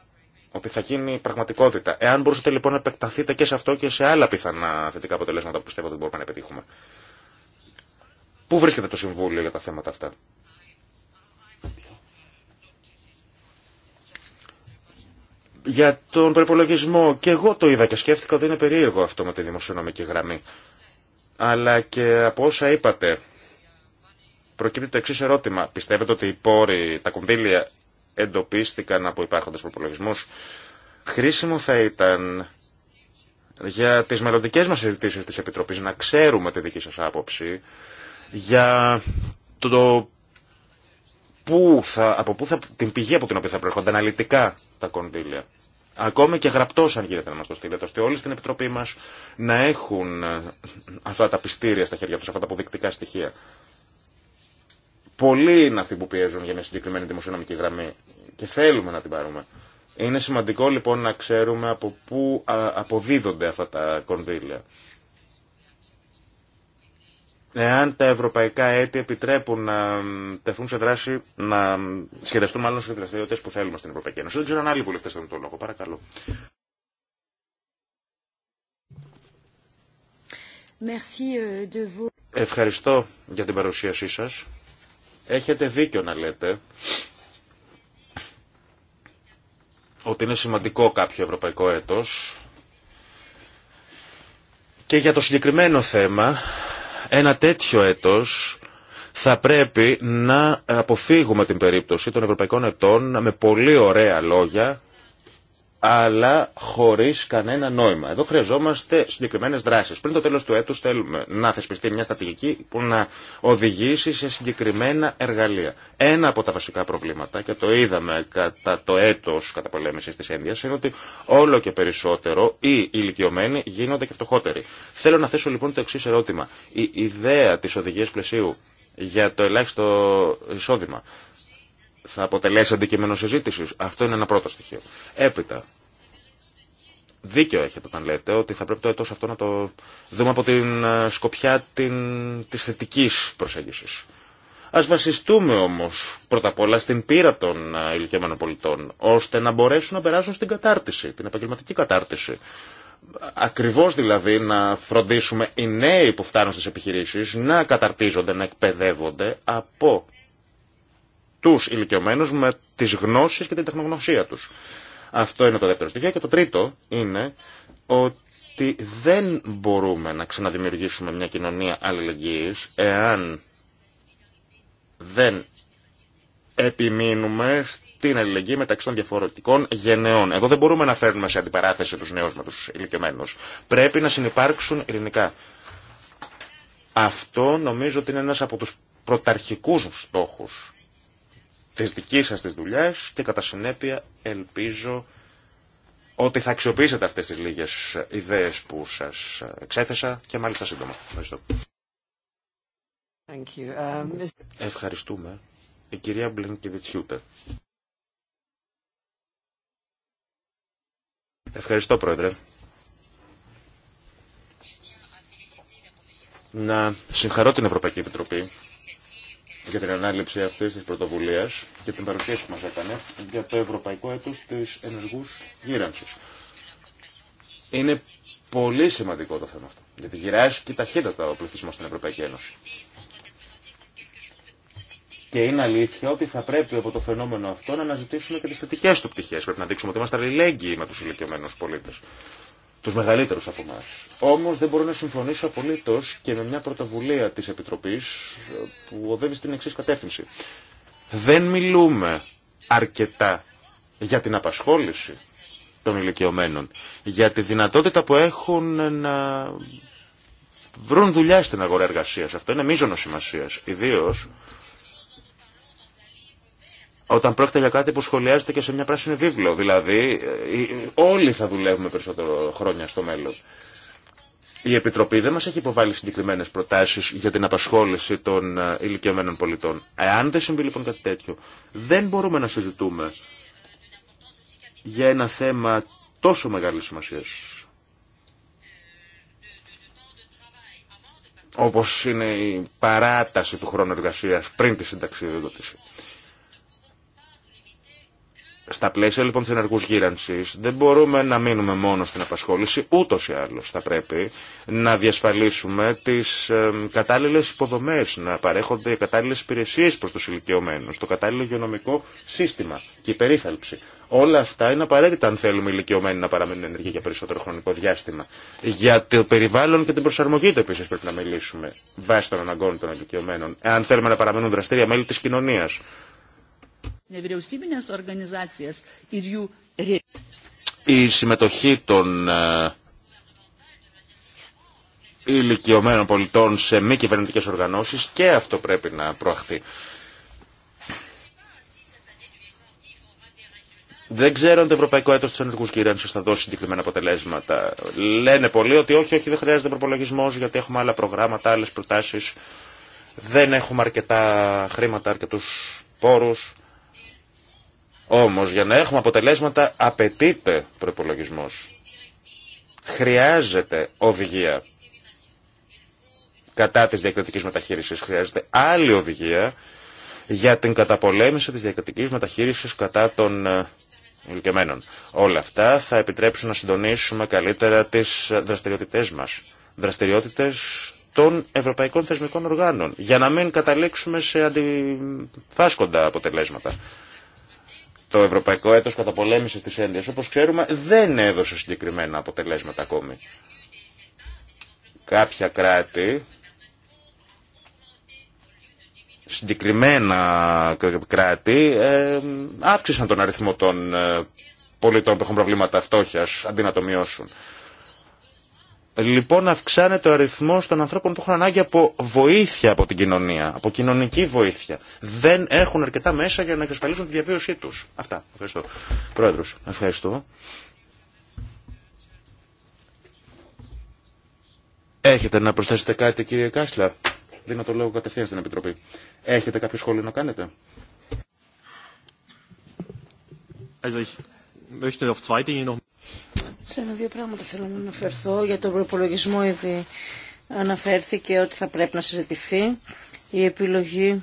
Ότι θα γίνει πραγματικότητα. Εάν μπορούσατε λοιπόν να επεκταθείτε και σε αυτό και σε άλλα πιθανά θετικά αποτελέσματα που πιστεύω ότι μπορούμε να επιτύχουμε. Πού βρίσκεται το Συμβούλιο για τα θέματα αυτά. Για τον προπολογισμό. Και εγώ το είδα και σκέφτηκα ότι είναι περίεργο αυτό με τη δημοσιονομική γραμμή. Αλλά και από όσα είπατε προκύπτει το εξή ερώτημα. Πιστεύετε ότι οι πόροι, τα κονδύλια εντοπίστηκαν από υπάρχοντες προπολογισμούς. Χρήσιμο θα ήταν για τις μελλοντικέ μας συζητήσεις της Επιτροπής να ξέρουμε τη δική σας άποψη για το πού θα, από την πηγή από την οποία θα προέρχονται αναλυτικά τα κονδύλια. Ακόμη και γραπτό, αν γίνεται να μα το στείλετε, ώστε όλοι στην Επιτροπή μα να έχουν αυτά τα πιστήρια στα χέρια του, αυτά τα αποδεικτικά στοιχεία. Πολλοί είναι αυτοί που πιέζουν για μια συγκεκριμένη δημοσιονομική γραμμή και θέλουμε να την πάρουμε. Είναι σημαντικό λοιπόν να ξέρουμε από πού αποδίδονται αυτά τα κονδύλια. Εάν τα ευρωπαϊκά έτη επιτρέπουν να τεθούν σε δράση, να σχεδιαστούν μάλλον σε δραστηριότητε που θέλουμε στην Ευρωπαϊκή Ένωση. Δεν ξέρω αν άλλοι βουλευτέ θέλουν τον λόγο. Παρακαλώ. Euh, Ευχαριστώ για την παρουσίασή σας. Έχετε δίκιο να λέτε ότι είναι σημαντικό κάποιο ευρωπαϊκό έτος και για το συγκεκριμένο θέμα ένα τέτοιο έτος θα πρέπει να αποφύγουμε την περίπτωση των ευρωπαϊκών ετών με πολύ ωραία λόγια αλλά χωρί κανένα νόημα. Εδώ χρειαζόμαστε συγκεκριμένε δράσει. Πριν το τέλο του έτου θέλουμε να θεσπιστεί μια στρατηγική που να οδηγήσει σε συγκεκριμένα εργαλεία. Ένα από τα βασικά προβλήματα, και το είδαμε κατά το έτο πολέμηση τη ένδυα, είναι ότι όλο και περισσότερο οι ηλικιωμένοι γίνονται και φτωχότεροι. Θέλω να θέσω λοιπόν το εξή ερώτημα. Η ιδέα τη οδηγία πλαισίου για το ελάχιστο εισόδημα θα αποτελέσει αντικείμενο συζήτηση. Αυτό είναι ένα πρώτο στοιχείο. Έπειτα, δίκαιο έχετε όταν λέτε ότι θα πρέπει το έτος αυτό να το δούμε από την ε, σκοπιά την, της θετικής προσέγγισης. Ας βασιστούμε όμως πρώτα απ' όλα στην πείρα των ε, ηλικιωμένων πολιτών, ώστε να μπορέσουν να περάσουν στην κατάρτιση, την επαγγελματική κατάρτιση. Ακριβώς δηλαδή να φροντίσουμε οι νέοι που φτάνουν στις επιχειρήσεις να καταρτίζονται, να εκπαιδεύονται από τους ηλικιωμένους με τις γνώσεις και την τεχνογνωσία τους. Αυτό είναι το δεύτερο στοιχείο. Και το τρίτο είναι ότι δεν μπορούμε να ξαναδημιουργήσουμε μια κοινωνία αλληλεγγύης εάν δεν επιμείνουμε στην αλληλεγγύη μεταξύ των διαφορετικών γενεών. Εδώ δεν μπορούμε να φέρνουμε σε αντιπαράθεση τους νέους με τους ηλικιωμένους. Πρέπει να συνεπάρξουν ειρηνικά. Αυτό νομίζω ότι είναι ένας από τους πρωταρχικούς στόχους της δικής σας της δουλειάς και κατά συνέπεια ελπίζω ότι θα αξιοποιήσετε αυτές τις λίγες ιδέες που σας εξέθεσα και μάλιστα σύντομα. Ευχαριστώ. Uh, Ευχαριστούμε. Η κυρία Μπλενκεβιτσιούτε. Ευχαριστώ, Πρόεδρε. Να συγχαρώ την Ευρωπαϊκή Επιτροπή για την ανάληψη αυτή τη πρωτοβουλία και την παρουσίαση που μας έκανε για το Ευρωπαϊκό Έτος τη ενεργού γύρανση. Είναι πολύ σημαντικό το θέμα αυτό, γιατί και ταχύτατα ο πληθυσμό στην Ευρωπαϊκή Ένωση. Και είναι αλήθεια ότι θα πρέπει από το φαινόμενο αυτό να αναζητήσουμε και τι θετικέ του πτυχέ. Πρέπει να δείξουμε ότι είμαστε αλληλέγγυοι με του ηλικιωμένου πολίτε τους μεγαλύτερου από εμά. Όμως δεν μπορώ να συμφωνήσω απολύτω και με μια πρωτοβουλία της Επιτροπής ε, που οδεύει στην εξή κατεύθυνση. Δεν μιλούμε αρκετά για την απασχόληση των ηλικιωμένων, για τη δυνατότητα που έχουν να βρουν δουλειά στην αγορά εργασία Αυτό είναι μείζονο σημασία. Ιδίω όταν πρόκειται για κάτι που σχολιάζεται και σε μια πράσινη βίβλο. Δηλαδή, ε, ε, όλοι θα δουλεύουμε περισσότερο χρόνια στο μέλλον. Η Επιτροπή δεν μας έχει υποβάλει συγκεκριμένες προτάσεις για την απασχόληση των ε, ηλικιωμένων πολιτών. Εάν δεν συμβεί λοιπόν κάτι τέτοιο, δεν μπορούμε να συζητούμε για ένα θέμα τόσο μεγάλη σημασία. Όπως είναι η παράταση του χρόνου εργασίας πριν τη συνταξιδότηση. Στα πλαίσια λοιπόν της ενεργούς γύρανσης δεν μπορούμε να μείνουμε μόνο στην απασχόληση, ούτως ή άλλως θα πρέπει να διασφαλίσουμε τις ε, κατάλληλες υποδομές, να παρέχονται οι κατάλληλες υπηρεσίες προς τους ηλικιωμένους, το κατάλληλο υγειονομικό σύστημα και η περίθαλψη. Όλα αυτά είναι απαραίτητα αν θέλουμε οι ηλικιωμένοι να παραμείνουν ενεργοί για περισσότερο χρονικό διάστημα. Για το περιβάλλον και την προσαρμογή του επίση πρέπει να μιλήσουμε βάσει των αναγκών των ηλικιωμένων, αν θέλουμε να παραμείνουν δραστήρια μέλη τη κοινωνία. Η συμμετοχή των ε, ηλικιωμένων πολιτών σε μη κυβερνητικέ οργανώσει και αυτό πρέπει να προαχθεί. Δεν ξέρω αν το Ευρωπαϊκό Έτο τη Ανεργού Κυρία θα δώσει συγκεκριμένα αποτελέσματα. Λένε πολλοί ότι όχι, όχι, δεν χρειάζεται προπολογισμό γιατί έχουμε άλλα προγράμματα, άλλε προτάσει. Δεν έχουμε αρκετά χρήματα, αρκετού πόρου. Όμως για να έχουμε αποτελέσματα απαιτείται προπολογισμό. Χρειάζεται οδηγία κατά της διακριτικής μεταχείρισης. Χρειάζεται άλλη οδηγία για την καταπολέμηση της διακριτικής μεταχείρισης κατά των ε, ηλικιωμένων. Όλα αυτά θα επιτρέψουν να συντονίσουμε καλύτερα τις δραστηριότητές μας. Δραστηριότητες των ευρωπαϊκών θεσμικών οργάνων για να μην καταλήξουμε σε αντιφάσκοντα αποτελέσματα το Ευρωπαϊκό Έτος Καταπολέμησης της Ένδειας, όπως ξέρουμε, δεν έδωσε συγκεκριμένα αποτελέσματα ακόμη. Κάποια κράτη, συγκεκριμένα κράτη, ε, αύξησαν τον αριθμό των ε, πολιτών που έχουν προβλήματα φτώχειας, αντί να το μειώσουν. Λοιπόν αυξάνεται ο αριθμό των ανθρώπων που έχουν ανάγκη από βοήθεια από την κοινωνία, από κοινωνική βοήθεια. Δεν έχουν αρκετά μέσα για να εξασφαλίσουν τη διαβίωσή του. Αυτά. Ευχαριστώ. Πρόεδρο, ευχαριστώ. Έχετε να προσθέσετε κάτι κύριε Κάσλα. Δίνω το λόγο κατευθείαν στην Επιτροπή. Έχετε κάποιο σχόλιο να κάνετε. Also ich möchte zwei Dinge noch... Σε ένα-δύο πράγματα θέλω να αναφερθώ. Για τον προπολογισμό ήδη αναφέρθηκε ότι θα πρέπει να συζητηθεί η επιλογή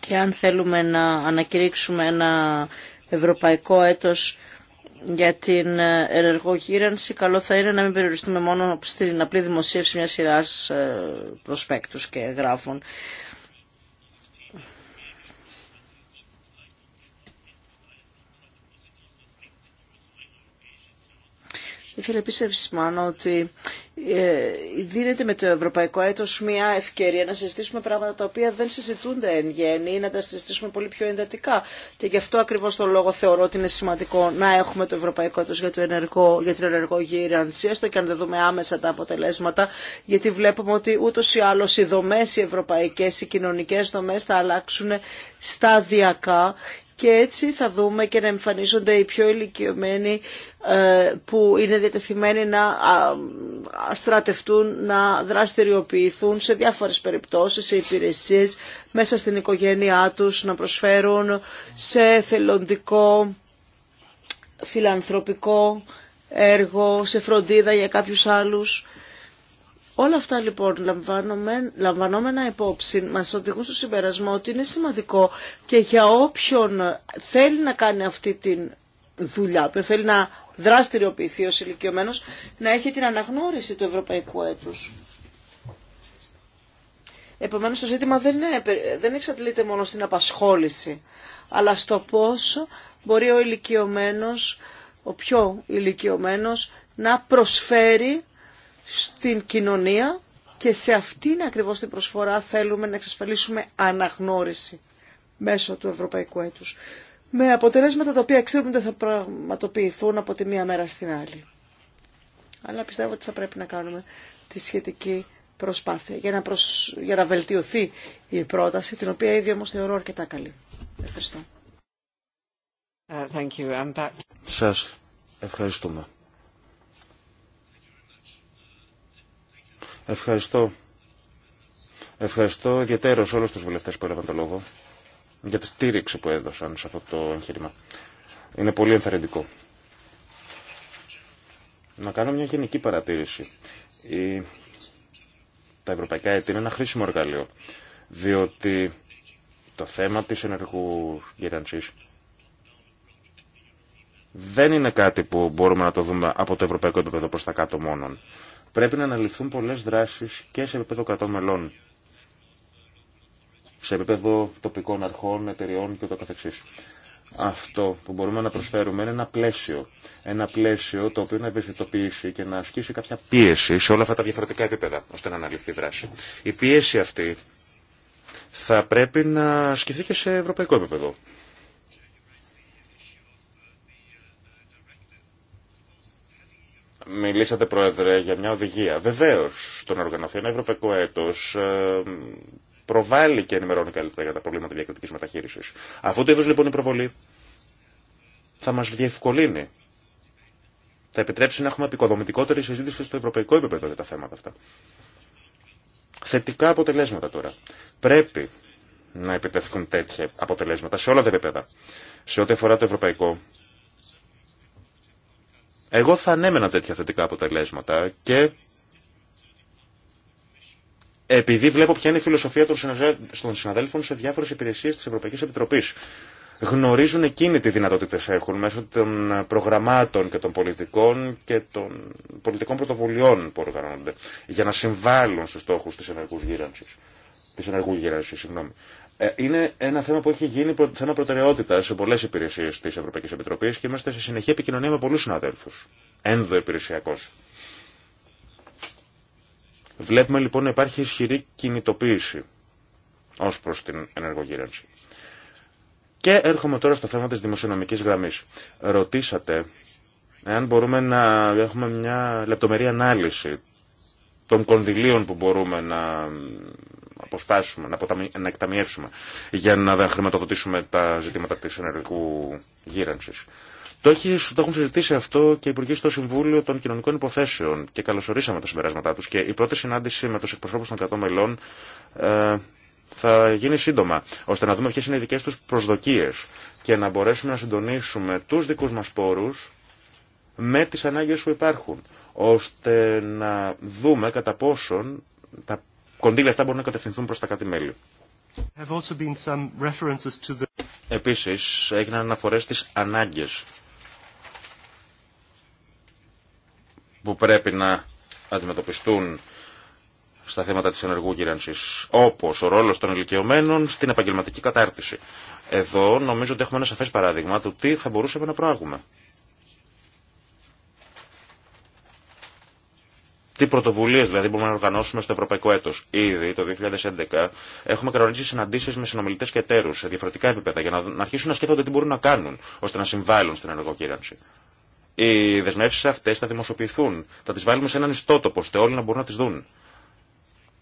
και αν θέλουμε να ανακηρύξουμε ένα ευρωπαϊκό έτος για την ενεργογύρανση καλό θα είναι να μην περιοριστούμε μόνο στην απλή δημοσίευση μιας σειράς ε, προσπέκτους και γράφων. Ήθελα επίσης να επισημάνω ότι ε, δίνεται με το ευρωπαϊκό Έτο μια ευκαιρία να συζητήσουμε πράγματα τα οποία δεν συζητούνται εν γέννη ή να τα συζητήσουμε πολύ πιο εντατικά. Και γι' αυτό ακριβώς το λόγο θεωρώ ότι είναι σημαντικό να έχουμε το ευρωπαϊκό έτος για, το ενεργό, για την ενεργό γύρανση, έστω και αν δεν δούμε άμεσα τα αποτελέσματα, γιατί βλέπουμε ότι ούτω ή άλλω οι δομέ, οι ευρωπαϊκέ, οι κοινωνικέ δομέ θα αλλάξουν σταδιακά και έτσι θα δούμε και να εμφανίζονται οι πιο ηλικιωμένοι ε, που είναι διατεθειμένοι να στρατευτούν, να δραστηριοποιηθούν σε διάφορες περιπτώσεις, σε υπηρεσίες μέσα στην οικογένειά τους, να προσφέρουν σε θελοντικό, φιλανθρωπικό έργο, σε φροντίδα για κάποιους άλλους. Όλα αυτά λοιπόν λαμβανόμενα υπόψη μας οδηγούν στο συμπερασμό ότι είναι σημαντικό και για όποιον θέλει να κάνει αυτή τη δουλειά, που θέλει να δραστηριοποιηθεί ως ηλικιωμένος, να έχει την αναγνώριση του ευρωπαϊκού έτους. Επομένως το ζήτημα δεν, είναι, δεν εξαντλείται μόνο στην απασχόληση, αλλά στο πόσο μπορεί ο ηλικιωμένος, ο πιο ηλικιωμένος, να προσφέρει στην κοινωνία και σε αυτήν ακριβώς την προσφορά θέλουμε να εξασφαλίσουμε αναγνώριση μέσω του Ευρωπαϊκού Έτους. Με αποτελέσματα τα οποία ξέρουμε δεν θα πραγματοποιηθούν από τη μία μέρα στην άλλη. Αλλά πιστεύω ότι θα πρέπει να κάνουμε τη σχετική προσπάθεια για να, προσ... για να βελτιωθεί η πρόταση, την οποία ήδη όμως θεωρώ αρκετά καλή. Ευχαριστώ. Uh, thank you. I'm back. Σας ευχαριστούμε. Ευχαριστώ. Ευχαριστώ ιδιαίτερω όλους τους βουλευτές που έλαβαν το λόγο για τη στήριξη που έδωσαν σε αυτό το εγχείρημα. Είναι πολύ ενθαρρυντικό. Να κάνω μια γενική παρατήρηση. Η... Τα ευρωπαϊκά έτη είναι ένα χρήσιμο εργαλείο, διότι το θέμα της ενεργού γερανσής δεν είναι κάτι που μπορούμε να το δούμε από το ευρωπαϊκό επίπεδο προς τα κάτω μόνον. Πρέπει να αναλυθούν πολλές δράσεις και σε επίπεδο κρατών μελών, σε επίπεδο τοπικών αρχών, εταιριών και το καθεξής. Αυτό που μπορούμε να προσφέρουμε είναι ένα πλαίσιο. Ένα πλαίσιο το οποίο να ευαισθητοποιήσει και να ασκήσει κάποια πίεση σε όλα αυτά τα διαφορετικά επίπεδα, ώστε να αναλυθεί η δράση. Η πίεση αυτή θα πρέπει να ασκηθεί και σε ευρωπαϊκό επίπεδο. Μιλήσατε, Πρόεδρε, για μια οδηγία. Βεβαίω, το να οργανωθεί ένα ευρωπαϊκό έτο ε, προβάλλει και ενημερώνει καλύτερα για τα προβλήματα διακριτική μεταχείριση. Αυτό το είδο λοιπόν η προβολή θα μα διευκολύνει. Θα επιτρέψει να έχουμε επικοδομητικότερη συζήτηση στο ευρωπαϊκό επίπεδο για τα θέματα αυτά. Θετικά αποτελέσματα τώρα. Πρέπει να επιτευχθούν τέτοια αποτελέσματα σε όλα τα επίπεδα. Σε ό,τι αφορά το ευρωπαϊκό, εγώ θα ανέμενα τέτοια θετικά αποτελέσματα και επειδή βλέπω ποια είναι η φιλοσοφία των συναδέλφων σε διάφορες υπηρεσίες της Ευρωπαϊκής Επιτροπής. Γνωρίζουν εκείνοι τι δυνατότητες έχουν μέσω των προγραμμάτων και των πολιτικών και των πολιτικών πρωτοβουλειών που οργανώνονται για να συμβάλλουν στους στόχους της ενεργού γύρανσης, ε, είναι ένα θέμα που έχει γίνει θέμα προτεραιότητα σε πολλέ υπηρεσίε τη Ευρωπαϊκή Επιτροπή και είμαστε σε συνεχή επικοινωνία με πολλού συναδέλφου. Ένδοεπηρεσιακώ. Βλέπουμε λοιπόν να υπάρχει ισχυρή κινητοποίηση ω προ την ενεργογύρανση. Και έρχομαι τώρα στο θέμα τη δημοσιονομική γραμμή. Ρωτήσατε εάν μπορούμε να έχουμε μια λεπτομερή ανάλυση των κονδυλίων που μπορούμε να αποσπάσουμε, να, να εκταμιεύσουμε για να χρηματοδοτήσουμε τα ζητήματα τη ενεργού γύρανση. Το, έχει, το έχουν συζητήσει αυτό και οι υπουργοί στο Συμβούλιο των Κοινωνικών Υποθέσεων και καλωσορίσαμε τα συμπεράσματά του. Και η πρώτη συνάντηση με του εκπροσώπου των κρατών μελών ε, θα γίνει σύντομα, ώστε να δούμε ποιε είναι οι δικέ του προσδοκίε και να μπορέσουμε να συντονίσουμε του δικού μα πόρου με τι ανάγκε που υπάρχουν, ώστε να δούμε κατά πόσον τα κονδύλια αυτά μπορούν να κατευθυνθούν προς τα κάτι μέλη. The... Επίσης, έγιναν αναφορές στις ανάγκες που πρέπει να αντιμετωπιστούν στα θέματα της ενεργού γύρανσης, όπως ο ρόλος των ηλικιωμένων στην επαγγελματική κατάρτιση. Εδώ νομίζω ότι έχουμε ένα σαφές παράδειγμα του τι θα μπορούσαμε να προάγουμε. τι πρωτοβουλίε δηλαδή μπορούμε να οργανώσουμε στο ευρωπαϊκό έτο. Ήδη το 2011 έχουμε κανονίσει συναντήσει με συνομιλητέ και εταίρου σε διαφορετικά επίπεδα για να αρχίσουν να σκέφτονται τι μπορούν να κάνουν ώστε να συμβάλλουν στην ενεργοκύρανση. Οι δεσμεύσει αυτέ θα δημοσιοποιηθούν. Θα τι βάλουμε σε έναν ιστότοπο ώστε όλοι να μπορούν να τι δουν.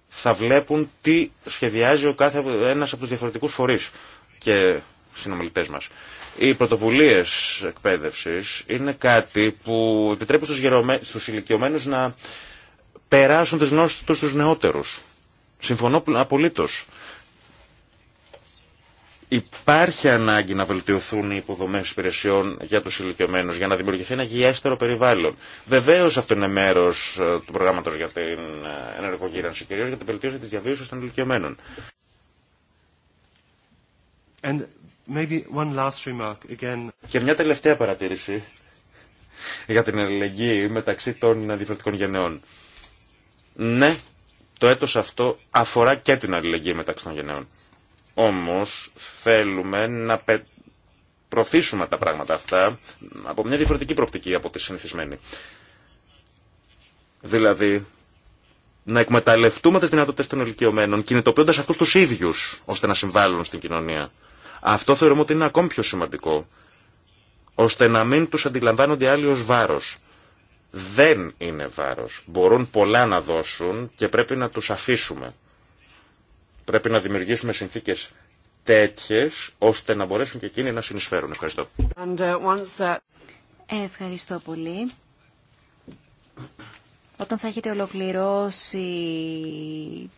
Θα βλέπουν τι σχεδιάζει ο κάθε ένα από του διαφορετικού φορεί και συνομιλητέ μα. Οι πρωτοβουλίε εκπαίδευση είναι κάτι που επιτρέπει στου να περάσουν τις γνώσεις τους στους νεότερους. Συμφωνώ απολύτως. Υπάρχει ανάγκη να βελτιωθούν οι υποδομέ υπηρεσιών για του ηλικιωμένου, για να δημιουργηθεί ένα γιέστερο περιβάλλον. Βεβαίω αυτό είναι μέρο ε, του προγράμματο για την ε, ενεργογύρανση, κυρίω για την βελτίωση τη διαβίωση των ηλικιωμένων. again. Και μια τελευταία παρατήρηση για την ελληνική μεταξύ των διαφορετικών γενεών. Ναι, το έτος αυτό αφορά και την αλληλεγγύη μεταξύ των γενναίων. Όμως θέλουμε να προωθήσουμε τα πράγματα αυτά από μια διαφορετική προοπτική από τη συνηθισμένη. Δηλαδή, να εκμεταλλευτούμε τις δυνατότητες των ηλικιωμένων, κινητοποιώντας αυτούς τους ίδιους, ώστε να συμβάλλουν στην κοινωνία. Αυτό θεωρούμε ότι είναι ακόμη πιο σημαντικό, ώστε να μην τους αντιλαμβάνονται άλλοι ως βάρος δεν είναι βάρος. Μπορούν πολλά να δώσουν και πρέπει να τους αφήσουμε. Πρέπει να δημιουργήσουμε συνθήκες τέτοιες ώστε να μπορέσουν και εκείνοι να συνεισφέρουν. Ευχαριστώ. Uh, Ευχαριστώ πολύ. Όταν θα έχετε ολοκληρώσει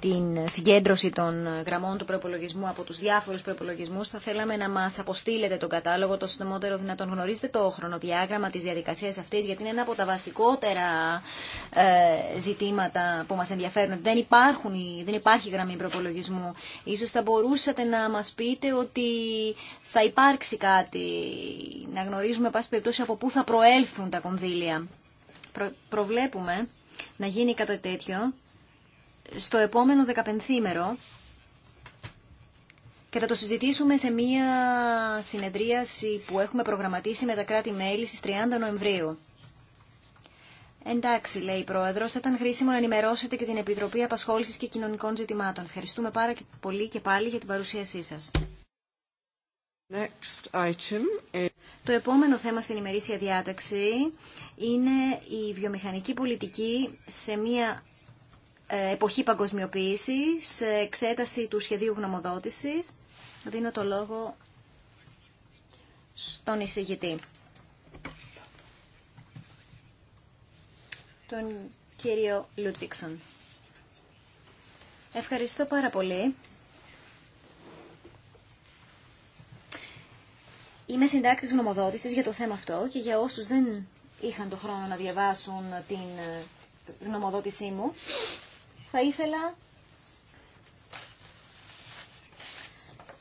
την συγκέντρωση των γραμμών του προπολογισμού από τους διάφορους προπολογισμού, θα θέλαμε να μας αποστείλετε τον κατάλογο το συντομότερο δυνατόν. Γνωρίζετε το χρονοδιάγραμμα της διαδικασίας αυτής, γιατί είναι ένα από τα βασικότερα ε, ζητήματα που μας ενδιαφέρουν. Δεν, υπάρχουν, δεν υπάρχει γραμμή προπολογισμού. Ίσως θα μπορούσατε να μας πείτε ότι θα υπάρξει κάτι, να γνωρίζουμε πάση περιπτώσει από πού θα προέλθουν τα κονδύλια. Προβλέπουμε να γίνει κατά τέτοιο στο επόμενο δεκαπενθήμερο και θα το συζητήσουμε σε μία συνεδρίαση που έχουμε προγραμματίσει με τα κράτη-μέλη στις 30 Νοεμβρίου. Εντάξει, λέει η Πρόεδρος, θα ήταν χρήσιμο να ενημερώσετε και την Επιτροπή Απασχόλησης και Κοινωνικών Ζητημάτων. Ευχαριστούμε πάρα πολύ και πάλι για την παρουσίασή σας. Το επόμενο θέμα στην ημερήσια διάταξη είναι η βιομηχανική πολιτική σε μια ε, εποχή παγκοσμιοποίησης, σε εξέταση του σχεδίου γνωμοδότησης. Δίνω το λόγο στον εισηγητή. Τον κύριο Λούτβιξον. Ευχαριστώ πάρα πολύ. Είμαι συντάκτης γνωμοδότησης για το θέμα αυτό και για όσους δεν είχαν το χρόνο να διαβάσουν την γνωμοδότησή ε, μου. Θα ήθελα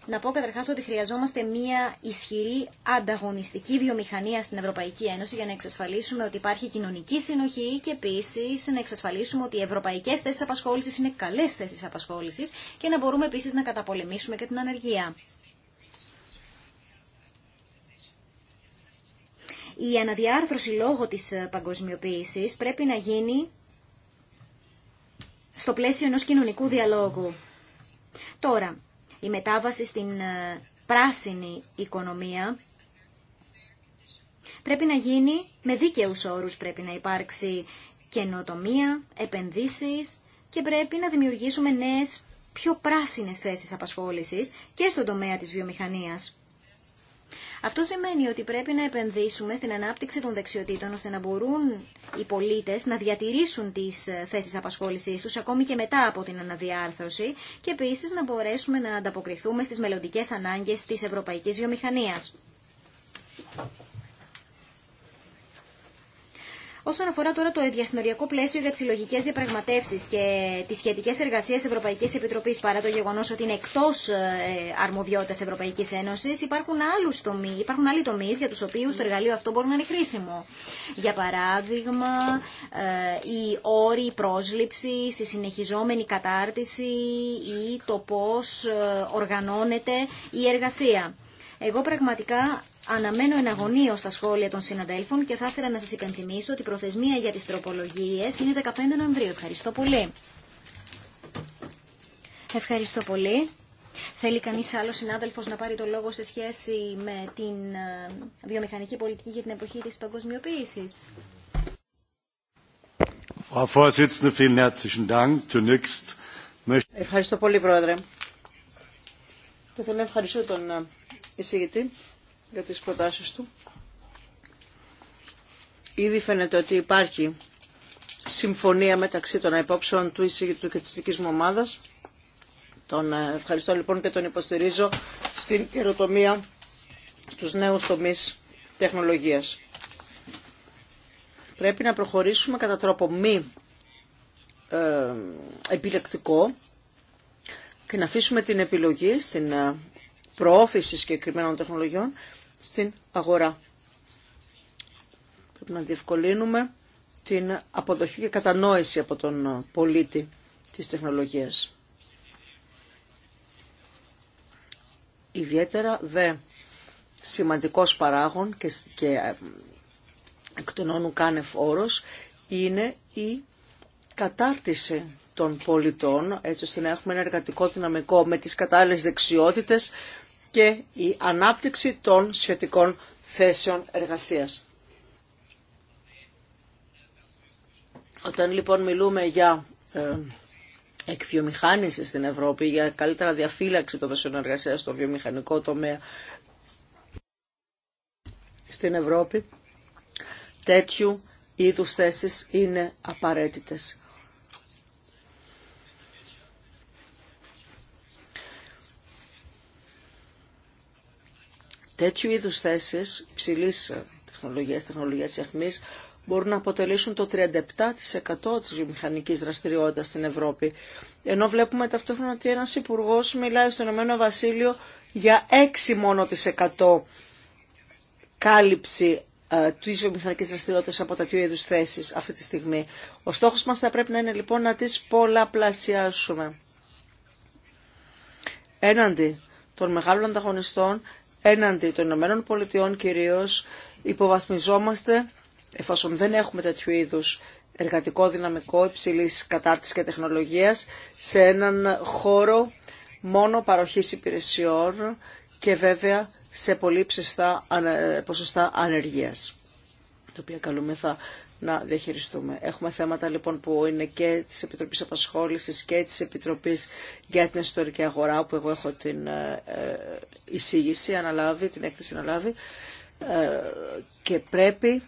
να πω καταρχάς ότι χρειαζόμαστε μία ισχυρή ανταγωνιστική βιομηχανία στην Ευρωπαϊκή Ένωση για να εξασφαλίσουμε ότι υπάρχει κοινωνική συνοχή και επίση να εξασφαλίσουμε ότι οι ευρωπαϊκές θέσεις απασχόλησης είναι καλές θέσεις απασχόλησης και να μπορούμε επίσης να καταπολεμήσουμε και την ανεργία. Η αναδιάρθρωση λόγω της ε, παγκοσμιοποίησης πρέπει να γίνει στο πλαίσιο ενός κοινωνικού διαλόγου. Τώρα, η μετάβαση στην ε, πράσινη οικονομία πρέπει να γίνει με δίκαιους όρους. Πρέπει να υπάρξει καινοτομία, επενδύσεις και πρέπει να δημιουργήσουμε νέες πιο πράσινες θέσεις απασχόλησης και στον τομέα της βιομηχανίας. Αυτό σημαίνει ότι πρέπει να επενδύσουμε στην ανάπτυξη των δεξιοτήτων ώστε να μπορούν οι πολίτες να διατηρήσουν τις ε, θέσεις απασχόλησής τους ακόμη και μετά από την αναδιάρθρωση και επίσης να μπορέσουμε να ανταποκριθούμε στις μελλοντικέ ανάγκες της ευρωπαϊκής βιομηχανίας. Όσον αφορά τώρα το διασυνοριακό πλαίσιο για τι συλλογικέ διαπραγματεύσει και τι σχετικέ εργασίε Ευρωπαϊκή Επιτροπή, παρά το γεγονό ότι είναι εκτό ε, αρμοδιότητα Ευρωπαϊκή Ένωση, υπάρχουν, υπάρχουν άλλοι τομεί για του οποίου το εργαλείο αυτό μπορεί να είναι χρήσιμο. Για παράδειγμα, ε, οι όροι πρόσληψη, η συνεχιζόμενη κατάρτιση ή το πώ ε, οργανώνεται η εργασία. Εγώ πραγματικά Αναμένω εναγωνίω τα σχόλια των συναδέλφων και θα ήθελα να σας υπενθυμίσω ότι η προθεσμία για τις τροπολογίες είναι 15 Νοεμβρίου. Ευχαριστώ πολύ. Ευχαριστώ πολύ. Θέλει κανείς άλλο συνάδελφος να πάρει το λόγο σε σχέση με την ε, βιομηχανική πολιτική για την εποχή της παγκοσμιοποίηση. Ευχαριστώ πολύ, Πρόεδρε. Και θέλω να ευχαριστώ τον ε, εισηγητή για τις προτάσεις του. Ήδη φαίνεται ότι υπάρχει συμφωνία μεταξύ των υπόψεων του εισηγητού και της δικής μου ομάδας. Τον ε, ευχαριστώ λοιπόν και τον υποστηρίζω στην καιροτομία στους νέους τομείς τεχνολογίας. Πρέπει να προχωρήσουμε κατά τρόπο μη ε, επιλεκτικό και να αφήσουμε την επιλογή στην ε, προώθηση συγκεκριμένων τεχνολογιών στην αγορά. Πρέπει να διευκολύνουμε την αποδοχή και κατανόηση από τον πολίτη της τεχνολογίας. Ιδιαίτερα δε σημαντικός παράγων και, και εκ των όνων κάνευ όρος είναι η κατάρτιση των πολιτών, έτσι ώστε να έχουμε ένα εργατικό δυναμικό με τις κατάλληλες δεξιότητες και η ανάπτυξη των σχετικών θέσεων εργασίας. Όταν λοιπόν μιλούμε για ε, εκβιομηχάνηση στην Ευρώπη, για καλύτερα διαφύλαξη των θέσεων εργασίας στο βιομηχανικό τομέα στην Ευρώπη, τέτοιου είδους θέσεις είναι απαραίτητες. Τέτοιου είδους θέσεις ψηλή τεχνολογία τεχνολογίας αιχμή, μπορούν να αποτελέσουν το 37% τη βιομηχανική δραστηριότητα στην Ευρώπη. Ενώ βλέπουμε ταυτόχρονα ότι ένα υπουργό μιλάει στον Ηνωμένο Βασίλειο για 6 μόνο τη 100 κάλυψη ε, τη βιομηχανική δραστηριότητα από τέτοιου είδου θέσει αυτή τη στιγμή. Ο στόχο μα θα πρέπει να είναι λοιπόν να τι πολλαπλασιάσουμε. Έναντι των μεγάλων ανταγωνιστών έναντι των Ηνωμένων Πολιτειών κυρίως υποβαθμιζόμαστε εφόσον δεν έχουμε τέτοιου είδου εργατικό δυναμικό υψηλή κατάρτισης και τεχνολογίας σε έναν χώρο μόνο παροχής υπηρεσιών και βέβαια σε πολύ ψηστά ε, ποσοστά ανεργίας το οποία καλούμεθα να διαχειριστούμε. Έχουμε θέματα λοιπόν που είναι και της Επιτροπής Απασχόλησης και της Επιτροπής για την Ιστορική Αγορά που εγώ έχω την ε, ε, εισήγηση αναλάβει, την έκθεση αναλάβει ε, και πρέπει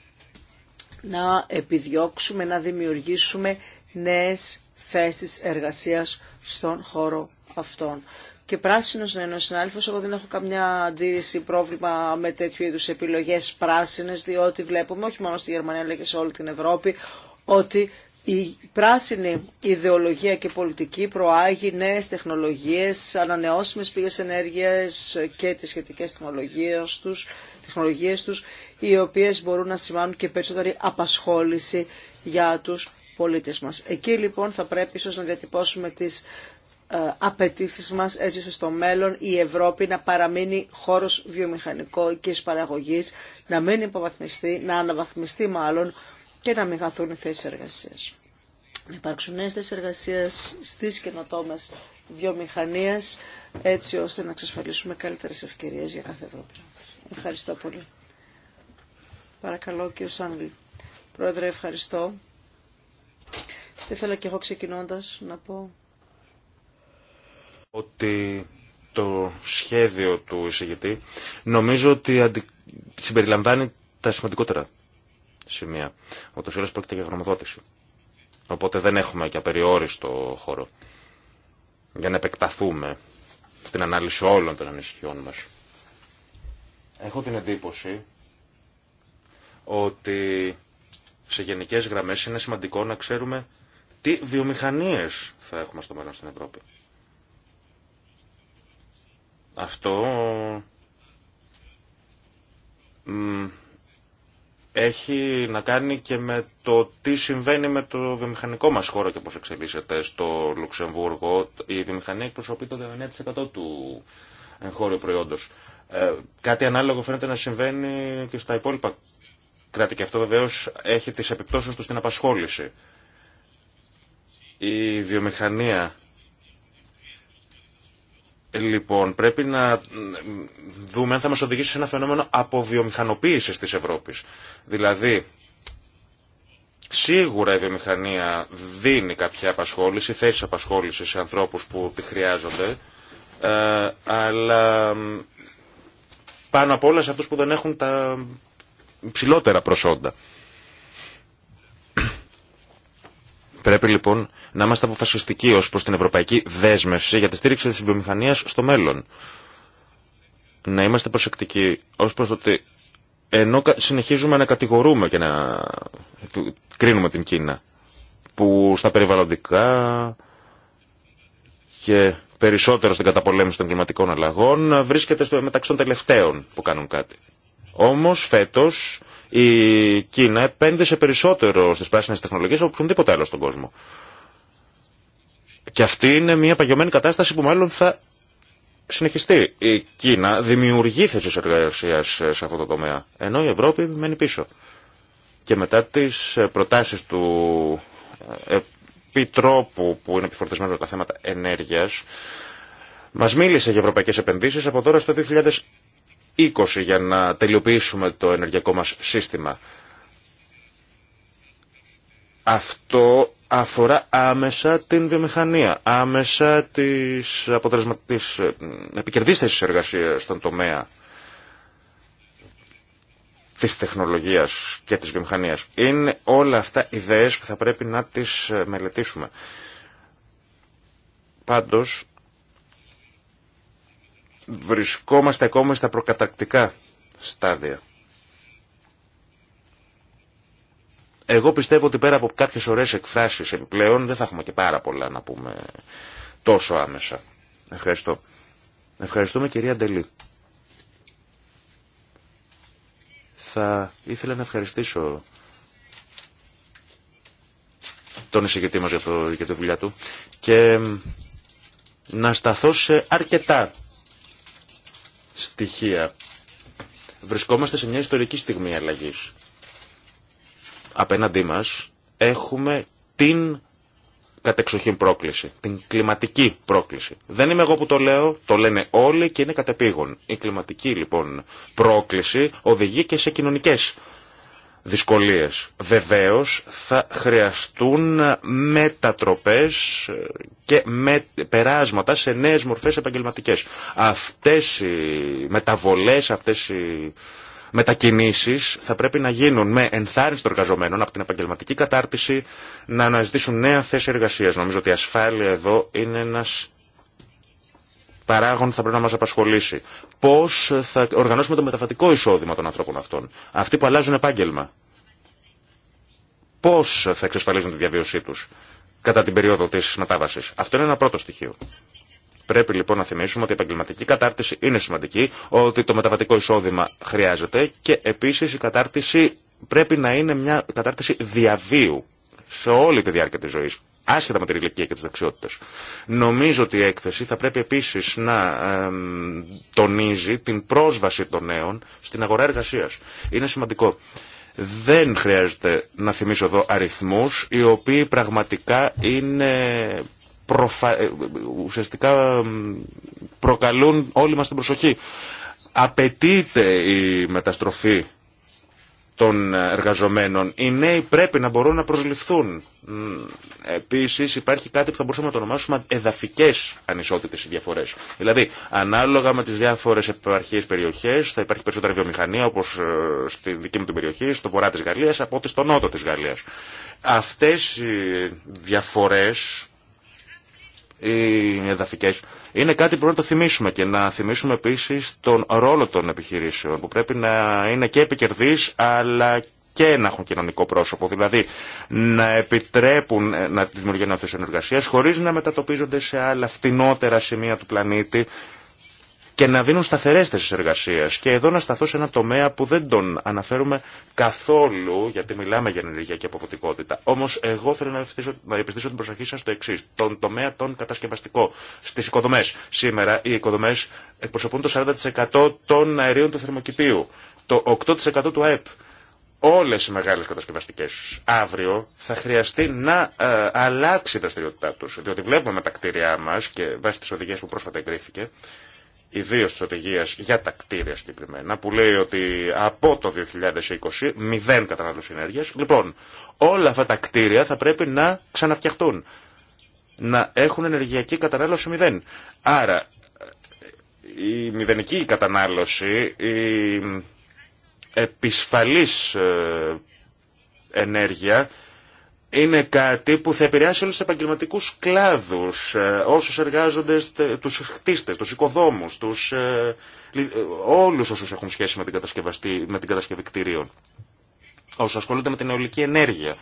να επιδιώξουμε, να δημιουργήσουμε νέες θέσεις εργασίας στον χώρο αυτών και πράσινο να είναι ο Εγώ δεν έχω καμιά αντίρρηση πρόβλημα με τέτοιου είδου επιλογέ πράσινε, διότι βλέπουμε όχι μόνο στη Γερμανία αλλά και σε όλη την Ευρώπη ότι η πράσινη ιδεολογία και πολιτική προάγει νέε τεχνολογίε ανανεώσιμε πηγέ ενέργεια και τι σχετικέ τεχνολογίε του, οι οποίε μπορούν να σημάνουν και περισσότερη απασχόληση για τους πολίτες μας. Εκεί λοιπόν θα πρέπει ίσως να διατυπώσουμε τις ε, απαιτήσει μα έτσι ώστε στο μέλλον η Ευρώπη να παραμείνει χώρος και παραγωγή να μην υποβαθμιστεί, να αναβαθμιστεί μάλλον και να μην χαθούν οι θέσει εργασία. Να υπάρξουν νέε θέσει εργασία στις καινοτόμε βιομηχανίε, έτσι ώστε να εξασφαλίσουμε καλύτερε ευκαιρίες για κάθε Ευρώπη. Ευχαριστώ πολύ. Παρακαλώ κύριο Σάνγκλη. Πρόεδρε ευχαριστώ. Θα ήθελα και εγώ ξεκινώντας να πω ότι το σχέδιο του εισηγητή νομίζω ότι συμπεριλαμβάνει τα σημαντικότερα σημεία. Ο ή πρόκειται για γνωμοδότηση. Οπότε δεν έχουμε και απεριόριστο χώρο για να επεκταθούμε στην ανάλυση όλων των ανησυχιών μας. Έχω την εντύπωση ότι σε γενικές γραμμές είναι σημαντικό να ξέρουμε τι βιομηχανίες θα έχουμε στο μέλλον στην Ευρώπη. Αυτό έχει να κάνει και με το τι συμβαίνει με το βιομηχανικό μας χώρο και πώς εξελίσσεται στο Λουξεμβούργο. Η βιομηχανία εκπροσωπεί το 19% του εγχώριου προϊόντος. Ε, κάτι ανάλογο φαίνεται να συμβαίνει και στα υπόλοιπα κράτη και αυτό βεβαίως έχει τις επιπτώσεις του στην απασχόληση. Η βιομηχανία Λοιπόν, πρέπει να δούμε αν θα μας οδηγήσει σε ένα φαινόμενο αποβιομηχανοποίησης της Ευρώπης. Δηλαδή, σίγουρα η βιομηχανία δίνει κάποια απασχόληση, θέσεις απασχόληση σε ανθρώπους που τη χρειάζονται, ε, αλλά πάνω απ' όλα σε αυτούς που δεν έχουν τα ψηλότερα προσόντα. Πρέπει λοιπόν να είμαστε αποφασιστικοί ω προ την ευρωπαϊκή δέσμευση για τη στήριξη τη βιομηχανία στο μέλλον. Να είμαστε προσεκτικοί ω προ το ότι ενώ συνεχίζουμε να κατηγορούμε και να κρίνουμε την Κίνα που στα περιβαλλοντικά και περισσότερο στην καταπολέμηση των κλιματικών αλλαγών βρίσκεται στο, μεταξύ των τελευταίων που κάνουν κάτι. Όμως φέτος η Κίνα επένδυσε περισσότερο στις πράσινες τεχνολογίες από οποιονδήποτε άλλο στον κόσμο. Και αυτή είναι μια παγιωμένη κατάσταση που μάλλον θα συνεχιστεί. Η Κίνα δημιουργεί θέσει εργασία σε αυτό το τομέα, ενώ η Ευρώπη μένει πίσω. Και μετά τι ε, προτάσει του ε, Επιτρόπου που είναι επιφορτισμένο με τα θέματα ενέργεια, μα μίλησε για ευρωπαϊκέ επενδύσει από τώρα στο 2020 για να τελειοποιήσουμε το ενεργειακό μα σύστημα. Αυτό αφορά άμεσα την βιομηχανία, άμεσα τις, αποτελεσμα... τις της ε, εργασίας στον τομέα της τεχνολογίας και της βιομηχανίας. Είναι όλα αυτά ιδέες που θα πρέπει να τις ε, μελετήσουμε. Πάντως, βρισκόμαστε ακόμα στα προκατακτικά στάδια. Εγώ πιστεύω ότι πέρα από κάποιες ωραίες εκφράσεις επιπλέον δεν θα έχουμε και πάρα πολλά να πούμε τόσο άμεσα. Ευχαριστώ. Ευχαριστούμε κυρία Ντελή. Θα ήθελα να ευχαριστήσω τον εισηγητή μας για, το, για τη δουλειά του και να σταθώ σε αρκετά στοιχεία. Βρισκόμαστε σε μια ιστορική στιγμή αλλαγής απέναντί μας έχουμε την κατεξοχήν πρόκληση, την κλιματική πρόκληση. Δεν είμαι εγώ που το λέω, το λένε όλοι και είναι κατεπήγον. Η κλιματική λοιπόν πρόκληση οδηγεί και σε κοινωνικές δυσκολίες. Βεβαίως θα χρειαστούν μετατροπές και περάσματα σε νέες μορφές επαγγελματικές. Αυτές οι μεταβολές, αυτές οι Μετακινήσεις θα πρέπει να γίνουν με ενθάρρυνση των εργαζομένων από την επαγγελματική κατάρτιση να αναζητήσουν νέα θέση εργασίας Νομίζω ότι η ασφάλεια εδώ είναι ένας παράγων που θα πρέπει να μας απασχολήσει. πώς θα οργανώσουμε το μεταφατικό εισόδημα των ανθρώπων αυτών, αυτοί που αλλάζουν επάγγελμα. Πώ θα εξασφαλίζουν τη διαβίωσή του κατά την περίοδο της μετάβαση. Αυτό είναι ένα πρώτο στοιχείο. Πρέπει λοιπόν να θυμίσουμε ότι η επαγγελματική κατάρτιση είναι σημαντική, ότι το μεταβατικό εισόδημα χρειάζεται και επίση η κατάρτιση πρέπει να είναι μια κατάρτιση διαβίου σε όλη τη διάρκεια τη ζωή άσχετα με την ηλικία και τις δεξιότητες. Νομίζω ότι η έκθεση θα πρέπει επίσης να τονίζει την πρόσβαση των νέων στην αγορά εργασίας. Είναι σημαντικό. Δεν χρειάζεται να θυμίσω εδώ αριθμούς οι οποίοι πραγματικά είναι προφα... Ε, ουσιαστικά προκαλούν όλη μας την προσοχή. Απαιτείται η μεταστροφή των εργαζομένων. Οι νέοι πρέπει να μπορούν να προσληφθούν. Επίσης υπάρχει κάτι που θα μπορούσαμε να το ονομάσουμε εδαφικές ανισότητες ή διαφορές. Δηλαδή, ανάλογα με τις διάφορες επαρχίες περιοχές, θα υπάρχει περισσότερη βιομηχανία, όπως ε, στη δική μου την περιοχή, στο βορρά της Γαλλίας, από ό,τι στο νότο της Γαλλίας. Αυτές οι διαφορές οι εδαφικέ, είναι κάτι που πρέπει να το θυμίσουμε και να θυμίσουμε επίση τον ρόλο των επιχειρήσεων που πρέπει να είναι και επικερδεί αλλά και να έχουν κοινωνικό πρόσωπο. Δηλαδή να επιτρέπουν ε, να δημιουργούν θέσεων εργασία χωρί να μετατοπίζονται σε άλλα φτηνότερα σημεία του πλανήτη και να δίνουν σταθερέ θέσει εργασία. Και εδώ να σταθώ σε ένα τομέα που δεν τον αναφέρουμε καθόλου, γιατί μιλάμε για ενεργειακή αποδοτικότητα. Όμω, εγώ θέλω να επιστήσω, την προσοχή σα στο εξή. Τον τομέα των κατασκευαστικών. στι οικοδομέ. Σήμερα οι οικοδομέ εκπροσωπούν το 40% των αερίων του θερμοκηπίου, το 8% του ΑΕΠ. Όλες οι μεγάλες κατασκευαστικές αύριο θα χρειαστεί να ε, αλλάξει η δραστηριότητά τους. Διότι βλέπουμε με τα κτίρια μας και βάσει τι οδηγίες που πρόσφατα εγκρίθηκε ιδίως της οδηγίας για τα κτίρια συγκεκριμένα, που λέει ότι από το 2020 μηδέν κατανάλωση ενέργειας. Λοιπόν, όλα αυτά τα κτίρια θα πρέπει να ξαναφτιαχτούν, να έχουν ενεργειακή κατανάλωση μηδέν. Άρα, η μηδενική κατανάλωση, η επισφαλής ε, ενέργεια είναι κάτι που θα επηρεάσει όλους τους επαγγελματικούς κλάδους, ε, όσους εργάζονται, τους χτίστες, τους οικοδόμους, τους, ε, ε, όλους όσους έχουν σχέση με την, κατασκευαστή, με την κατασκευή κτηρίων, όσους ασχολούνται με την αιωλική ενέργεια.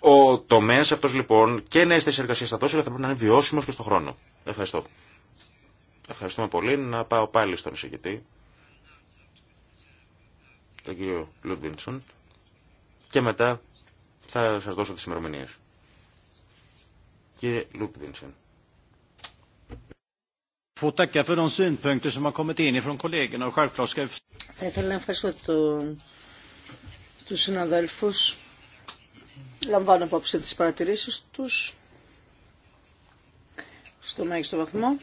Ο τομέας αυτός λοιπόν και νέες θέσεις εργασίας θα δώσει, αλλά θα πρέπει να είναι βιώσιμος και στον χρόνο. Ευχαριστώ. Ευχαριστούμε πολύ. Να πάω πάλι στον εισηγητή, τον κύριο Λουμπίντσον. και μετά θα σα δώσω τι ημερομηνίε. Κύριε Λουπδίνσεν. Θα ήθελα να ευχαριστώ το, τους συναδέλφους. Λαμβάνω απόψε τις παρατηρήσεις τους στο μέγιστο βαθμό,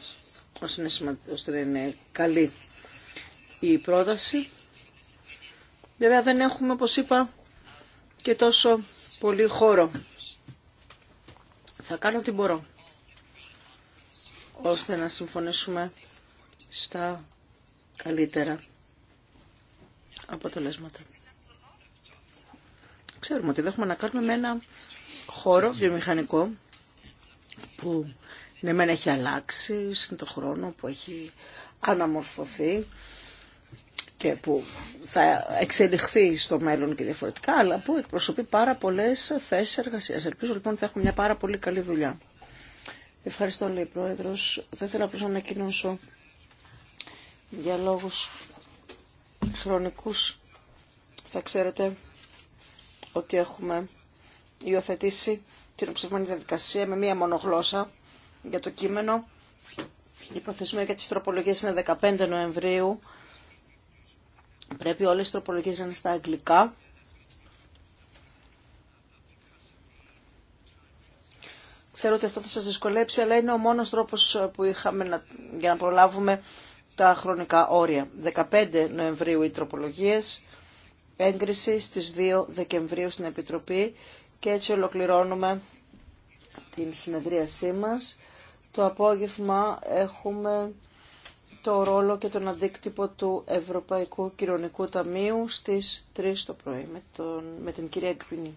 ώστε να είναι, ώστε είναι καλή η πρόταση. Βέβαια δεν έχουμε, όπως είπα, και τόσο πολύ χώρο. Θα κάνω ό,τι μπορώ ώστε να συμφωνήσουμε στα καλύτερα αποτελέσματα. Ξέρουμε ότι δεν έχουμε να κάνουμε με ένα χώρο βιομηχανικό που ναι μεν έχει αλλάξει στον χρόνο που έχει αναμορφωθεί και που θα εξελιχθεί στο μέλλον και διαφορετικά, αλλά που εκπροσωπεί πάρα πολλέ θέσει εργασία. Ελπίζω λοιπόν ότι θα έχουμε μια πάρα πολύ καλή δουλειά. Ευχαριστώ, λέει Πρόεδρος. Θα ήθελα απλώ να ανακοινώσω για λόγου χρονικού, Θα ξέρετε ότι έχουμε υιοθετήσει την οψευμένη διαδικασία με μία μονογλώσσα για το κείμενο. Η προθεσμία για τις τροπολογίες είναι 15 Νοεμβρίου Πρέπει όλες οι τροπολογίες να είναι στα αγγλικά. Ξέρω ότι αυτό θα σας δυσκολέψει, αλλά είναι ο μόνος τρόπος που είχαμε να, για να προλάβουμε τα χρονικά όρια. 15 Νοεμβρίου οι τροπολογίες, έγκριση στις 2 Δεκεμβρίου στην Επιτροπή και έτσι ολοκληρώνουμε την συνεδρίασή μας. Το απόγευμα έχουμε το ρόλο και τον αντίκτυπο του Ευρωπαϊκού Κοινωνικού Ταμείου στις 3 το πρωί με, τον, με την κυρία Γκρινή.